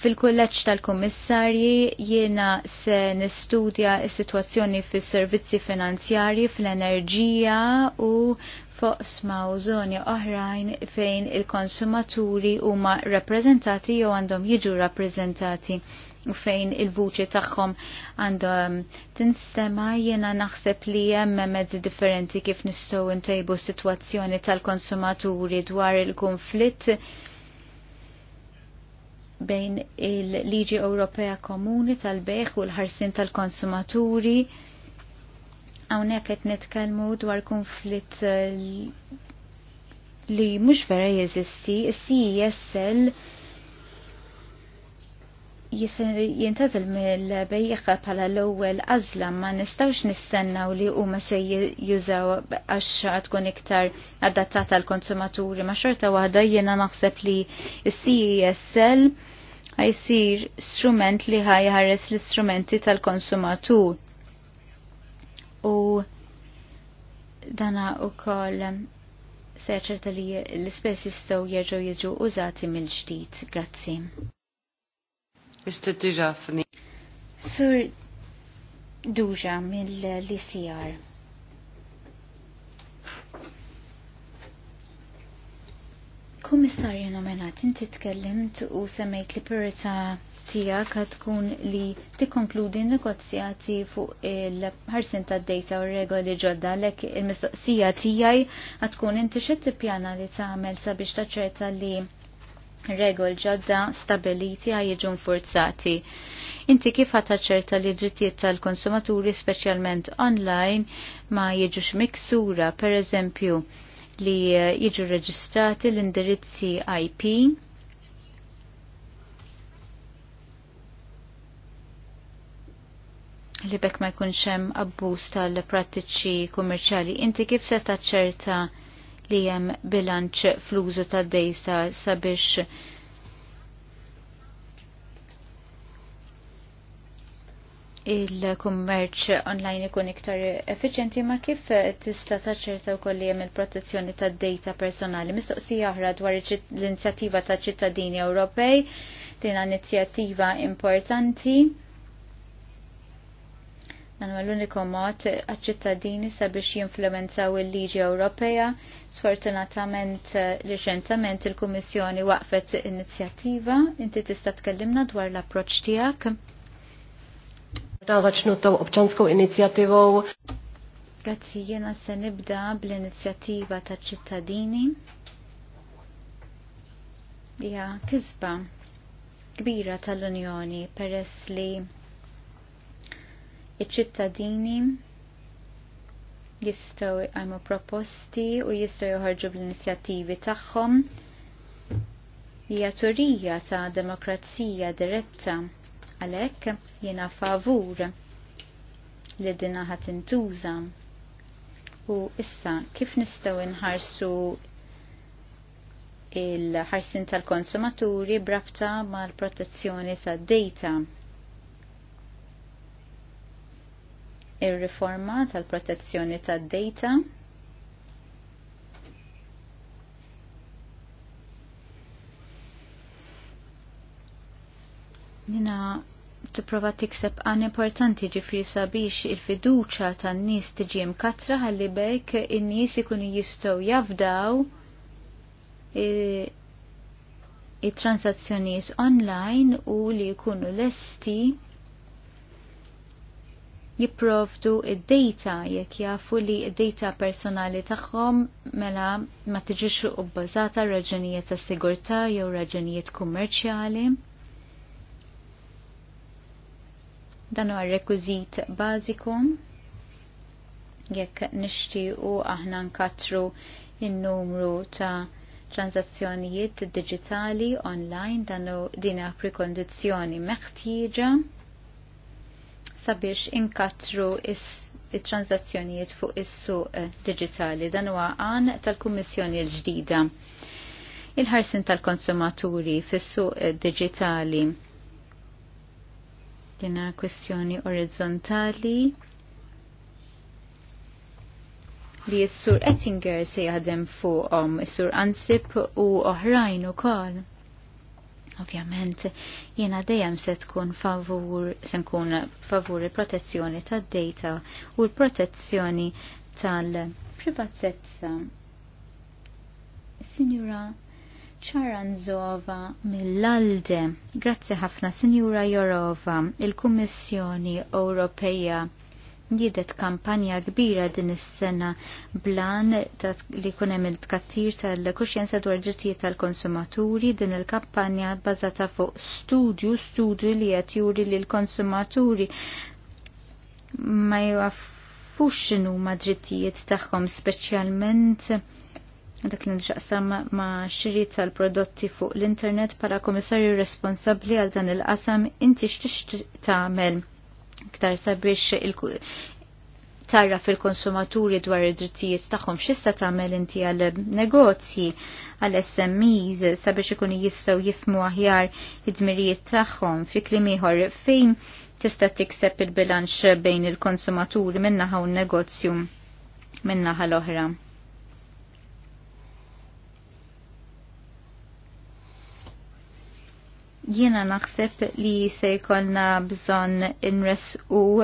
Fil-kulleġġ tal-Kummissarji jiena se nistudja s-sitwazzjoni fis-servizzi finanzjarji fl-enerġija u fuq u zoni oħrajn fejn il-konsumaturi huma rappreżentati jew għandhom jiġu rappreżentati u fejn il-vuċi tagħhom għandhom tinstema jiena naħseb li hemm mezzi differenti kif nistgħu ntejbu s-sitwazzjoni tal-konsumaturi dwar il-konflitt bejn il-Liġi Ewropea Komuni tal bejħ u l-ħarsin tal beħ u l ħarsien tal konsumaturi hawnhekk qed nitkellmu dwar konflitt eh, li mhux vera jeżisti, is-CESL jintazil mill bejjeħa bħala l-ewwel għażla ma nistgħux nistennaw li huma se jużaw għax tkun iktar adattata l konsumaturi ma xorta waħda jiena naħseb li s-CESL ħajsir strument li ħajħares l-istrumenti tal-konsumatur u dana u koll seċerta li l-ispess jistow jieġu jiġu użati mill-ġdid. Grazzi. Mr. Dujafni. Sur Duja mill-LCR. Kummissarju nominat, inti tkellimt u semmejt li purita tijak tkun li tikkonkludi negozjati fuq il-ħarsin ta' data u regoli ġodda lek il-mistoqsija tijaj tkun inti xed tippjana li tagħmel sabiex ċerta li regol ġodda stabiliti jiġu forzati. Inti kif ċerta li drittijiet tal-konsumaturi speċjalment online ma jiġux miksura, per eżempju, li jiġu reġistrati l-indirizzi IP li bekk ma jkunx hemm abbuż tal-prattiċi kummerċjali. Inti kif se taċċerta li hemm bilanċ fl-użu tad dejsa sabiex il-kummerċ online ikun iktar effiċenti ma kif tista taċċerta wkoll li hemm il-protezzjoni tad-data personali. Mistoqsija oħra dwar l-inizjattiva ta' ċittadini Ewropej din inizjattiva importanti Dan l-uniku mod għaċ-ċittadini sabiex jinfluwenzaw il-liġi Ewropea. Sfortunatament eh, reċentament il-Kummissjoni waqfet inizjattiva. Inti tista' tkellimna dwar l-approċċ tiegħek. Ta' zaċnu taw obċansku inizjattivu. Grazzi, jena se nibda bl-inizjattiva ta' ċittadini. Ja, kizba kbira tal-Unjoni peress li iċ-ċittadini jistgħu jqajmu proposti u jistgħu joħorġu bl-inizjattivi tagħhom hija turija ta' demokrazija diretta għalhekk jiena favur li din ħadd intuża. U issa kif nistgħu nħarsu il-ħarsin tal-konsumaturi brabta mal-protezzjoni tad-data ir-riforma tal-protezzjoni tad-data Nina tipprova tikseb għan importanti ġifri sabiex il-fiduċa tan-nies tiġi mkatra ħalli bejk in-nies ikunu jistgħu jafdaw it-transazzjonijiet online u li jkunu lesti jipprovdu id-data jekk jafu li id-data personali tagħhom mela ma tiġix ubbażata raġunijiet ta' sigurtà jew raġunijiet kummerċjali. Dan huwa rekwiżit bażiku jekk nixtiequ aħna nkatru in-numru ta' transazzjonijiet digitali online danu dina prekondizzjoni meħtieġa sabiex inkatru il-transazzjonijiet fuq is-suq eh, digitali dan huwa għan tal-Kummissjoni l-ġdida. Il-ħarsin tal-konsumaturi fis-suq eh, digitali jena kwestjoni orizzontali li s-sur Ettinger se jaħdem fuqhom, is-sur Ansip u oħrajn ukoll. Ovvjament, jiena dejjem se tkun favur, se nkun favur il-protezzjoni tad-data u l-protezzjoni tal-privatezza. Signora Ċaranzova mill-Alde. Grazzi ħafna, Sinjura Jorova, il-Kummissjoni Ewropea. Niedet kampanja kbira din is-sena blan li kunem hemm il-tkattir tal-kuxjenza dwar drittijiet tal-konsumaturi din il-kampanja bbażata fuq studju studju li qed juri li l-konsumaturi ma jafux x'inhu ma drittijiet tagħhom speċjalment dak li nġaqsam ma xiri tal-prodotti fuq l-internet para komissarju responsabli għal dan il-qasam inti x'tix tagħmel iktar sabiex tarra fil-konsumaturi dwar id-drittijiet tagħhom x'issa tagħmel inti għal negozji għal SMEs sabiex ikunu jistgħu jifmu aħjar id-dmirijiet tagħhom fi kliem ieħor fejn tista' tikseb il-bilanċ bejn il-konsumaturi minnaħa u n-negozju minnaħa l-oħra. Jiena naħseb li se jkollna bżonn inres u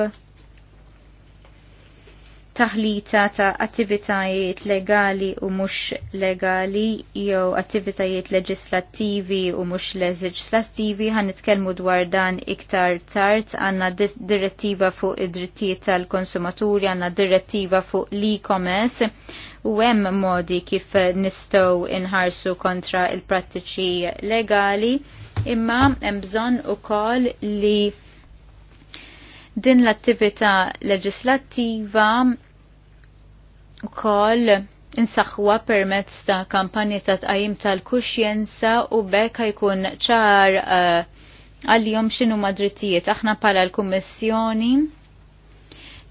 taħlita ta' attivitajiet legali u mhux legali jew attivitajiet leġislattivi u mhux leġislattivi ħan nitkellmu dwar dan iktar tard għandna direttiva fuq id-drittijiet tal-konsumaturi għandna direttiva fuq l-e-commerce u hemm modi kif nistgħu inħarsu kontra il-prattiċi legali imma hemm bżonn ukoll li din l-attività leġislattiva ukoll insaħħuha permezz ta' kampanji ta' tqajjim tal-kuxjenza u bekk jkun ċar eh, għal-jom xinu madrittijiet. Aħna pala l-Kummissjoni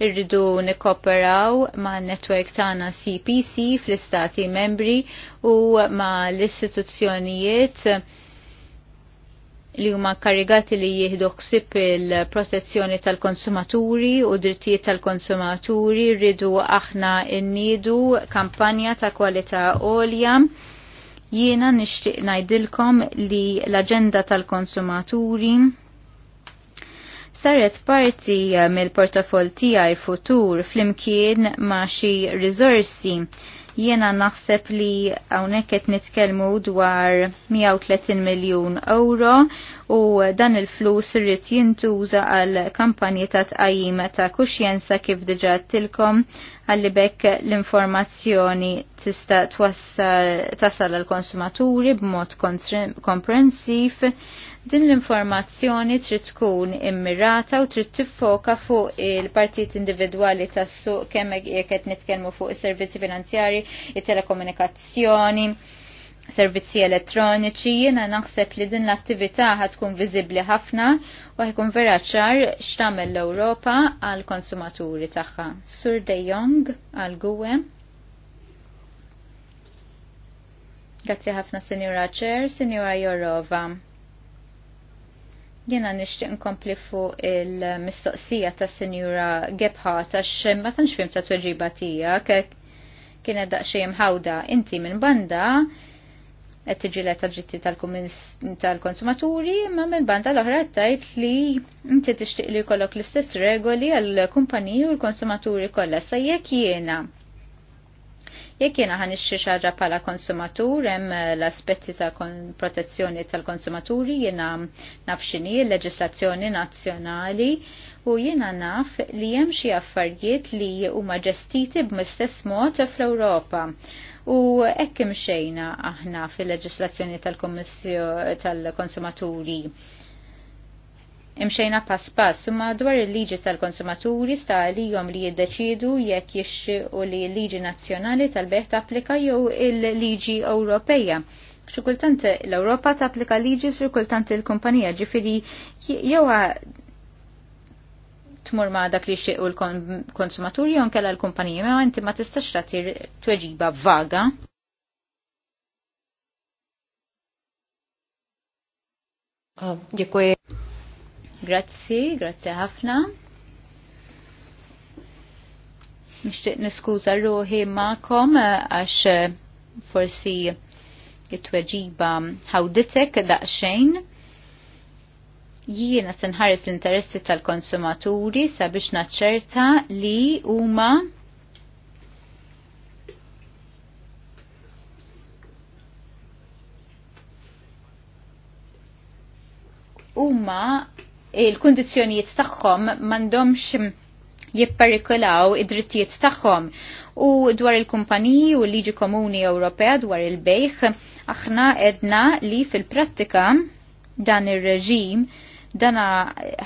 irridu nikoperaw ma' netwerk tagħna CPC fl-istati membri u ma' l-istituzzjonijiet li huma karigati li jieħdu ksib il-protezzjoni tal-konsumaturi u drittijiet tal-konsumaturi rridu aħna nniedu kampanja ta' kwalità għolja. Jiena nixtieq ngħidilkom li l-aġenda tal-konsumaturi saret parti eh, mill-portafol tiegħi futur flimkien ma' xi rizorsi. jiena naħseb li hawnhekk qed nitkellmu dwar 130 miljun euro u dan il-flus irrid jintuża għal kampanji ta' tqajjim ta' kuxjenza kif diġà tilkom għalli bekk l-informazzjoni tista' tasal għal konsumaturi b'mod komprensiv Din l-informazzjoni trid tkun immirata u trid tiffoka fuq il-partit individwali tas-suq kemm qed nitkellmu fuq is-servizzi finanzjari, it-telekomunikazzjoni, servizzi elettroniċi, jiena naħseb li din l-attività ħad tkun viżibbli ħafna u ħikun vera ċar x'tagħmel l-Ewropa għall konsumaturi tagħha. Sur De Jong għal Guwe. Grazzi ħafna Sinjura Chair, Sinjura Jorova. Jena nishtiq nkompli fuq il-mistoqsija ta' Senjura Gebhardt għax ma tantx fim ta' tweġiba tiegħek kienet daqsxejn ħawda inti minn banda qed tiġilet ta' ġitti tal-konsumaturi, ma minn banda l-oħra tajt li inti tixtieq li jkollok l-istess regoli għall kumpaniji u l-konsumaturi kollha. Sa jekk jiena Jekk jiena ħan ixxi xaġa bħala konsumatur, hemm eh, l-aspetti ta' protezzjoni tal-konsumaturi jiena naf l-leġislazzjoni nazzjonali u jiena naf li hemm xi affarijiet li huma ġestiti b'mistess mod fl-Ewropa. U hekk imxejna aħna fil-leġislazzjoni tal-Kommissju tal-Konsumaturi. tal kommissju tal konsumaturi tal tal konsumaturi imxejna pass pass imma dwar il-liġi tal-konsumaturi sta għalijom li jiddeċidu jekk u li l-liġi nazzjonali tal-beħ tapplika jew il-liġi Ewropeja. Xukultant l-Europa tapplika liġi xukultant il-kumpanija ġifiri jew tmur ma dak li xieq u l-konsumaturi jew kella l-kumpanija ma inti ma tistax tagħti tweġiba vaga. Ah, Dziękuję. Grazzi, grazzi ħafna. Nixtieq niskuża ruħi ma'kom eh, għax eh, forsi it-tweġiba ħawditek daqsxejn. Jiena tinħares l-interessi tal-konsumaturi sabiex naċċerta li huma huma il-kondizjonijiet tagħhom m'għandhomx jipparikolaw id-drittijiet tagħhom. U dwar il-kumpaniji u l-liġi komuni Ewropea dwar il-bejħ, aħna edna li fil-prattika dan ir-reġim dana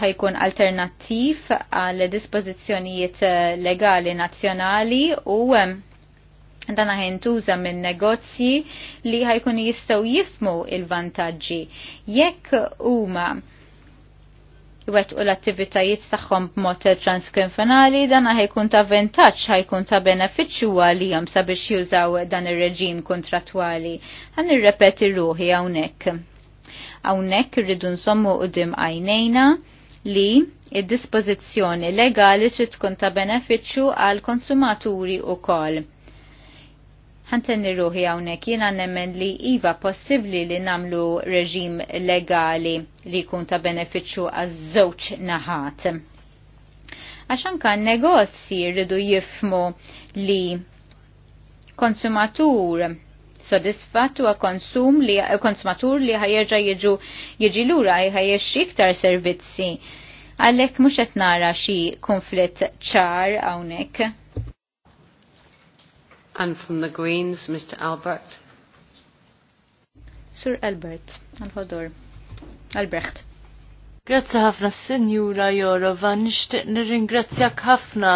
ħajkun alternattiv għal dispożizzjonijiet legali nazzjonali u dana ħintuża minn negozji li ħajkun jistgħu jifmu il-vantaġġi. Jekk huma jwettqu l-attivitajiet tagħhom b'mod transkonfinali dan ħajkun ta' vantaġġ ħajkun ta' benefiċċju għalihom sabiex jużaw dan ir-reġim kontratwali. Ħan nirrepeti ruħi hawnhekk. Hawnhekk irridu nsommu qudiem għajnejna li id-dispożizzjoni legali trid tkun ta' benefiċċju għal konsumaturi wkoll ħanten ruħi hawnhekk jiena nemmen li iva possibbli li namlu reġim legali li jkun ta' benefiċċju għaż-żewġ naħat. Għax anke negozji rridu jifmu li konsumatur sodisfatt huwa konsum li konsumatur li ħajerġa' jiġu jiġi lura ħajjex iktar servizzi. Għalhekk mhux qed nara xi konflitt ċar hawnhekk And from the Greens, Mr. Albert. Sir Albert, al Albrecht. Grazzi ħafna, Sinjura Jorova. Nixtieq nirringrazzjak ħafna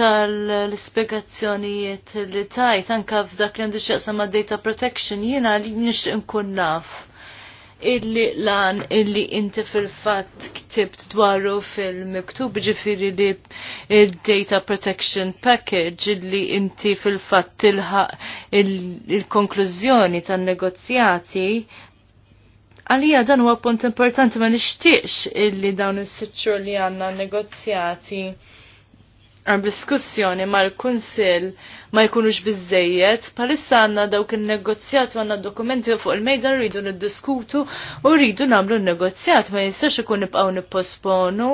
tal-spiegazzjonijiet li tajt anka f'dak li għandu xieqsa ma' data protection jiena li nishtiq nkun naf illi lan illi inti fil-fat ktibt dwaru fil-miktub ġifiri li il-Data Protection Package illi inti fil-fat tilħaq il-konklużjoni il tan-negozjati għalija dan huwa punt importanti ma nixtieqx illi dawn is-sitxur li għandna negozjati għal diskussjoni mal-Kunsil ma jkunux bizzejiet, palissa għanna dawk il-negozjat u għanna dokumenti fuq il-mejda rridu niddiskutu u rridu namlu il-negozjat ma jistax ikun nibqaw nipposponu.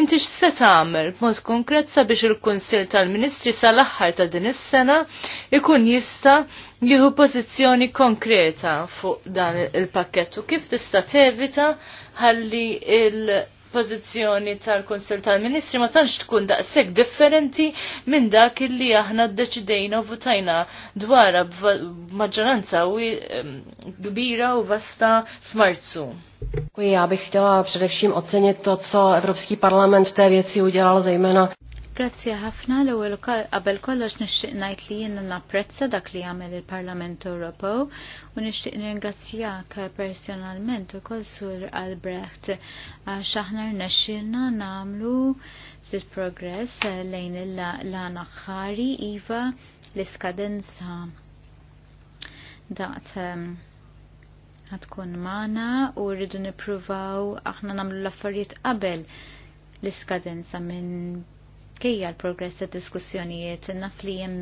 Inti x'se tagħmel b'mod konkret sabiex il-Kunsil tal-Ministri sal-aħħar ta' din is-sena ikun jista' jieħu pożizzjoni konkreta fuq dan il-pakkett u kif tista' tevita ħalli il- pozizjoni tal konsil tal-Ministri ma tantx tkun daqshekk differenti minn dak li aħna ddeċidejna u votajna dwar b'maġġoranza ehm, kbira u vasta f'Marzu. Děkuji, já bych chtěla především ocenit to, co Evropský parlament v té věci udělal, zejména Grazzi ħafna l ewwel qabel kollox nixtieq ngħid li jien napprezza dak li jagħmel il-Parlament Ewropew u nixtieq nirringrazzjak personalment ukoll sur Albrecht għax aħna rnexxielna nagħmlu ftit progress lejn il-lana ħari iva l-iskadenza daqt ehm, ħatkun mana u rridu nippruvaw aħna nagħmlu l-affarijiet qabel l-iskadenza minn kejja l-progress ta' diskussjonijiet naf li jem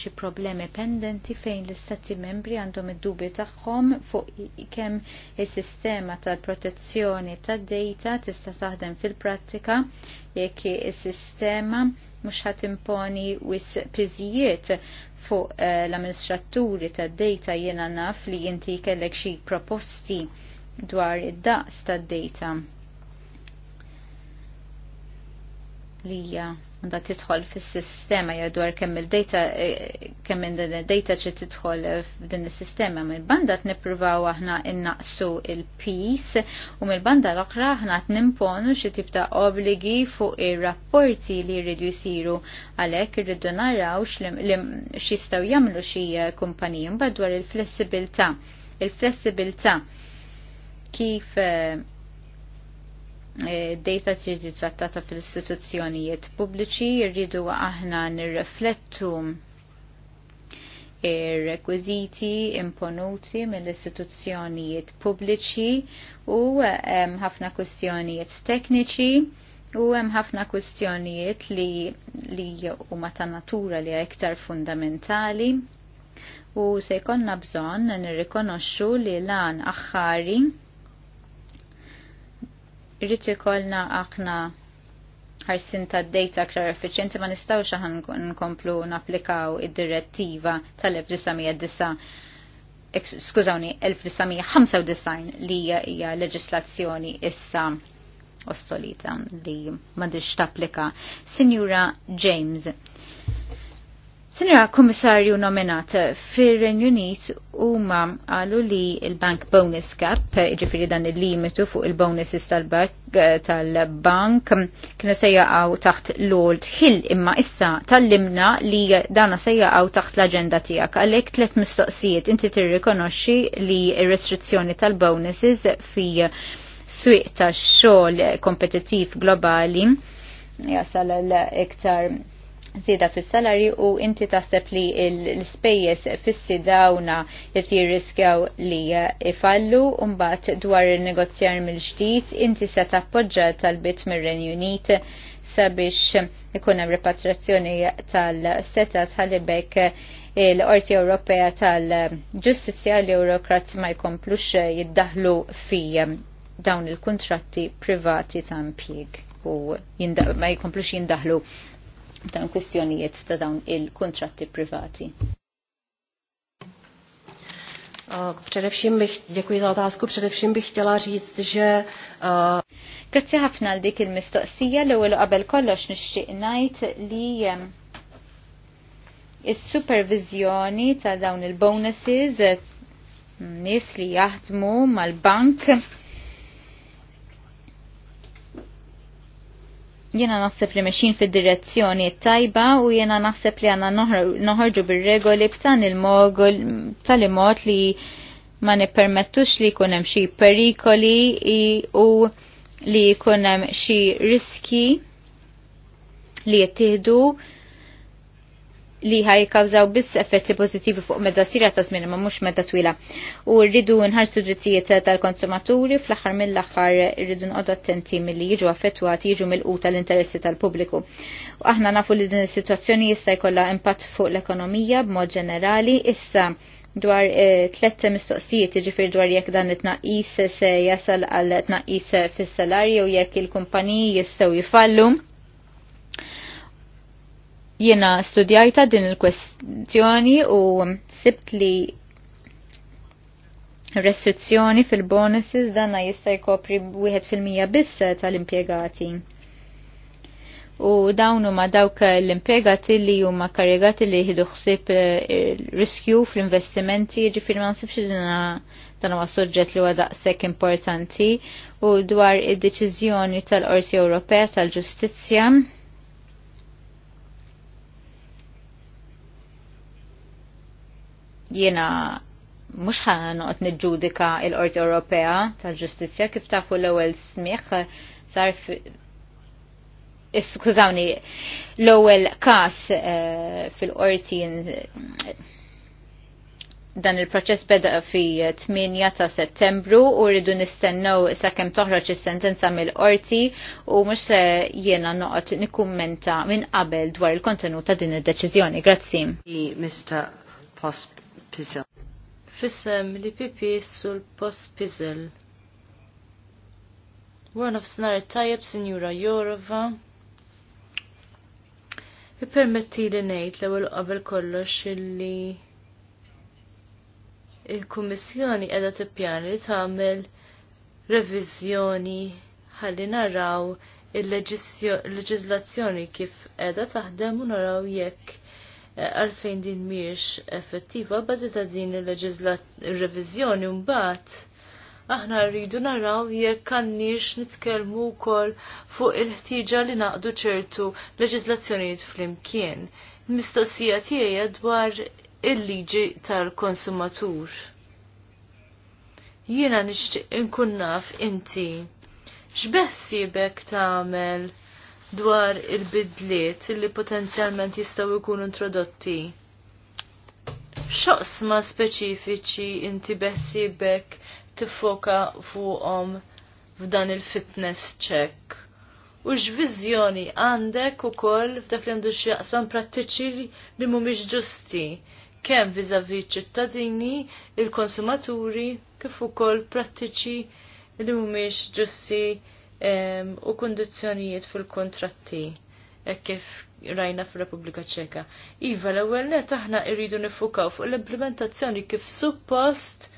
xi problemi pendenti fejn l-istati membri għandhom id-dubi tagħhom fuq kemm is-sistema tal-protezzjoni tad-data tista' taħdem fil-prattika jekk is-sistema mhux ħadd imponi wis piżijiet fuq eh, l-amministraturi tad-data jiena naf li inti kellek xi proposti dwar id-daqs tad-data li hija għandha tidħol fis-sistema dwar kemm il-data eh, kemm din id-data ġiet tidħol f'din is-sistema mill-banda tnippruvaw aħna innaqsu il-peace u mill-banda l-oħra aħna qed nimponu xi tip ta' obligi fuq ir-rapporti li jridu jsiru għalhekk irridu naraw x'jistgħu jagħmlu xi eh, kumpaniji mbagħad dwar il-flessibilità. Il-flessibilità kif uh, Eh, D-dejta tridi trattata fil-istituzzjonijiet pubbliċi, jirridu aħna nirreflettu ir-rekwiziti imponuti mill-istituzzjonijiet pubbliċi u hemm ħafna kwistjonijiet tekniċi u hemm ħafna kwistjonijiet li li huma ta' natura li iktar fundamentali u se jkollna bżonn nirrikonoxxu li lan aħħari Irrid ikollna aħna ħarsin ta' data aktar effiċjenti ma nistgħux xaħan nkomplu napplikaw id-direttiva tal-1909 skużawni 1995 li hija leġislazzjoni issa ostolita li m'għandix tapplika. Sinjura James, Sinjora Komissarju nominat, fir-Renju Unit huma għalu li il-Bank Bonus Cap, ġifiri dan il-limitu fuq il-bonuses tal-bank, kienu għaw taħt l-old hill imma issa tal-limna li dana għaw taħt l-aġenda tiegħek. Għalhekk tliet mistoqsijiet inti tirrikonoxxi li r-restrizzjoni tal-bonuses fi swieq tax-xogħol kompetittiv globali jasal l-iktar zida fis-salari u inti taħseb li l-spejjes fissi dawna jt jirriskjaw li ifallu umbat dwar il-negozjar mill-ġdid inti se tappoġġa tal-bit mir-Renju Unit sabiex ikun hemm repatrazzjoni tal-seta tal-ibek l-Qorti Ewropea tal-Ġustizzja li Eurokrat ma jkomplux jiddaħlu fi dawn il-kontratti privati ta' impjieg u ma jkomplux jindaħlu dawn kwistjonijiet ta' dawn il-kontratti privati. Především bych, děkuji za otázku, především bych chtěla říct, že... Grazzi ħafna għal dik il-mistoqsija l ewwel qabel kollox nixtieq ngħid li s supervizjoni ta' dawn il-bonuses nies li jaħdmu mal-bank Jena naħseb li meċin fid direzzjoni tajba u jena naħseb li għanna noħorġu bil-regoli b'tan il-mogol tal-imot li ma nippermettux li kunem xi perikoli u li kunem xi riski li jittihdu li ħaj kawżaw biss effetti pozittivi fuq medda sira ta' żmien ma mhux medda twila. U rridu nħarsu drittijiet tal-konsumaturi fl-aħħar mill-aħħar rridu nqogħdu attenti milli jiġu affettwati jiġu mill-quta tal interessi tal-pubbliku. U aħna nafu li din is-sitwazzjoni jista' jkollha impatt fuq l-ekonomija b'mod ġenerali issa dwar eh, tlette mistoqsijiet jiġifier dwar jekk dan it-tnaqqis se jasal għal tnaqqis fis-salarju jekk il-kumpaniji jistgħu jifallu Jiena studjajta din il-kwestjoni u sibt li restrizzjoni fil-bonuses danna jista' jkopri wieħed fil-mija biss tal-impjegati. U dawn huma dawk l-impjegati li huma karigati li jieħdu ħsieb eh, riskju fl-investimenti, ġifieri ma nsibx dan huwa soġġett li huwa daqshekk importanti u dwar id-deċiżjoni tal-Qorti Ewropea tal-Ġustizzja Jiena mhux ħanoqgħod niġġudika l-Qorti Ewropea tal-Ġustizzja kif tafu l-ewwel smieħ sar Iskużawni, l-ewwel każ eh, fil-qorti eh, dan il-proċess beda fi 8 ta' settembru u rridu nistennew sakemm toħroġ is-sentenza mill-qorti u mhux se jiena noqgħod nikkummenta minn qabel dwar il-kontenut ta' din id-deċiżjoni. Grazzi. Mr. Post pizzel. Fissem li pipi sul post Pizzle. Warna f'snar tajab Sinjura Jorova. Ippermetti li ngħid l-ewwel qabel kollox illi il-Kummissjoni qiegħda tippjani li tagħmel reviżjoni ħalli naraw il-leġiżlazzjoni kif qiegħda taħdem u naraw jekk Eh, għalfejn din miex effettiva bażi ta' din il-reviżjoni mbagħad aħna rridu naraw jekk għandniex nitkellmu wkoll fuq il-ħtieġa li naqdu ċertu leġiżlazzjonijiet flimkien. Mistoqsija tiegħi dwar il-liġi tal-konsumatur. Jiena nixtieq inkun naf inti x'bess tagħmel dwar il-bidliet li potenzjalment jistaw ikun introdotti. ma speċifiċi inti beħsibek tifoka fuqhom f'dan il-fitness check? U x'viżjoni għandek ukoll f'dak li għandu x'jaqsam prattiċi li mhumiex ġusti? kemm viżavi ċittadini, il-konsumaturi, kif ukoll prattiċi li mhumiex ġusti u kondizjonijiet fil-kontratti e kif rajna fil-Repubblika Ċeka. Iva, l-ewwel net aħna irridu nifukaw fuq l-implementazzjoni kif suppost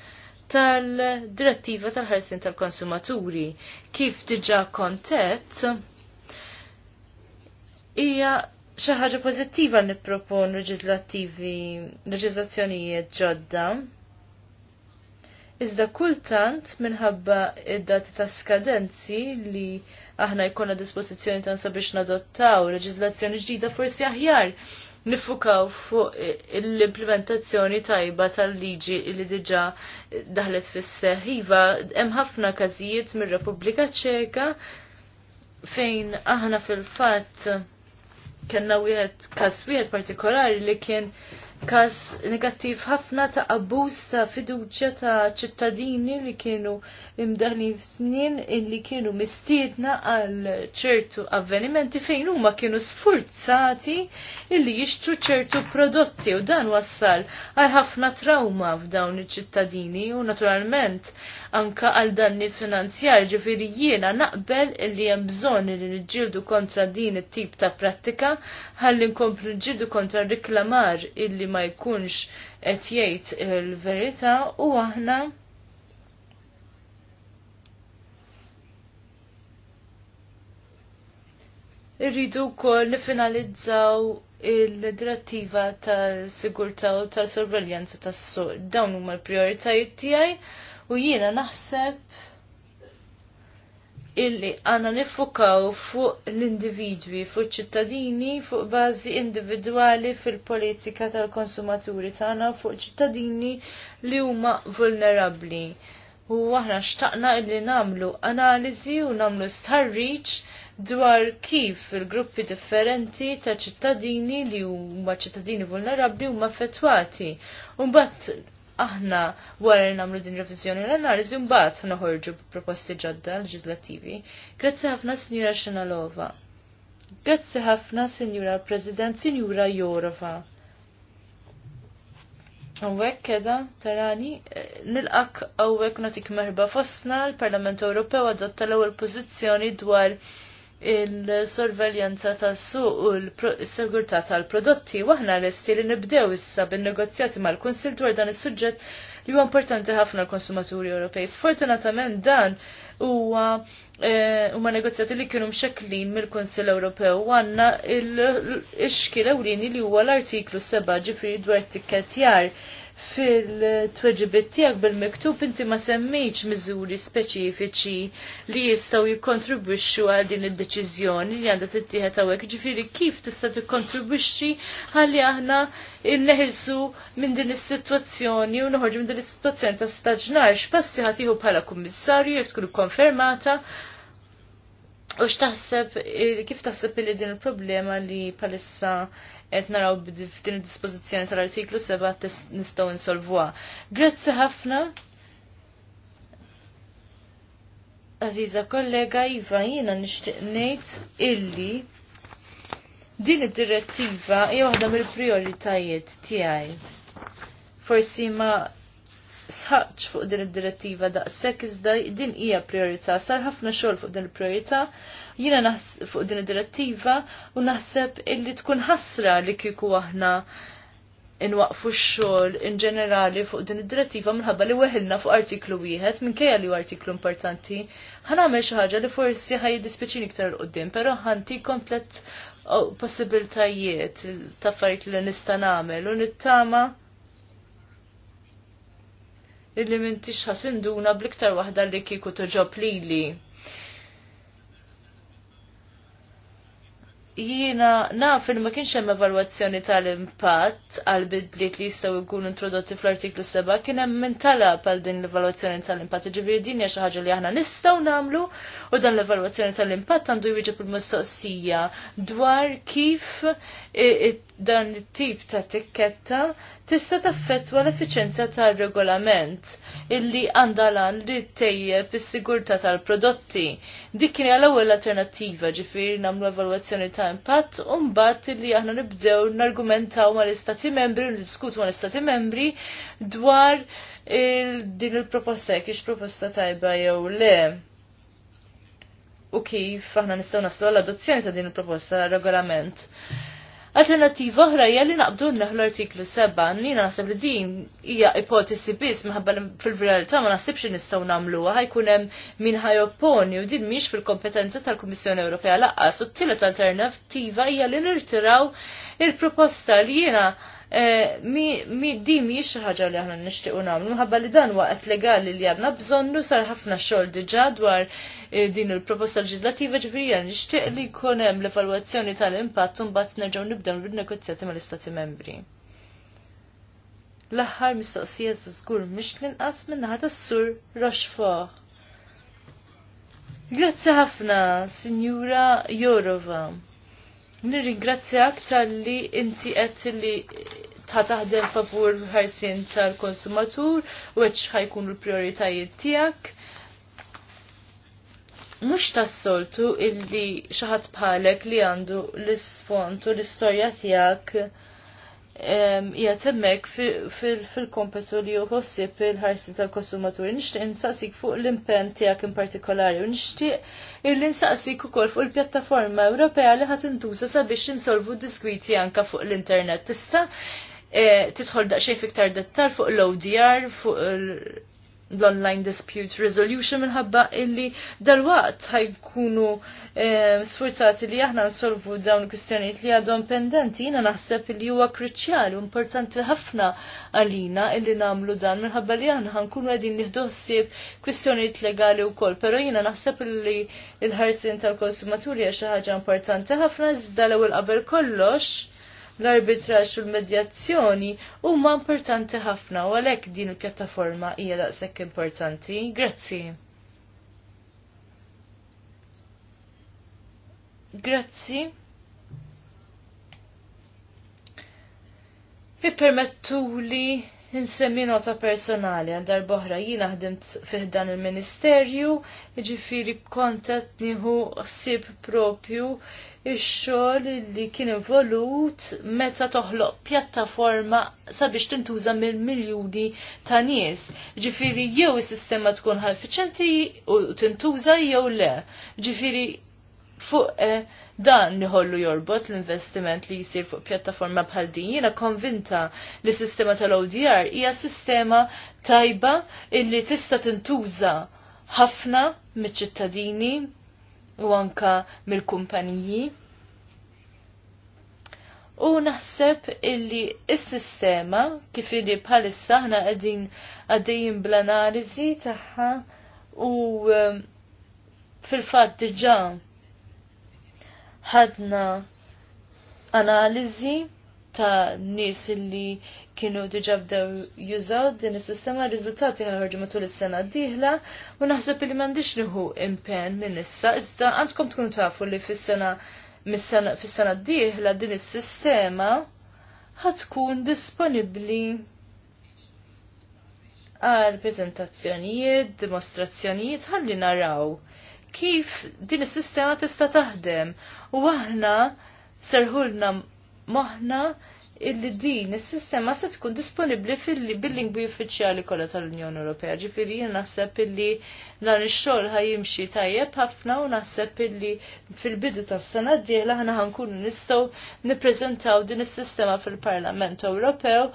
tal-direttiva tal-ħarsin tal-konsumaturi. Kif diġa kontet, hija xi ħaġa pożittiva nippropon leġislattivi leġislazzjonijiet ġodda Iżda kultant minħabba id-dati ta' skadenzi li aħna jkollna dispożizzjoni tansa biex nadottaw leġizlazzjoni ġdida forsi aħjar nifukaw fuq l-implementazzjoni tajba tal-liġi li diġa daħlet fis-seħ. Iva, hemm ħafna każijiet mir-Repubblika Ċeka fejn aħna fil-fatt kellna wieħed każ wieħed partikolari li kien kas negattiv ħafna ta' abbuż ta' fiduċja ta' ċittadini li kienu imdaħlin f'snin li kienu mistiedna għal ċertu avvenimenti fejn huma kienu sfurzati illi jixtru ċertu prodotti u dan wassal għal ħafna trauma f'dawn iċ-ċittadini u naturalment anka għal danni finanzjar ġifiri jiena naqbel li hemm bżonn li niġġieldu kontra din it-tip ta' prattika ħalli nkomplu nġildu kontra riklamar illi ma jkunx qed jgħid il-verità u aħna irridu kol nifinalizzaw il-direttiva tal-sigurta u tal-sorveljanza tas suq Dawn huma l-prioritajiet tiegħi U jiena naħseb illi għanna nifukaw fuq l-individwi, fuq ċittadini, fuq bazi individuali fil-politika tal-konsumaturi tagħna fuq ċittadini li huma vulnerabli. U aħna xtaqna illi namlu analizi u namlu starriċ dwar kif il-gruppi differenti ta' ċittadini li huma ċittadini vulnerabli huma affettwati. Umbatt aħna wara li nagħmlu din revizjoni l-analiżi mbagħad noħorġu proposti ġodda leġislattivi. Grazzi ħafna Sinjura Xenalova. Grazzi ħafna Sinjura President Sinjura Jorova. Għawek keda, tarani, nilqak għawek natik merba fosna l-Parlament Ewropew adotta l-ewwel pożizzjoni dwar il-sorveljanza tas suq u l-segurtà tal-prodotti waħna lesti li nibdew issa bin-negozjati mal konsil dwar dan is-suġġett li huwa importanti ħafna l-konsumaturi Ewropej. Sfortunatament dan huwa eh, huma negozjati li kienu mxekklin mill-Kunsill Ewropew u għandna l-ixkil ewlieni li huwa l-artiklu 7 ġifri dwar tikketjar fil tweġibet tiegħek bil-miktub inti ma semmiċ miżuri speċifiċi li jistgħu jikkontribwixxu għal din id-deċiżjoni li għandha tittieħed hawnhekk. ġifiri kif tista' tikkontribwixxi għalli aħna inneħilsu minn din is-sitwazzjoni u noħorġu minn din is situazzjoni ta' staġnar x'passi ħatiħu bħala kummissarju jekk tkun konfermata U x'taħseb kif taħseb il din il-problema li palissa qed naraw f'din id-dispożizzjoni tal-artiklu 7 nistgħu insolvuha. Grazzi ħafna. Aziza kollega Iva jiena nixtieq ngħid illi din id-direttiva hija waħda mill-prijoritajiet tiegħi. Forsi ma sħaqċ fuq din id-direttiva daqshekk iżda din hija priorità. Sar ħafna xogħol fuq din il-priorità Jiena fuq din id-direttiva u naħseb illi tkun ħasra li kieku aħna inwaqfu x-xogħol in ġenerali fuq din id-direttiva minħabba li weħilna fuq artiklu wieħed kejja li artiklu importanti. Ħanagħmel xi ħaġa li forsi ħajdispiċini iktar l qudiem però ħanti komplet possibiltajiet ta' affarijiet li nista' nagħmel u nittama illi m'intix ħasinduna bl-iktar waħda li kieku toġob lili. jiena naf li ma kienx hemm evalwazzjoni tal-impatt għal bidliet li jistgħu jkunu introdotti fl-artiklu 7 kien hemm min talab għal din l-evalwazzjoni tal-impatt. Ġifieri din hija xi ħaġa li aħna nistgħu nagħmlu u dan l-evalwazzjoni tal-impatt għandu jwieġeb il-mistoqsija dwar kif dan it-tip ta' tikketta tista' taffettwa l-effiċenza tal-regolament illi għandha lan li tejjeb is-sigurtà tal-prodotti. Dik kien l-ewwel alternattiva ġifieri nagħmlu evalwazzjoni ta' ta' impatt u mbagħad li aħna nibdew nargumentaw mal-istati membri u niddiskutu mal-istati membri dwar il din il-proposta kiex proposta tajba jew le. U kif aħna nistgħu naslu għall-adozzjoni ta' din il-proposta regolament. regolament Alternativa oħra hija li naqbdu nleħ l-artiklu 7, li naħseb li din hija ipotesi biss minħabba fil-verità ma naħsibx li nistgħu nagħmluha ħajkun hemm min ħajopponi u din mhix fil-kompetenza tal-Kummissjoni Ewropea laqqas u t-tielet alternattiva hija li nirtiraw il-proposta li jiena eh, mi di mi xi ħaġa li aħna nixtiequ nagħmlu ħabba li dan waqt legali li għandna bżonnu sar ħafna xogħol diġà dwar Eh, din il-proposta legislativa ġifiri għan nixtieq li jkun hemm l-evalwazzjoni tal-impatt u mbagħad nerġgħu nibdew bil mal-Istati Membri. L-aħħar mistoqsija żgur mhix l-inqas minnaħa tas-sur Rochefort. Grazzi ħafna, Signora Jorova. Nirringrazzja aktar li inti qed li ta' taħdem favur ħarsien tal-konsumatur u għedx ħajkun l-prioritajiet tijak mux tassoltu illi xaħat bħalek li għandu l sfontu u l-istoria tijak jatemmek fil-kompetu li u kossib il-ħarsi tal-konsumaturi. Nishtiq insaqsik fuq l-impen tijak in partikolari u nishtiq illi insaqsik u kol fuq il-pjattaforma Ewropea li ħat intuża sabiex insolvu diskwiti anka fuq l-internet. Tista' eh, titħol daqxej fiktar dettal fuq l-ODR, fuq l- l-online dispute resolution minħabba illi dal-waqt ħajkunu eh, sforzati li aħna nsolvu dawn kwistjonijiet li għadhom pendenti, jina naħseb li huwa kruċjali, importanti ħafna għalina illi namlu dan minħabba li aħna ħankunu għedin ħsieb kwistjonijiet legali wkoll, pero jina naħseb li l-ħarsin tal-konsumaturi għaxa ħaġa importanti ħafna iżda l-ewwel qabel kollox l arbitraċ u l-medjazzjoni huma importanti ħafna u għalhekk din il-pjattaforma hija daqshekk importanti. Grazzi. Grazzi. Ippermettu li insemmi nota personali għal boħra jina ħdimt fiħdan il-ministerju, ġifiri kontat nieħu ħsib propju ix-xogħol li kien involut meta toħloq pjattaforma sabiex tintuża mill-miljuni ta' nies. Ġifieri jew is-sistema tkun ħalfiċenti u tintuża jew le. Ġifieri fuq eh, dan li ħollu jorbot l-investiment li jisir fuq pjattaforma bħal din jiena konvinta li sistema tal-ODR hija sistema tajba illi tista' tintuża ħafna miċ-ċittadini u anka mill-kumpaniji. U naħseb illi s sistema kif li bħalissa ħna qegħdin għaddejjin bl-analiżi tagħha u um, fil-fatt diġà ħadna analiżi ta' nies illi kienu diġa bdew jużaw din is-sistema r-riżultati ħarġu matul is-sena d-dieħla u naħseb li m'għandix nieħu impenn minn issa iżda għandkom tkunu tafu li fis-sena fis-sena d-dieħla din is-sistema ħatkun disponibbli għal prezentazzjonijiet, dimostrazzjonijiet, ħalli naraw kif din is-sistema tista' taħdem u aħna serħulna moħna illi din is-sistema se tkun disponibbli bil-lingwi uffiċjali kollha tal-Unjoni Ewropea. Ġifieri jien naħseb illi dan ix-xogħol ħajjimxi tajjeb ħafna u naħseb illi fil-bidu tas-sena d-dieħla aħna ħankunu nistgħu nippreżentaw din is-sistema fil-Parlament Ewropew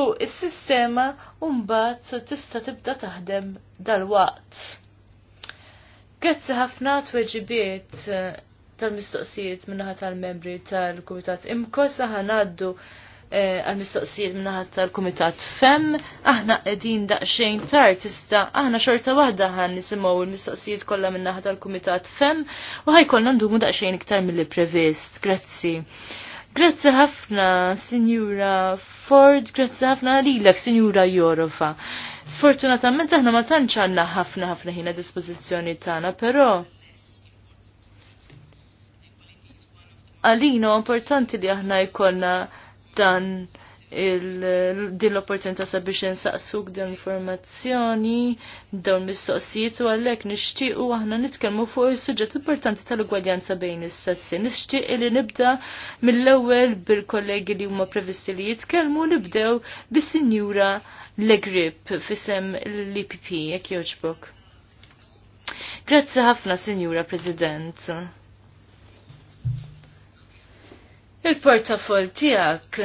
u s-sistema mbagħad tista' tibda taħdem dal-waqt. Grazzi ħafna tweġibiet eh, tal-mistoqsijiet minnaħa tal-membri tal-Kumitat. Imkos ħanaddu għal-mistoqsijiet minnaħat tal-Komitat FEM, aħna qegħdin daqsxejn tar tista' aħna xorta waħda għan nisimgħu l-mistoqsijiet kollha minnaħat tal-Kumitat FEM u kolla ndumu daqsxejn iktar milli previst. Grazzi. Grazzi ħafna, Sinjura Ford, grazzi ħafna lilek, Sinjura Jorofa. Sfortunatament aħna ma tantx għandna ħafna ħafna ħina dispożizzjoni tagħna, però għalina importanti li aħna jkollna dan din l-opportunità sabiex insaqsuk dan informazzjoni dawn mistoqsijiet u għalhekk nixtiequ aħna nitkellmu fuq is-suġġett importanti tal-ugwaljanza bejn is-sessi. Nixtieq li nibda mill-ewwel bil-kollegi li huma previsti li jitkellmu nibdew bis-Sinjura Legrip fisem l-IPP jekk jogħġbok. Grazzi ħafna, Sinjura President. Il-portafol tijak,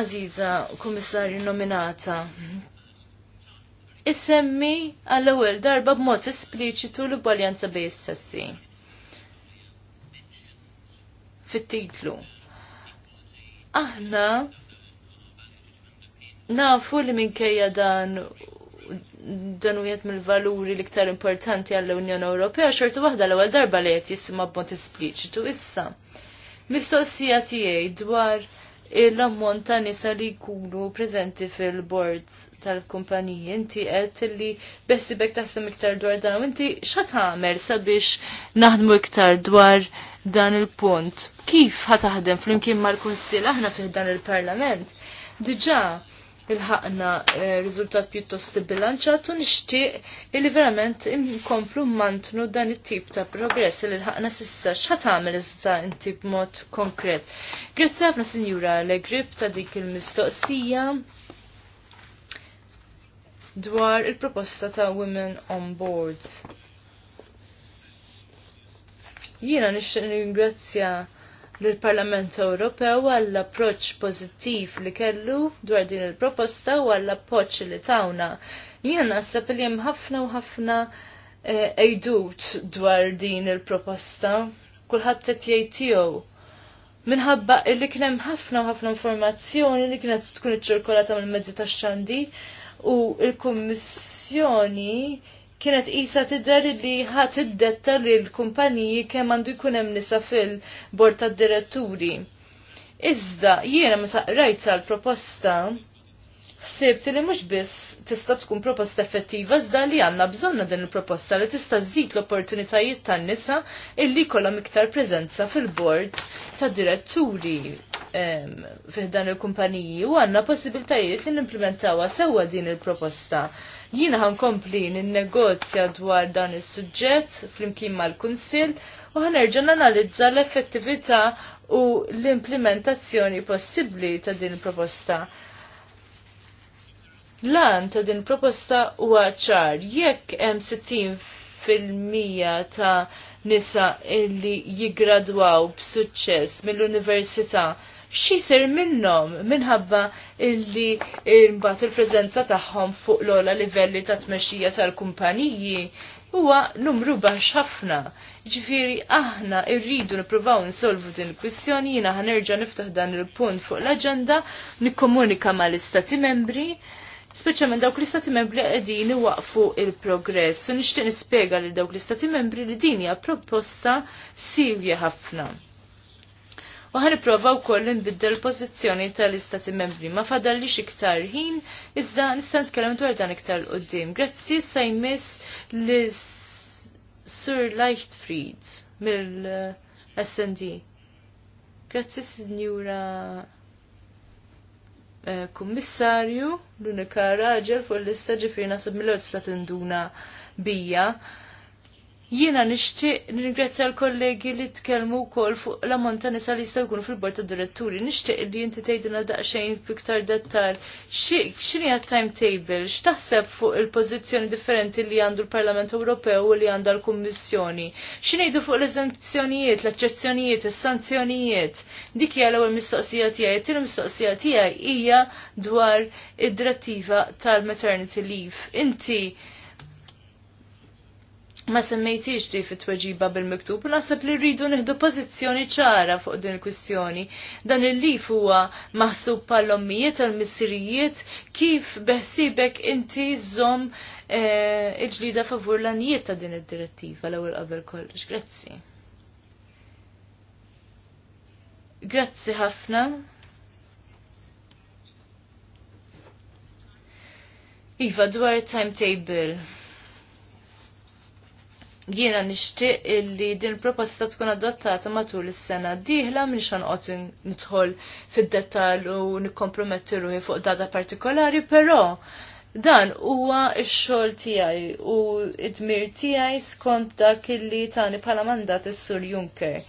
Aziza, kummissarju nominata, issemmi għall ewwel darba b'mod espliċitu l-ugwaljanza bej sessi Fit-titlu. Aħna nafu li minkejja dan dan u mill-valuri l-iktar importanti għall-Unjoni Ewropea xortu waħda l-ewwel darba li qed jisimha b'mod espliċitu issa. Mistoqsija tiegħi dwar l-ammont ta' nisa li jkunu preżenti fil-boards tal-kumpaniji, inti qed li bessibek taħsem iktar dwar dan, inti xa tagħmel sabiex naħdmu iktar dwar dan il-punt. Kif ħataħdem fl-imkien mal-Kunsill aħna fih dan il-Parlament? Diġà, il-ħakna eh, riżultat pjuttost bilanċat u nixtieq li verament inkomplu mantnu dan it-tip ta' progress li l-ħakna sissa x'ħat tagħmel iżda inti b'mod konkret. Grazzi ħafna Sinjura Legrib ta' dik il-mistoqsija dwar il-proposta ta' Women on Board. Jiena nixtieq ningrazzja l-Parlament Ewropew għall approċ pozittiv li kellu dwar din il-proposta u għall appoċ li tawna. Jien naħseb li hemm ħafna u ħafna eh, ejdut dwar din il-proposta. Kulħadd qed jgħid Minħabba li kien hemm ħafna u ħafna informazzjoni li kienet tkun iċċirkolata mill-mezzi tax-xandi u l-Kummissjoni kienet isa tidher li ħat iddetta li l-kumpaniji kemm għandu jkun hemm nisa fil-bord tad-diretturi. Iżda jiena ma qrajt tal-proposta ħsibt li mhux biss tista' tkun proposta effettiva iżda li għandna bżonna din il-proposta li tista' żid l-opportunitajiet tan-nisa illi jkollhom iktar preżenza fil-bord ta' diretturi dan il-kumpaniji u għandna possibiltajiet li nimplementawha sewwa din il-proposta. Jiena ħankompli nin-negozja dwar dan is-suġġett flimkien mal-Kunsill u ħanerġa' nanalizza l-effettività u l-implementazzjoni possibbli ta' din il-proposta. Lan ta' din proposta huwa ċar jekk hemm 60 fil-mija ta' nisa illi jigradwaw b'suċċess mill-università x'isir minnhom minħabba illi mbagħad il-preżenza tagħhom fuq l-ola livelli ta' tmexxija tal-kumpaniji huwa numru baħx ħafna. Ġifiri, aħna irridu niprovaw nsolvu din il-kwistjoni, jina ħanerġa niftaħ dan il-punt fuq l-agenda, nikkomunika mal istati membri, speċjalment dawk l-istati membri qegħdin iwaqfu il-progress u nixtieq nispjega lil dawk l-istati membri li din hija proposta sivja ħafna. U ħan iprova wkoll nbiddel pożizzjoni tal-istati membri ma fadallix iktar ħin iżda nista' nitkellem dwar dan iktar qudiem. Grazzi sa jmiss li Sir Leichtfried mill-SND. Grazzi Signora Eh, kummissarju, l-unika raġel fuq l-lista ġifiri nasib mill-għod tista' tinduna bija. Jiena nixtieq nirringrazzja l-kollegi li tkellmu wkoll fuq l-ammont ta' nisa li jistgħu jkunu fil-bord tad-diretturi. Nixtieq li inti tgħidilna daqsxejn b'iktar dettall. x'inhi timetable, x'taħseb fuq il-pożizzjoni differenti li għandu l-Parlament Ewropew u li għandha l-Kummissjoni. X'inhidu fuq l-eżenzjonijiet, l-eċċezzjonijiet, is-sanzjonijiet. Dik hija l-ewwel mistoqsija tiegħi, it mistoqsija tiegħi hija dwar id-direttiva tal-maternity leave. Inti ma semmejtiex li fit tweġiba bil-miktub, naħseb li rridu nħdu pożizzjoni ċara fuq din il-kwistjoni. Dan il-lif huwa maħsub pal-ommijiet tal-missirijiet kif beħsibek inti zom eh, il-ġlida favur l-anijiet ta' din id-direttiva l-ewwel qabel kollox. Grazzi. Grazzi ħafna. Iva, dwar timetable jiena nixtieq illi din proposta tkun adottata matul is-sena diħla minn xanqot nidħol fid-dettall u nikkompromettu ruħi fuq data partikolari, però dan huwa x-xogħol tiegħi u d-dmir tiegħi skont dak illi tani bħala mandat is-Sur Juncker.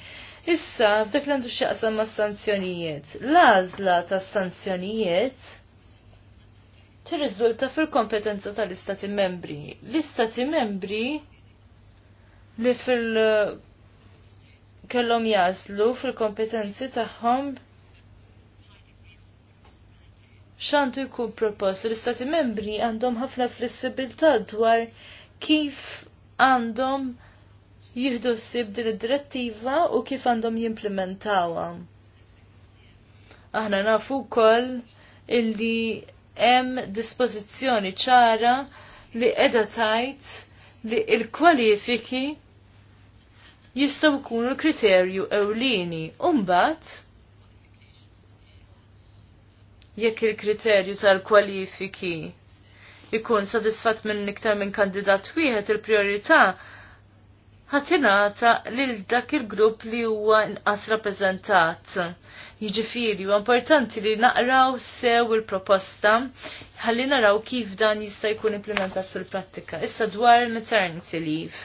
Issa f'dak l-għandu x'jaqsam mas-sanzjonijiet. L-għażla tas-sanzjonijiet tirriżulta fil-kompetenza tal-Istati Membri. L-Istati Membri li fil- kellom jaslu fil-kompetenzi tagħhom xantu jkun propost l-istati membri għandhom ħafna flessibilità dwar kif għandhom jihdu ssib din id-direttiva u kif għandhom jimplementawa. Aħna nafu wkoll illi hemm dispożizzjoni ċara li qiegħda tajt li l-kwalifiki jistaw kunu l-kriterju ewlieni. Umbagħad jekk il-kriterju tal-kwalifiki ikun sodisfatt minn iktar minn kandidat wieħed il-priorità ħatinata lil dak il-grupp li huwa nqas rappreżentat. Jiġifieri huwa importanti li naqraw sew il-proposta ħalli naraw kif dan jista' jkun implementat fil-prattika. Issa dwar maternity leave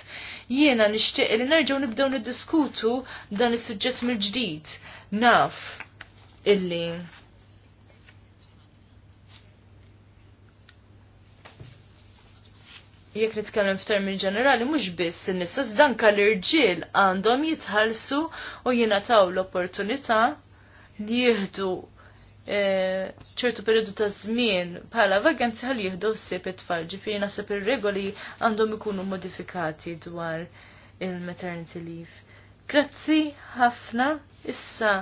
jiena nixtieq li nerġgħu nibdew niddiskutu dan is-suġġett mill-ġdid. Naf illi jekk nitkellem f'termin ġenerali mhux biss in-nisa żdanka l-irġiel għandhom jitħallsu u jingħataw l-opportunità li jieħdu E, ċertu periodu ta' żmien bħala vaganzi jihdu s ssib it-tfal, ġifieri naħseb ir-regoli għandhom ikunu modifikati dwar il-maternity leave. Grazzi ħafna issa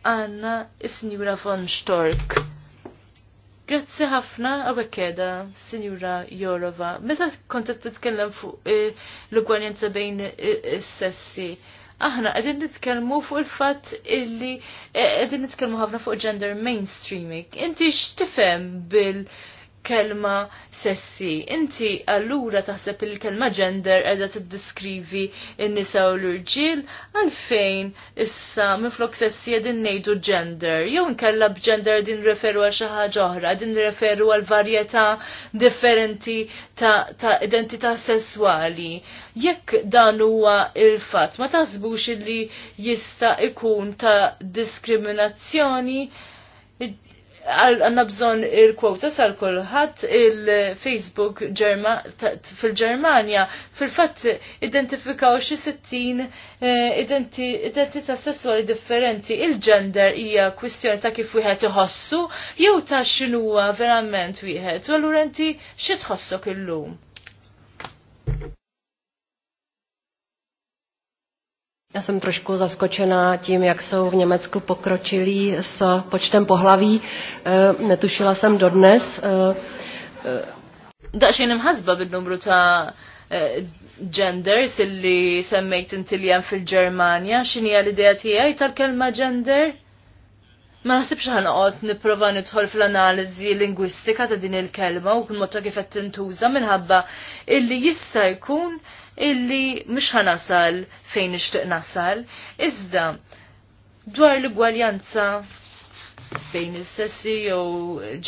għanna is-Sinjura von Stork. Grazzi ħafna għabekeda, Sinjura Jorova. Meta kontet titkellem fuq e, l-ugwanjenza bejn e, is-sessi, aħna qegħdin nitkellmu fuq il-fatt illi eh, qegħdin nitkellmu ħafna fuq gender mainstreaming. Inti x-tifem bil- kelma sessi. Inti allura taħseb il-kelma gender edha tiddiskrivi n-nisa u l-irġiel għalfejn issa miflok sessi edin nejdu gender. Jew nkella b'gender din referu għal xi ħaġa oħra, din referu għal varjetà differenti ta', ta identità sessuali. Jekk dan huwa il-fatt, ma taħsbux li jista' ikun ta' diskriminazzjoni għanna bżon il-kwota sal kulħadd il-Facebook fil-Ġermanja fil-fatt identifikaw xi sittin eh, identità sessuali differenti. Il-gender hija kwistjoni ta' kif wieħed iħossu jew ta' x'inhuwa verament wieħed. U allura inti xi tħossok illum? Já jsem trošku zaskočena tím, jak jsou v Německu pokročilí s počtem pohlaví. E, netušila jsem dodnes. E, e, Daqxin imħazba bil-numru ta' genders illi semmejt intiljan fil-Germania, xini għal-ideja tijaj tal-kelma gender? Ma naħsibx ħanqot niprofa nidħol fl-analiżi lingwistika ta' din il-kelma u kun motta kif qed tintuża minħabba illi jista' jkun illi mhux ħanasal fejn nixtieq nasal, iżda dwar l-gwaljanza bejn il-sessi jew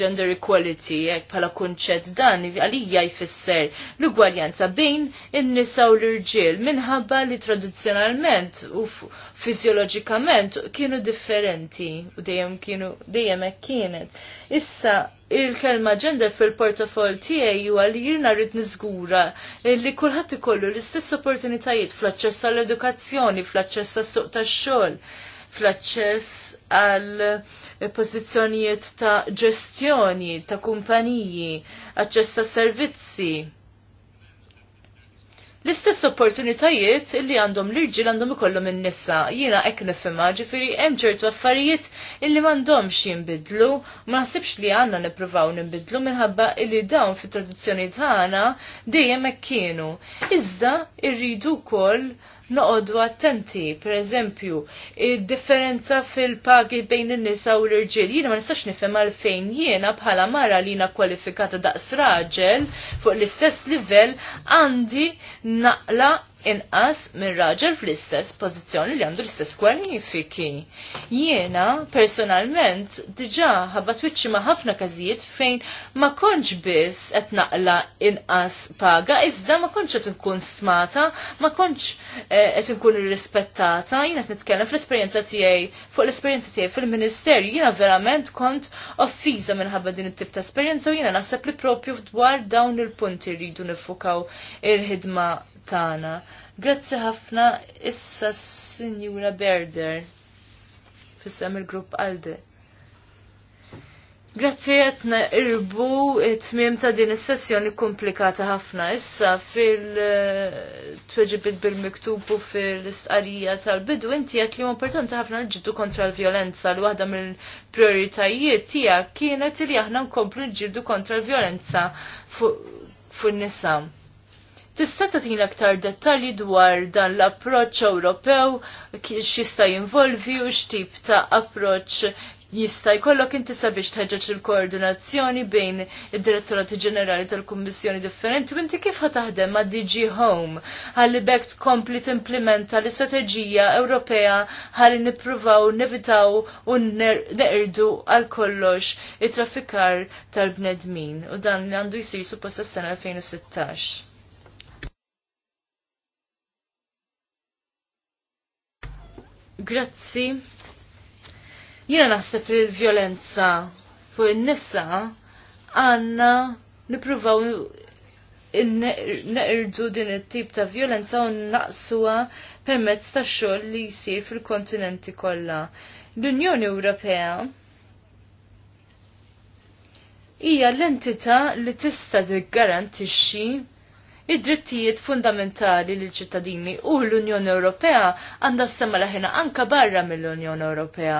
gender equality jekk bħala kunċett dan għalija jfisser l gwaljanza bejn in-nisa u l-irġiel minħabba li tradizzjonalment u fizjoloġikament kienu differenti u dejjem kienu dejjem hekk kienet. Issa il-kelma gender fil-portafol tiegħi huwa li jirna rrid niżgura li kulħadd ikollu l-istess opportunitajiet fl-aċċess għall-edukazzjoni, fl-aċċess għas-suq tax-xogħol, fl-aċċess għal pożizzjonijiet ta' ġestjoni, ta' kumpaniji, aċċess għas-servizzi l-istess opportunitajiet illi għandhom l-irġil għandhom ikollhom in-nisa. Jiena hekk nifhimha, ġifieri hemm ċertu affarijiet illi m'għandhomx jinbidlu, ma naħsibx li għandna nippruvaw ninbidlu minħabba illi dawn fit-traduzzjoni tagħna dejjem hekk kienu. Iżda rridu wkoll noqogħdu attenti, pereżempju, id-differenza fil-pagi bejn in-nisa u l-irġiel. Jiena ma nistax nifhem għalfejn jiena bħala mara li jiena kwalifikata daqs raġel fuq l-istess livell għandi naqla inqas minn raġel fl-istess pożizzjoni li għandu l-istess kwalifiki. Jiena personalment diġa' ħabat wiċċi ma' ħafna każijiet fejn ma konċ biss qed naqla inqas paga, iżda ma konċ qed inkun stmata, ma konċ eh, qed inkun irrispettata, jiena qed nitkellem fl-esperjenza tiegħi fuq l-esperjenza tiegħi fil ministeri jiena verament kont offiża minħabba din it-tip ta' esperjenza u jiena naħseb li propju dwar dawn il-punti rridu nifukaw il-ħidma tagħna. Grazzi ħafna issa Sinjura Berder fissem il-grupp Alde. Grazzi għetna irbu it-tmim ta' din is-sessjoni komplikata ħafna. Issa fil-tweġibit bil-miktubu fil-istqarija tal-bidu inti għet li importanti ħafna nġiddu kontra l-violenza li waħda mill-prioritajiet tijak kienet li aħna nkomplu nġiddu kontra l-violenza fuq fu nisam Tista' tagħtina aktar dettalji dwar dan l-approċċ Ewropew x'jista' jinvolvi u x'tip ta' approċċ jista' jkollok inti sabiex tħeġġeġ il-koordinazzjoni bejn id-Direttorati Ġenerali tal-Kummissjoni differenti u inti kif ħataħdem ma' DG Home ħalli bekk tkompli timplementa l-istrateġija Ewropea ħalli nippruvaw nevitaw u neqirdu għal kollox it-traffikar tal-bnedmin u dan li għandu jsir suppost s-sena 2016. Grazzi. Jiena naħseb li l-vjolenza fuq in-nisa għandna n neqirdu din it-tip ta' violenza u naqsuha permezz ta' xogħol li jsir fil-kontinenti kollha. L-Unjoni Ewropea hija l-entità li tista' tiggarantixxi id-drittijiet fundamentali lil ċittadini u l-Unjoni Ewropea għandha s semma laħina anka barra mill-Unjoni Ewropea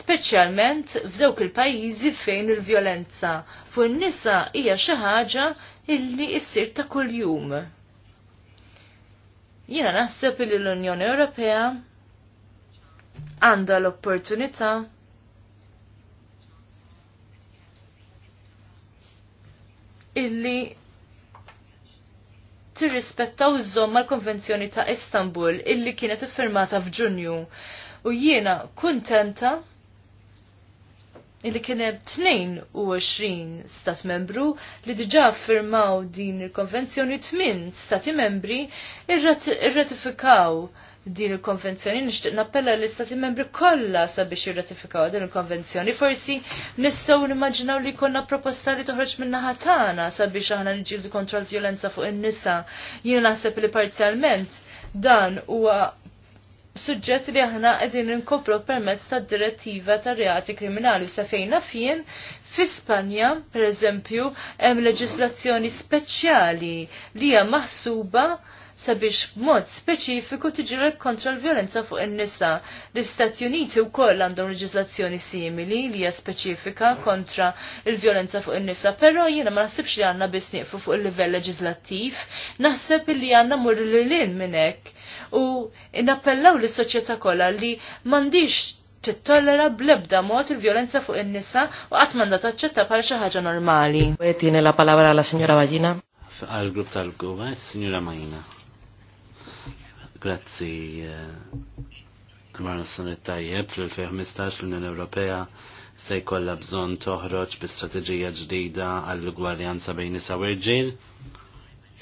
speċjalment f'dawk il-pajjiżi fejn il-vjolenza fuq n nisa hija xi ħaġa illi issir ta' kuljum. Jiena naħseb li l-Unjoni Ewropea għandha l-opportunità illi Tirrispettaw iż żomm mal-Konvenzjoni ta' Istanbul illi kienet iffirmata f'Ġunju. U jiena kuntenta illi kien hemm 22 stat membru li diġà firmaw din il-konvenzjoni tmien stati membri irratifikaw din il-konvenzjoni, nixtieq nappella l-istati membri kollha sabiex jirratifikaw din il-konvenzjoni. Forsi nistgħu nimmaġinaw li jkollna proposta li toħroġ minna tagħna sabiex aħna niġġieldu kontra l-vjolenza fuq in-nisa. Jina naħseb li parzialment dan huwa suġġett li aħna qegħdin inkopru permezz tad-direttiva tar-reati kriminali sa fejna fien Fi-Spanja, per eżempju, hemm leġislazzjoni speċjali li hija maħsuba sabiex b'mod speċifiku tiġilet kontra l-violenza fuq in-nisa. L-Istati Uniti wkoll għandhom leġislazzjoni simili li hija speċifika kontra l-violenza fuq in-nisa, però jiena ma naħsibx li għandna biss nieqfu fuq il-livell leġislattiv, naħseb li għandna mur lilin minn hekk u nappellaw lis-soċjetà kollha li m'għandix tittollera bl-ebda mod il-violenza fuq in-nisa u qatt m'għandha taċċetta bħal xi ħaġa normali. Tiene la palabra la signora Ballina. Al grupp tal-Guma, signora Majina. Grazzi eh, Għamar s-sanit tajjeb fl-2015 l-Unjoni Ewropea se jkollha bżonn toħroġ bi strateġija ġdida għall gwarjanza bejn nisa u rġiel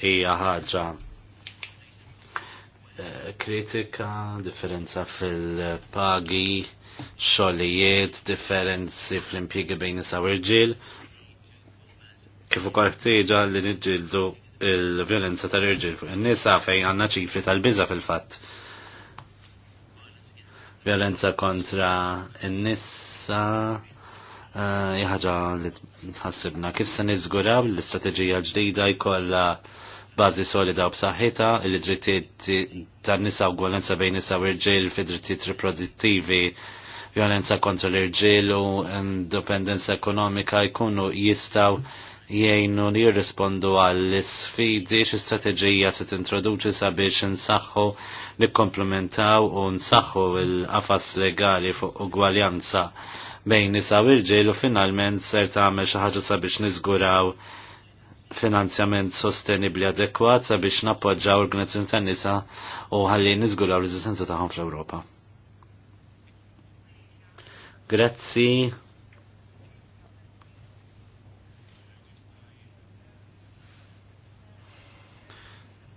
hija ħaġa eh, kritika, differenza fil-pagi, xogħlijiet, differenzi fl-impjiegi bejn nisa u rġiel, kif ukoll ħtieġa li niġġieldu il-violenza tal-irġil fuq in-nisa fejn għandna ċifri tal-biża fil-fatt. Violenza kontra in-nisa eh, ħaġa li tħassibna. Kif se niżguraw l-istrateġija l-ġdida jkollha bażi solida u b'saħħitha li drittijiet tan-nisa u violenza bejn nisa u irġiel fi drittijiet riproduttivi violenza kontra l-irġiel u indipendenza mm, ekonomika jkunu jistaw jgħinu li jirrispondu għall sfidi x-strategija se t-introduċi sabiex nsaxħu li komplementaw u nsaxħu il-qafas legali fuq ugwaljanza bejn nisa u irġiel u finalment ser tagħmel xi ħaġa sabiex niżguraw finanzjament sostenibli adekwat sabiex nappoġġaw organizzazzjoni tan-nisa u ħalli niżguraw l-eżistenza tagħhom fl-Ewropa. Grazzi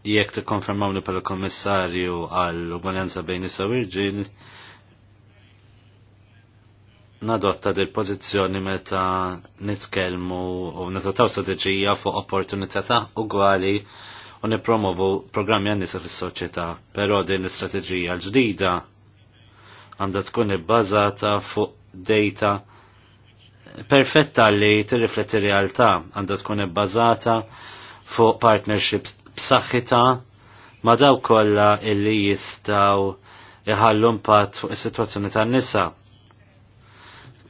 jekk tikkonfermaw li pala kommissarju għal uguaglianza bejn nisa u irġiel nadotta dil pożizzjoni meta nitkellmu u nadottaw strateġija fuq opportunità ta' ugwali u nipromovu programmi għan nisa fis-soċjetà, però din l-istrateġija l-ġdida għandha tkun ibbażata fuq data perfetta li tirrifletti realtà għandha tkun ibbażata fuq partnerships b'saħħitha ma daw kollha illi jistgħu iħallu impatt fuq is-sitwazzjoni tan-nisa.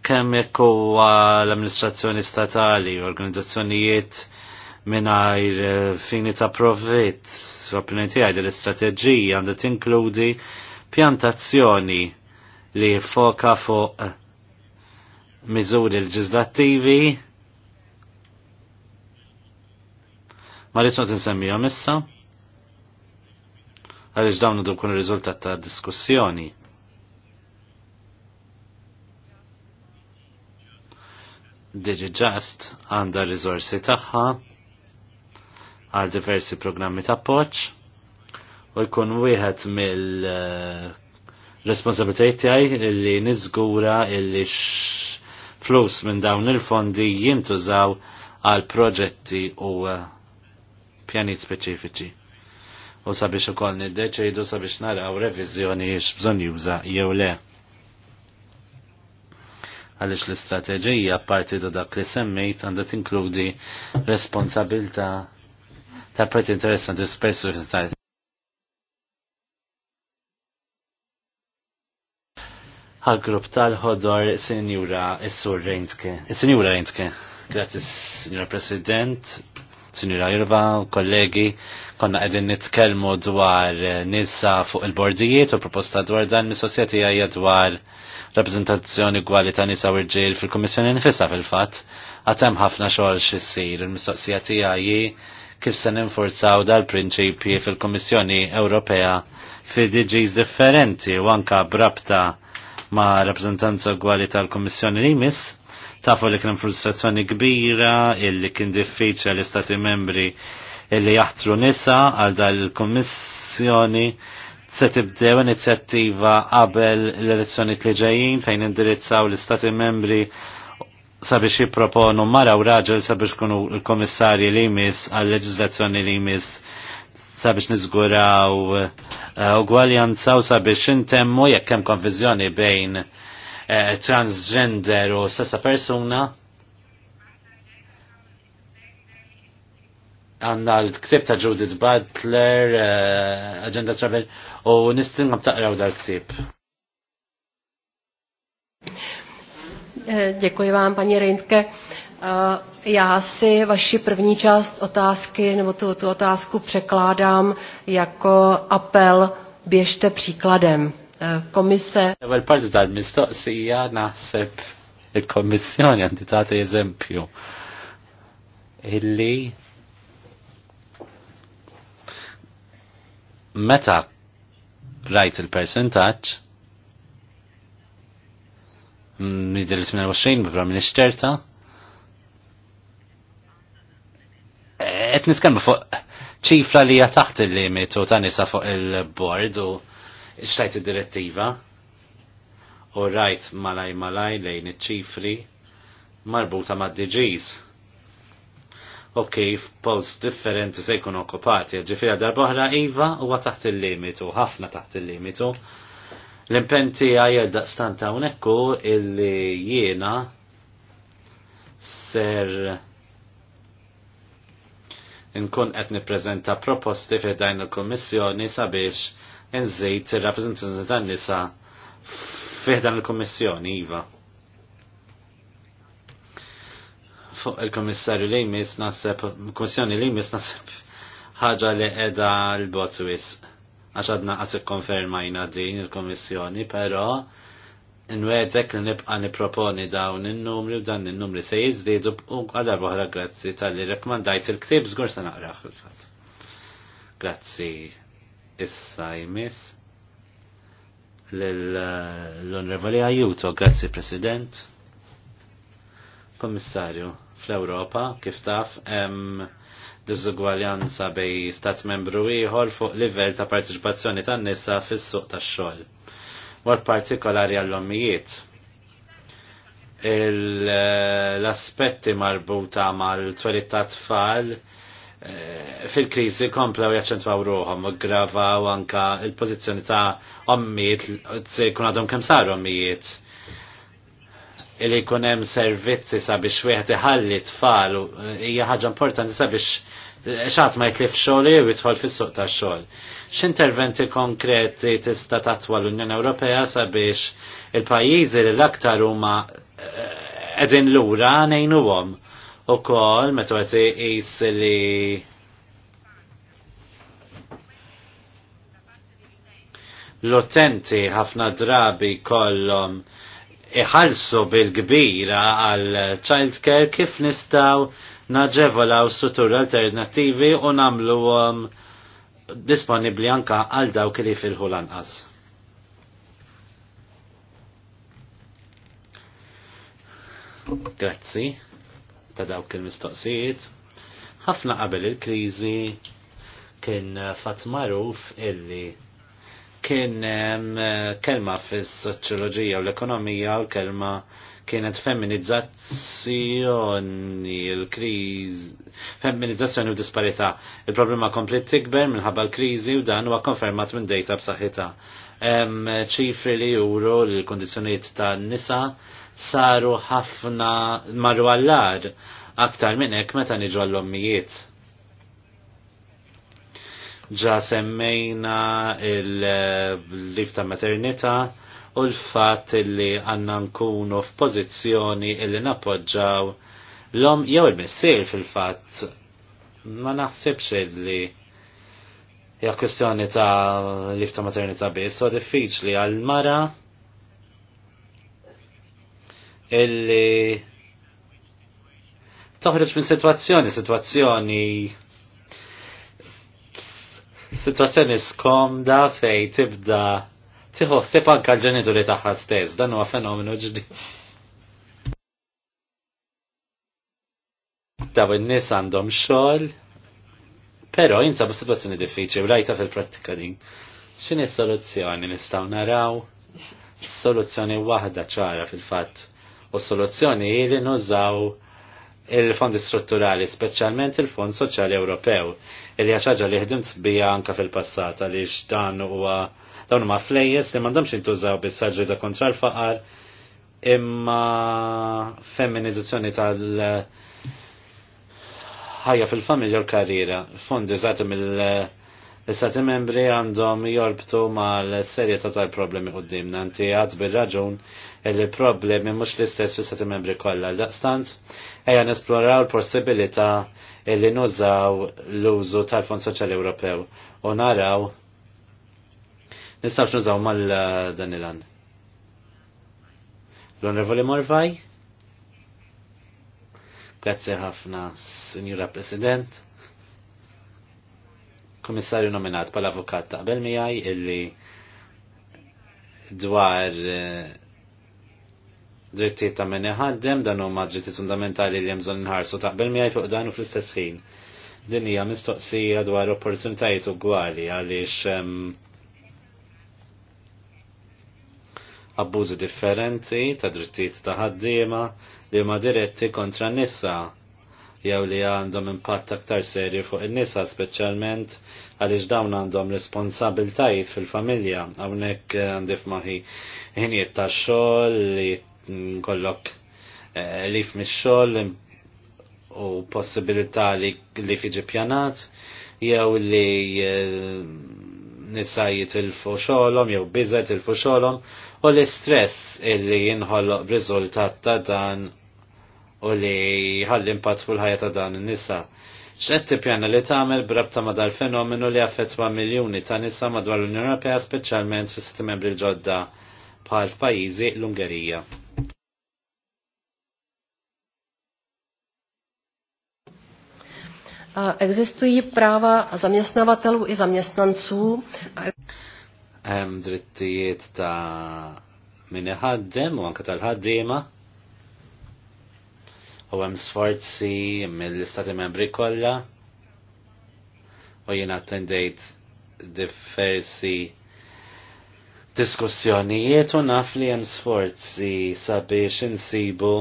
Kemm jekk huwa l-amministrazzjoni statali u organizzazzjonijiet mingħajr eh, fini ta' profitt, opinjoni tiegħi l-istrateġija għandha tinkludi pjantazzjoni li foka fuq miżuri leġislattivi Ma rridx noqgħod insemmihom issa għaliex dawn idu kun riżultat ta' diskussjoni. DigiJust għandha r-rizorsi tagħha għal diversi programmi ta' poċ u jkun wieħed mill responsabilitajiet tiegħi li niżgura illi flus minn dawn il-fondi jintużaw għal proġetti u Pjani speċifiċi. U sabiex ukoll jidu sabiex naraw reviżjoni bżon juża jew le. Għaliex l-istrateġija parti da dak li semmejt għandha tinkludi responsabilta ta' parti interessanti spesso għal-grupp tal-ħodor Senjura Is-Sur Reintke. Is-Senjura Reintke. Grazie, Signora President. Sinjura Irva, kollegi, konna għedin nitkelmu dwar eh, nisa fuq il-bordijiet u proposta dwar dan mis-sosjeti għajja dwar rappresentazzjoni gwali ta' nisa u rġil fil-Komissjoni nifissa fil-fat, għatem ħafna xoħal xissir, il-mistoqsija tiegħi kif se ninforzaw dal-prinċipji fil-Komissjoni Ewropea fi DGs differenti u anka brabta ma' rappresentanza gwali tal-Komissjoni li Tafu li kien frustrazzjoni kbira illi kien diffiċa l-Istati membri illi jaħtru nisa għal dal-Kommissjoni se tibdew inizjattiva qabel l-elezzjoni li ġejjin fejn indirizzaw l-Istati membri sabiex jipproponu mara u raġel sabiex kunu l kommissarji li jmiss għal leġizlazzjoni li jmiss sabiex nizguraw eh, ugwaljanza u sabiex intemmu jekk hemm konfiżjoni bejn Eh, transgender u sessa persona għanna l-ktib ta' Judith Butler, uh, Agenda Travel, u nistingam taqraw dal-ktib. Eh, děkuji vám, paní Rindke. Já si vaši první část otázky, nebo tu, tu otázku překládám jako apel běžte příkladem. Eh, kommissar. Għal parti tal-mistoqsija naħseb il-Kommissjoni għandi tagħti eżempju illi meta rajt il-percentaġġ nidil 28 bibra minn iċċerta eh, qed niskemmu fuq ċifra li hija taħt il-limit u ta' nisa fuq il-bord u Iċtajt id-direttiva u rajt malaj malaj lejn iċ-ċifri marbuta ma' DGs. U kif post differenti se jkun okkupati, ġifira boħra Iva u taħt il-limitu, ħafna taħt il-limitu. L-impenti għajja daqstanta unekku illi jiena ser nkun qed nippreżenta proposti fil-dajn il kummissjoni sabiex nżejt il-rappresentanti tan nisa fiħdan il-Kommissjoni, Iva. Fuq il-Kommissarju Lejmis nasib, il-Kommissjoni Lejmis nasib ħaġa li edha l-Botswis. Għaxadna konferma konfermajna din il-Kommissjoni, pero nwedek li nibqa niproponi dawn il-numri u dan il-numri se jizdidu u għadar boħra grazzi tal-li rekomandajt il-ktib zgur sa naqraħ fil-fat. Grazzi issa jmiss eh, l-Onrevoli Ajuto, grazzi President, Kommissarju, fl-Europa, kif taf, hemm diżugwaljanza bej stat membru ieħor fuq livell ta' partiċipazzjoni tan nisa fis-suq tax-xogħol. Mod partikolari għall-ommijiet. Eh, l-aspetti marbuta mal-twelit ta' tfal Eh, fil-krizi u jaċċentwaw ruħom, u anka il-pozizjoni ta' ommijiet, kun għadhom kem saru ommijiet. il kun hemm servizzi sabiex wieħed iħalli tfal eh, hija ħaġa importanti sabiex eh, xaħat ma jitlif xogħol u jidħol fis-suq tax-xogħol. X'interventi konkreti tista' tatwa l-Unjoni Ewropea sabiex il-pajjiżi li l-aktar huma qegħdin lura ngħinuhom u kol meta għati jis li l-utenti ħafna drabi kollom iħalsu bil-kbira għal child care kif nistaw naġevolaw struttur alternativi u namlu um, disponibli anka għal dawk li filħu lanqas. Grazzi ta' dawk il-mistoqsijiet. Ħafna qabel il-kriżi kien eh, fatt magħruf illi kien eh, kelma fis-soċjoloġija u l-ekonomija u kelma kienet feminizzazzjoni il-kriż feminizzazzjoni u disparità. Il-problema komplet tikber minħabba l-kriżi u dan huwa konfermat minn data b'saħħitha. ċifri li juru l-kondizzjonijiet tan-nisa saru ħafna marru għallar aktar minn hekk meta niġu għall-ommijiet. Ġa semmejna il-lif ta' maternita u l-fat li għanna nkunu f'pożizzjoni illi nappoġġaw l-om jew il-missier fil-fatt ma naħsibx li hija kwestjoni ta' lif ta' maternita biss, so diffiċli għal-mara illi toħroġ minn situazzjoni, situazzjoni situazzjoni skomda fej tibda tiħossib anka l-ġenituri tagħha stess, dan huwa fenomenu ġdid. Daw in-nies għandhom xogħol, però jinsabu situazzjoni diffiċli u rajta fil-prattika din. X'inhi s-soluzzjoni nistgħu naraw? Soluzzjoni waħda ċara fil-fatt U soluzzjoni li nużaw il-fondi strutturali, speċjalment il-Fond Soċjali Ewropew, li ħaġa li ħdimt bija anka fil-passat għaliex dan huwa dawn huma flejjes li m'għandhomx jintużaw bis sagġi da kontra l-faqar imma femminizzazzjoni tal- ħajja fil-familja u l-karriera, fondi użati mill- is sati membri għandhom jorbtu mal-serjetà tal-problemi qudiemna Nti għad bil raġun li problemi mhux l-istess fis-stati membri kollha. Daqstant ejja nesploraw l-possibilità li nużaw l-użu tal-Fond Soċjali Ewropew u naraw nistgħux nużaw mal-dan uh, il-għan. l onrevoli Morvaj? Grazie ħafna, Signora President komissarju nominat pal avukat qabel miegħi illi dwar eh, drittijiet ta' minn ħaddem dan huma drittiet fundamentali li hemm bżonn inħarsu taqbel miegħi fuq dan u fl-istess ħin. Din hija mistoqsija dwar opportunitajiet ugwali għaliex abbużi differenti ta' drittijiet ta' ħaddiema li huma diretti kontra nisa jew li għandhom impatt aktar serju fuq in-nisa speċjalment għaliex dawn għandhom responsabiltajiet fil-familja hawnhekk eh, għandif maħi ħinijiet ta' xogħol li kollok eh, lif mix xogħol u possibilità li li tiġi pjanat jew li eh, nisa jitilfu xolom, jew biza jitilfu xolom, u l-istress illi jinħolloq b'riżultat ta' dan u li ħalli impatt fuq il-ħajja ta' dan in-nisa. X'qed tippjana li tagħmel brabta ma' dal-fenomenu li affettwa miljuni ta' nisa madwar l-Unjoni Ewropea speċjalment fi siti membri ġodda bħal pajjiżi l-Ungerija. Existují práva zamjasnavatelu i zaměstnanců. Hemm drittijiet ta' min iħaddem u anke tal-ħaddiema u hemm sforzi mill-Istati Membri kollha u jien attendejt diversi diskussjonijiet u naf li hemm sforzi sabiex insibu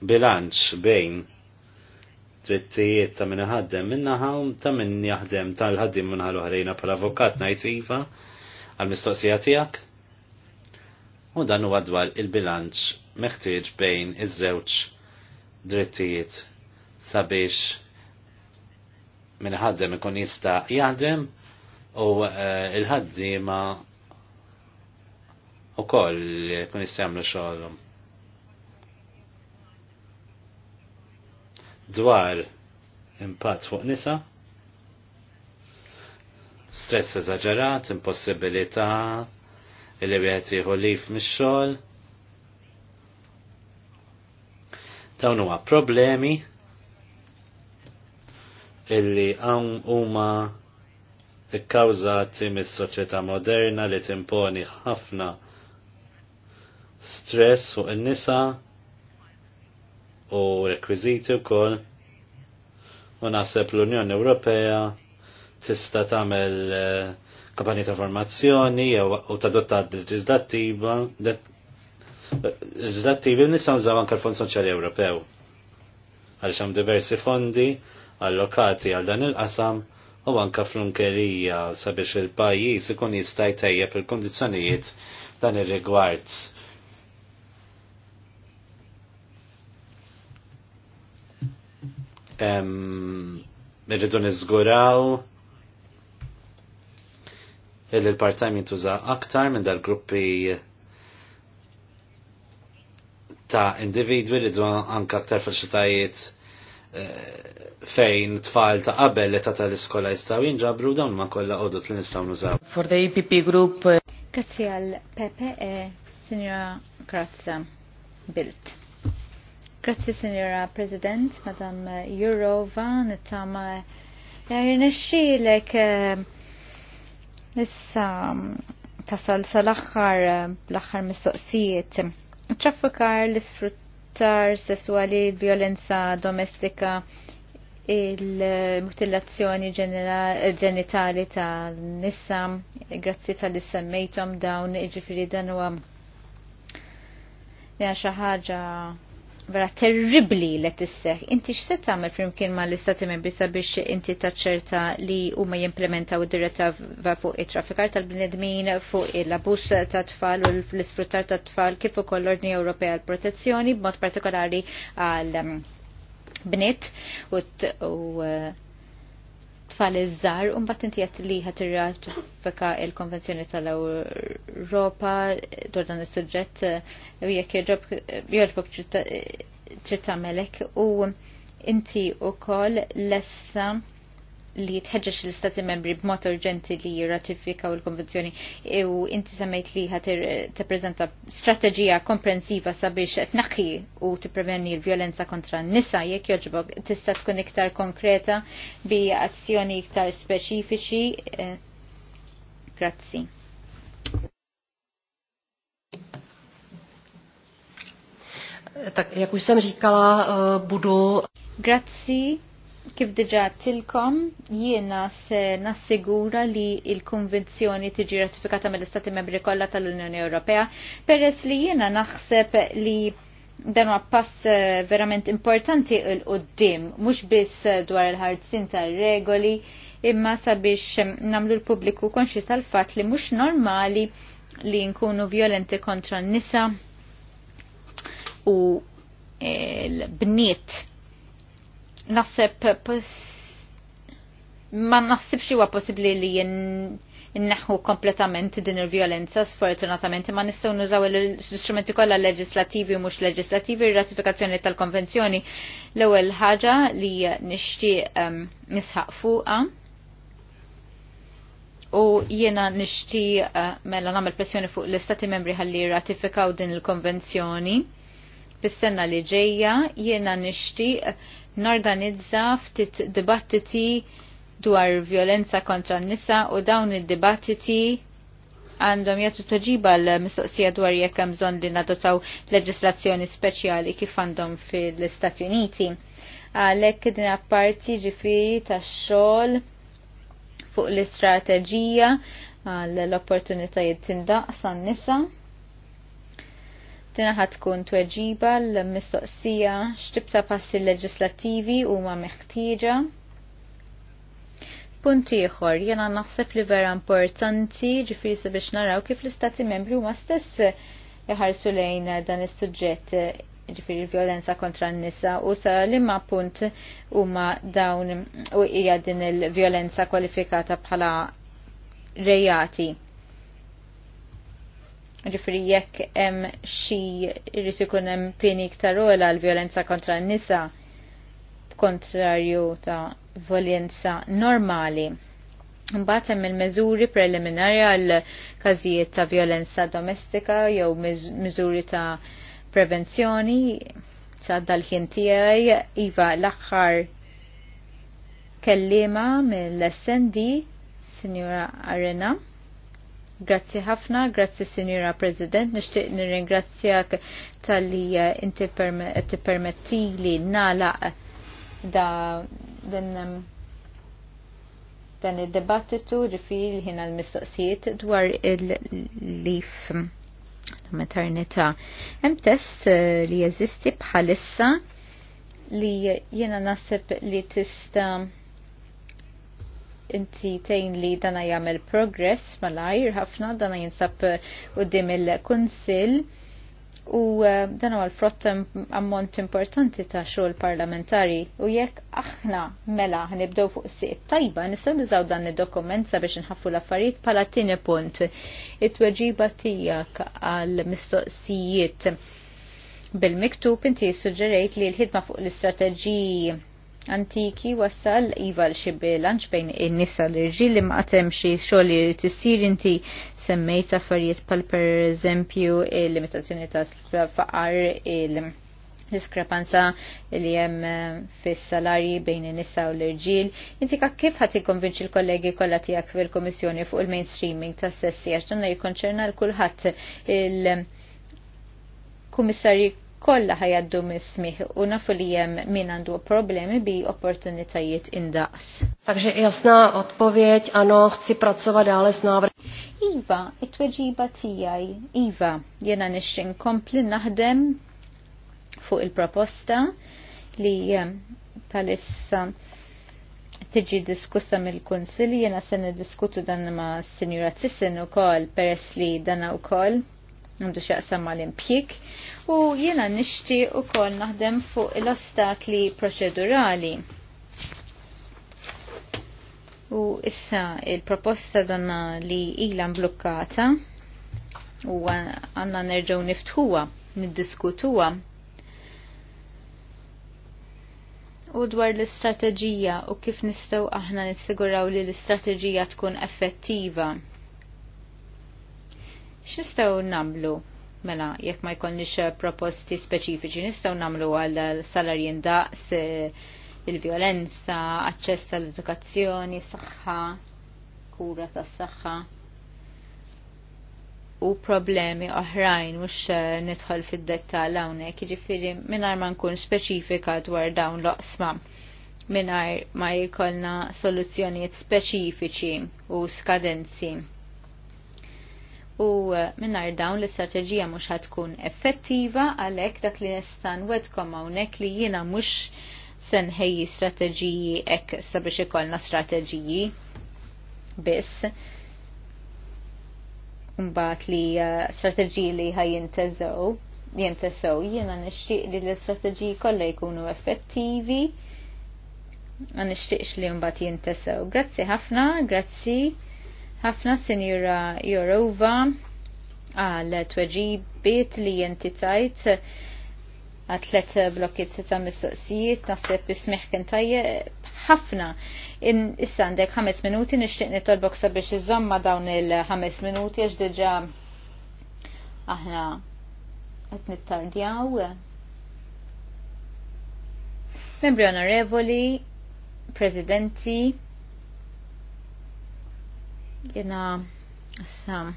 bilanċ bejn drittijiet ta' minna ħaddem minna ħawm ta' minn jaħdem tal-ħaddim minna ħal-oħrejna pal avokat najtiva għal-mistoqsija tijak. U dan huwa dwar il-bilanċ meħtieġ bejn iż-żewġ drittijiet sabiex minn ħaddem ikun jista' jaħdem u eh, il-ħaddiema li jkun jista' jagħmlu xogħolhom. Dwar impatt fuq nisa, stress eżaġerat, impossibilità, li wieħed jieħu lif mix-xogħol, Dawn huwa problemi illi hawn huma ikkawżati mis-soċjetà moderna li timponi ħafna stress fuq in-nisa u rekwiżiti wkoll u naħseb l-Unjoni Ewropea tista' tagħmel eh, kampanji ta' formazzjoni jew u tadotta leġislattiva leġislattivi nisa nżaw anke l-Fond Soċjali Ewropew. Għaliex hemm diversi fondi allokati għal dan il-qasam u anke flunkerija sabiex il-pajjiż ikun jista' jtejjeb il-kondizzjonijiet dan ir-rigward. Irridu niżguraw il-part-time jintuża aktar minn dal-gruppi ta' individwi li dwan anka aktar faċilitajiet eh, fejn tfal ta' qabel li ta' tal-iskola jistaw jinġabru dawn ma' kolla għodut li nistaw nużaw. For the EPP group. Eh, Grazzi għal PPE, eh, Signora Grazza Bilt. Grazzi, Signora President, Madam Jurova, nittama jirnexxilek issa mm, tasal sal-axħar l-axħar mistoqsijiet traffikar l-isfruttar sessuali, violenza domestika, il-mutilazzjoni ġenitali ta' nissa, grazzi tal semmejtom dawn, iġifiri dan għam. xi ħaġa vera terribli li tisseħ. Inti għamil tagħmel flimkien ma l-istati membri sabiex inti taċċerta li huma jimplementaw id-direttiva fuq it-traffikar tal-bnedmin fuq il abus ta' tfal u l-isfruttar ta' tfal kif ukoll l-Ordni Ewropea l-Protezzjoni b'mod partikolari għal mm, bnet u uh, tfal iż-żar u mbagħad inti qed li ħadd irratifika l-Konvenzjoni tal-Ewropa dwar dan is-suġġett u jekk jogħġbok ċittamelek u inti wkoll lesta li tħeġġeġ l-istati membri b'mod urġenti li jirratifikaw il-konvenzjoni u inti semmejt li t tippreżenta strateġija komprensiva sabiex tnaqi u tippreveni l violenza kontra n-nisa jekk joġbok tista' tkun iktar konkreta bi azzjoni iktar speċifiċi. Eh, grazzi. Tak, jak už jsem říkala, eh, budu... Grazzi Kif diġa tilkom, jiena se nassigura li il-konvenzjoni tiġi ratifikata mill-Istati Membri kollha tal-Unjoni Ewropea, peress li jiena naħseb li dan huwa pass eh, verament importanti l qoddim mhux biss dwar il ħarsin tar-regoli, imma sabiex eh, namlu l-pubbliku konxi tal-fatt li mhux normali li nkunu violenti kontra n-nisa u eh, l-bniet naħseb ma naħsibx huwa possibbli li inneħħu kompletament din il-violenza sfortunatament ma nistgħu nużaw l-istrumenti kollha leġislativi u mhux leġislativi r-ratifikazzjoni tal-konvenzjoni l-ewwel ħaġa li nixtieq ehm, nisħaq fuqha u jiena nixtieq eh, mela nagħmel pressjoni fuq l-istati membri ħalli ratifikaw din il-konvenzjoni. il konvenzjoni Bis-sena li ġejja jiena nixtieq norganizza ftit dibattiti dwar violenza kontra n-nisa u dawn id-dibattiti għandhom jagħtu toġiba l-mistoqsija dwar jekk hemm bżonn li nadotaw leġislazzjoni speċjali kif għandhom fil-Istati Uniti. Għalhekk din apparti ġifieri tax-xogħol fuq l-istrateġija għall l-opportunitajiet tindaqs għan-nisa dina tkun tweġiba l-mistoqsija x'tibta passi leġislattivi huma meħtieġa. Punt ieħor, jiena naħseb li vera importanti ġifieri sabiex naraw kif l-istati membri huma stess jaħarsu lejn dan is-suġġett ġifiri violenza kontra n-nisa u sa limma punt huma dawn u hija din il-violenza kwalifikata bħala rejati Ġifri jekk hemm xi jrid ikun hemm pieni iktar ola l-vjolenza kontra n-nisa kontrarju ta' violenza normali. Mbagħad hemm il-meżuri preliminari għal każijiet ta' violenza domestika jew miżuri ta' prevenzjoni sa' dal-ħin tiegħi iva l-aħħar kellima mill-SND, Signora Arena. Grazzi ħafna, grazzi Sinjura President, nishtiq nirringrazzjak tal-li eh, inti permetti li nalaq eh, da din dan id-debattitu rifil ħin l-mistoqsijiet dwar il-lif mm, maternità. Hemm test eh, li jeżisti bħalissa li jena nasib li tista' inti tejn li dana jagħmel progress malajr ħafna dana jinsab eh, qudiem il-Kunsill u eh, dan huwa l-frott ammont importanti ta' xogħol parlamentari u jekk aħna mela ħnibdew fuq siq tajba nistgħu niżaw dan id-dokument sabiex inħaffu l-affarijiet bħala tieni punt. It-tweġiba tiegħek għal mistoqsijiet bil-miktub inti suġġerejt li l-ħidma fuq l-istrateġiji antiki wassal iva l-xi bejn in-nisa l-irġiel li ma xie xi t-sir tissir inti semmejt affarijiet pal pereżempju il-limitazzjoni ta' faqar il- diskrepanza li hemm eh, fis-salarji bejn in-nisa u l-irġiel. Inti kif ħadd ikkonvinċi l-kollegi kollha tiegħek fil-Kummissjoni fuq il-mainstreaming tas-sessi għax dan jikkonċerna l kulħadd il komissari kollha ħajaddu mis-smih u nafu li jem min għandu problemi bi opportunitajiet indaqs. Takže jasna odpowiedź ano chci pracovat dále s návrh. Iva, it-tweġiba tiegħi, Iva, jiena nixin kompli naħdem fuq il-proposta li palissa tiġi diskussa mill-Kunsil, jiena se niddiskutu dan ma' Sinjura Tissin ukoll peress li dan kol, għandu xaqsam l impjik u jiena nishti u kol naħdem fuq l-ostakli proċedurali. U issa il-proposta donna li ila mblukkata u għanna nerġaw niftħuwa, niddiskutuwa. U dwar l-istrateġija u kif nistaw aħna nissiguraw li l-istrateġija tkun effettiva xistaw nagħmlu? Mela, jekk ma jkollniex eh, proposti speċifiċi nistgħu nagħmlu għal salarjien daqs eh, il-violenza, aċċess tal-edukazzjoni, saħħa, kura tas-saħħa u problemi oħrajn mhux eh, nidħol fid-dettall hawnhekk, jiġifieri mingħajr ma nkun speċifika dwar dawn l-oqsma mingħajr ma jkollna soluzzjonijiet speċifiċi u skadenzi u eh, minnar dawn l-istrateġija mux ħatkun effettiva għalek dak li nistan wedkom għawnek li jina mux senħeji strateġiji ek sabiex ikollna strateġiji biss. Mbaħt li eh, strateġiji li ħajintezzow, jintezzow jina nishtiq li l-strateġiji kolla jkunu effettivi ma nixtieqx li mbagħad jintesew. Grazzi ħafna, grazzi ħafna sinjura Jorova għal tweġibiet li jenti tajt għatlet blokkiet ta' mistoqsijiet naħseb ismiħ kien tajje ħafna. Issa għandek ħames minuti nixtieq nitolbok sabiex iżomma dawn il-ħames minuti għax diġà aħna qed nittardjaw. Membri onorevoli, presidenti, Jena, issa,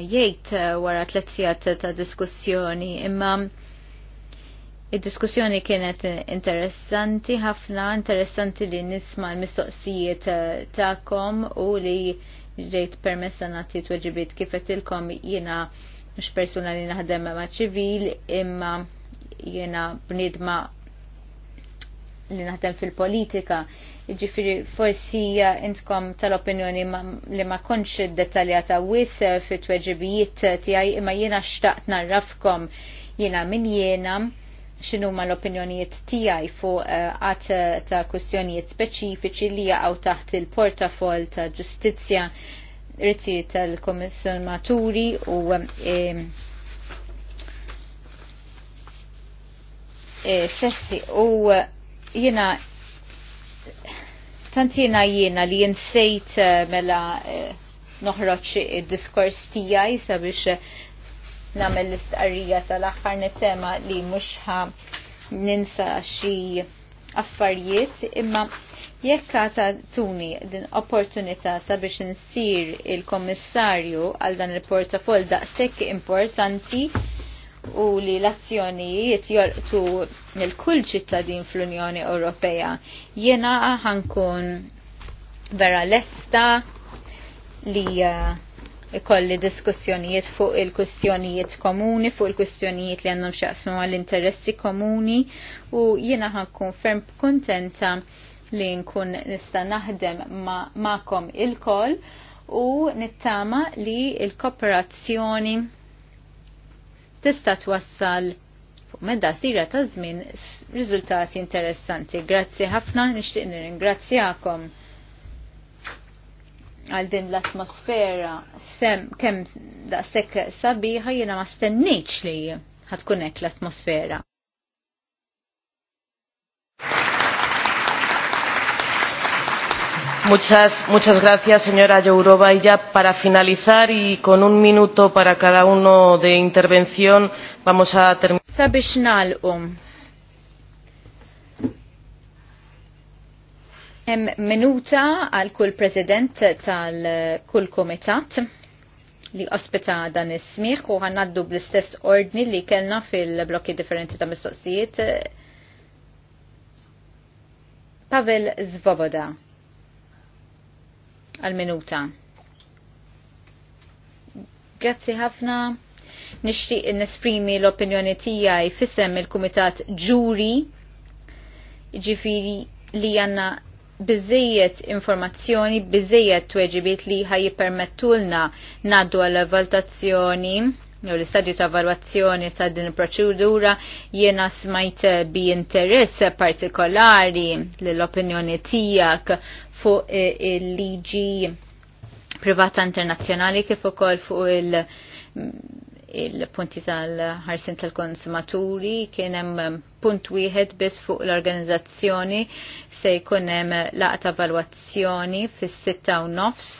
jgħid eh, wara tliet sigħat ta' diskussjoni, imma il diskussjoni kienet interessanti ħafna, interessanti li nisma' l-mistoqsijiet eh, tagħkom u li ġejt permessa nagħti tweġibiet kif kom jiena mhux persuna li naħdem ma' ċivil, imma jiena bnidma li naħdem fil-politika ġifiri forsi intkom tal-opinjoni li ma kontx dettaljata wis eh, fit tweġibijiet eh, tijaj imma jena xtaqt narrafkom jena min jena xinu ma l-opinjonijiet tijaj fuq eh, għat ta' kustjonijiet speċifiċi li jaqaw taħt il-portafol ta' ġustizja rizzi tal-komissionaturi u sessi u jena tantina jiena li jinsejt eh, mela eh, noħroċ id-diskors tijaj sabiex eh, namel l-istqarrija tal axar nittema li muxħa ninsa xi affarijiet imma jekk ta' tuni din opportunità sabiex nsir il-kommissarju għal dan il-portafol daqshekk importanti u li l-azzjonijiet jorqtu nil kull ċittadin fl-Unjoni Ewropea. Jena ħankun vera lesta li eh, ikolli diskussjonijiet fuq il-kustjonijiet komuni, fuq il-kustjonijiet li għandhom xaqsmu għall-interessi komuni u jiena ħankun ferm kontenta li nkun nista naħdem ma'kom ma il-koll u nittama li il-kooperazzjoni tista' twassal fuq medda sira ta' żmien riżultati interessanti. Grazzi ħafna, nixtieq nirringrazzjakom għal din l-atmosfera sem kemm daqshekk sabiħa jiena ma stenniċ li ħadkun hekk l-atmosfera. Muchas, muchas gracias, señora Yourova. Y ya para finalizar y con un minuto para cada uno de intervención, vamos a terminar. Sabiex nalqum. Hemm minuta al kull president tal-kull komitat li ospita dan is-smieħ u ħannaddu bl-istess ordni li kellna fil-blokki differenti ta' mistoqsijiet. Pavel Zvoboda għal-minuta. Grazzi ħafna. Nixtieq nesprimi l-opinjoni tiegħi fissem il-Kumitat Ġuri ġifiri li għanna bizzejiet informazzjoni, bizzejiet tweġibiet li ħaj permettulna naddu għal valutazzjoni jew l-istadju ta' valwazzjoni ta' din il-proċedura jiena smajt bi interess partikolari l-opinjoni tijak fuq e, il-liġi privata internazzjonali kif ukoll fuq il- il-punti tal-ħarsin tal-konsumaturi kien hemm punt wieħed biss fuq l-organizzazzjoni se jkun hemm laqta valwazzjoni fis-sitta u nofs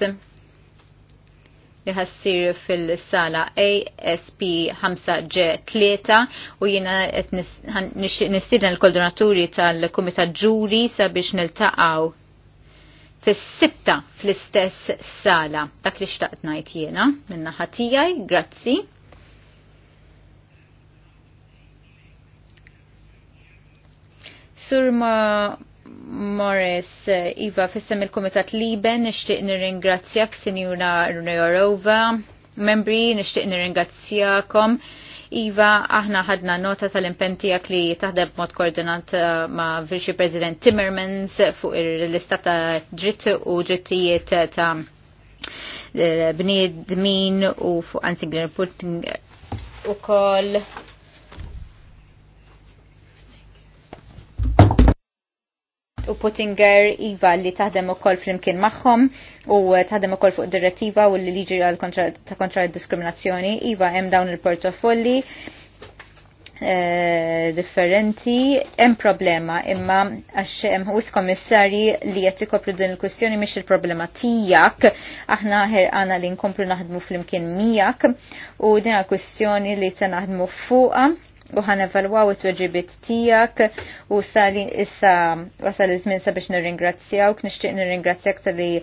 li ħassir fil-sala ASP 5G3 u jiena qed nistidna l-koordinaturi tal-Kumitat Ġuri sabiex niltaqgħu fis-sitta fl-istess sala. Dak li xtaqt ngħid jiena minna ħatijaj, grazzi. Surma Morris, Iva, fissem il-Komitat Liben, nishtiq nir ingrazzjak Sinjura Runeorova, membri, nishtiq nir Uh, Iva, aħna ħadna nota tal-impentijak li taħdem mod koordinat uh, ma' Virxi President Timmermans fuq l-istat ta' dritt u drittijiet ta' eh, bniedmin u fuq Ansinger Putin u koll u Puttinger Iva li taħdem ukoll flimkien magħhom u eh, taħdem ukoll fuq direttiva u li liġi għal ta' kontra diskriminazzjoni Iva hemm dawn il-portofolli eh, differenti hemm problema imma għax hemm ħwis kommissarji li qed ikopru din il-kwistjoni mhix il-problema tiegħek aħna ħerqana li nkomplu naħdmu flimkien miegħek u din kwistjoni li se naħdmu fuqha u ħan evalwaw it-tweġibit tijak u sali issa wasal iż-żmien sabiex nirringrazzjawk, nixtieq nirringrazzjak tal-li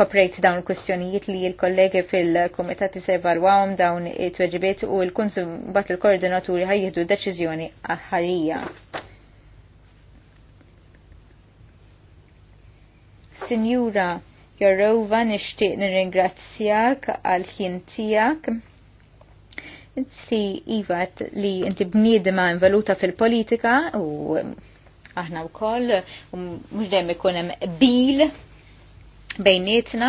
koprejt dawn il-kwestjonijiet li l-kollegi fil-komitati se evalwawhom dawn it-tweġibiet u l-kunsum bat il-koordinaturi ħajjidu deċiżjoni aħħarija. Sinjura Jarova nixtieq nirringrazzjak għal ħin tiegħek. Si, Ivat li inti bniedma involuta fil-politika u um, aħna wkoll u mhux um, dejjem ikun hemm bil bejnietna,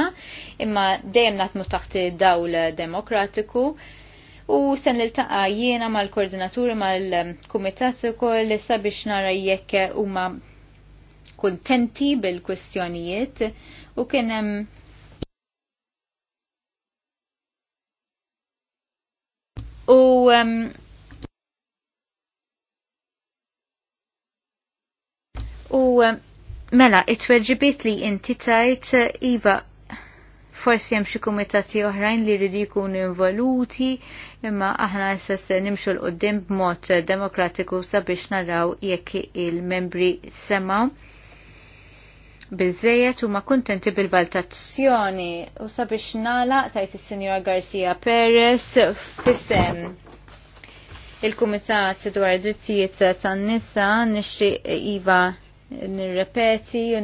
imma dejjem natmu taħt dawl demokratiku u sen l-taqa jiena mal-koordinaturi mal-kumitat ukoll sabiex nara jekk huma kuntenti bil-kwestjonijiet u kien hemm U U mela, it-tweġibiet li inti tajt Iva forsi hemm xi kumitati oħrajn li jridu jkunu involuti, imma aħna issa se nimxu l qoddim b'mod demokratiku sabiex naraw jekk il-membri semaw bizzejet u ma kontenti bil valtazzjoni u sabiex nala tajt il-Senjora Garcia Perez fissem il-Kumitat dwar drittijiet tan-nisa nixtieq iva nirrepeti u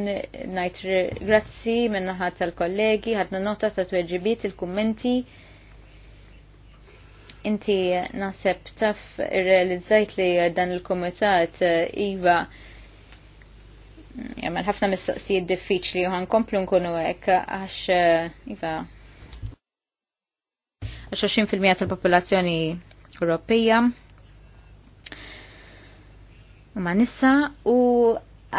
najt grazzi minnaħa tal-kollegi ħadna nota ta' tweġibiet il-kummenti inti naħseb taf irrealizzajt li dan il-Kumitat iva Jamman ħafna mis-soqsijiet diffiċli u komplu nkunu hekk għax eh, iva. Għax 20% tal-popolazzjoni Ewropija ma nissa u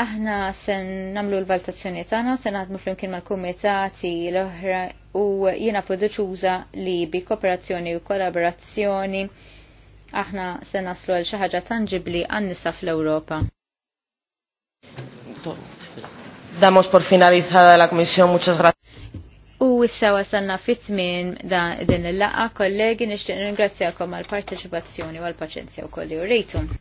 aħna sen namlu l-valutazzjoni tagħna sen naħdmu flimkien mal-kumitati l-oħra u jena fuduċuza li bi kooperazzjoni u kollaborazzjoni aħna se naslu għal xi ħaġa għan-nisa fl-Ewropa. Damos por finalizada la comisión, muchas gracias. U issa wasalna fit-tmien din il-laqa, kollegi, nishtiq ningrazzjakom għal parteċipazzjoni u għal paċenzja u kolli u rejtum.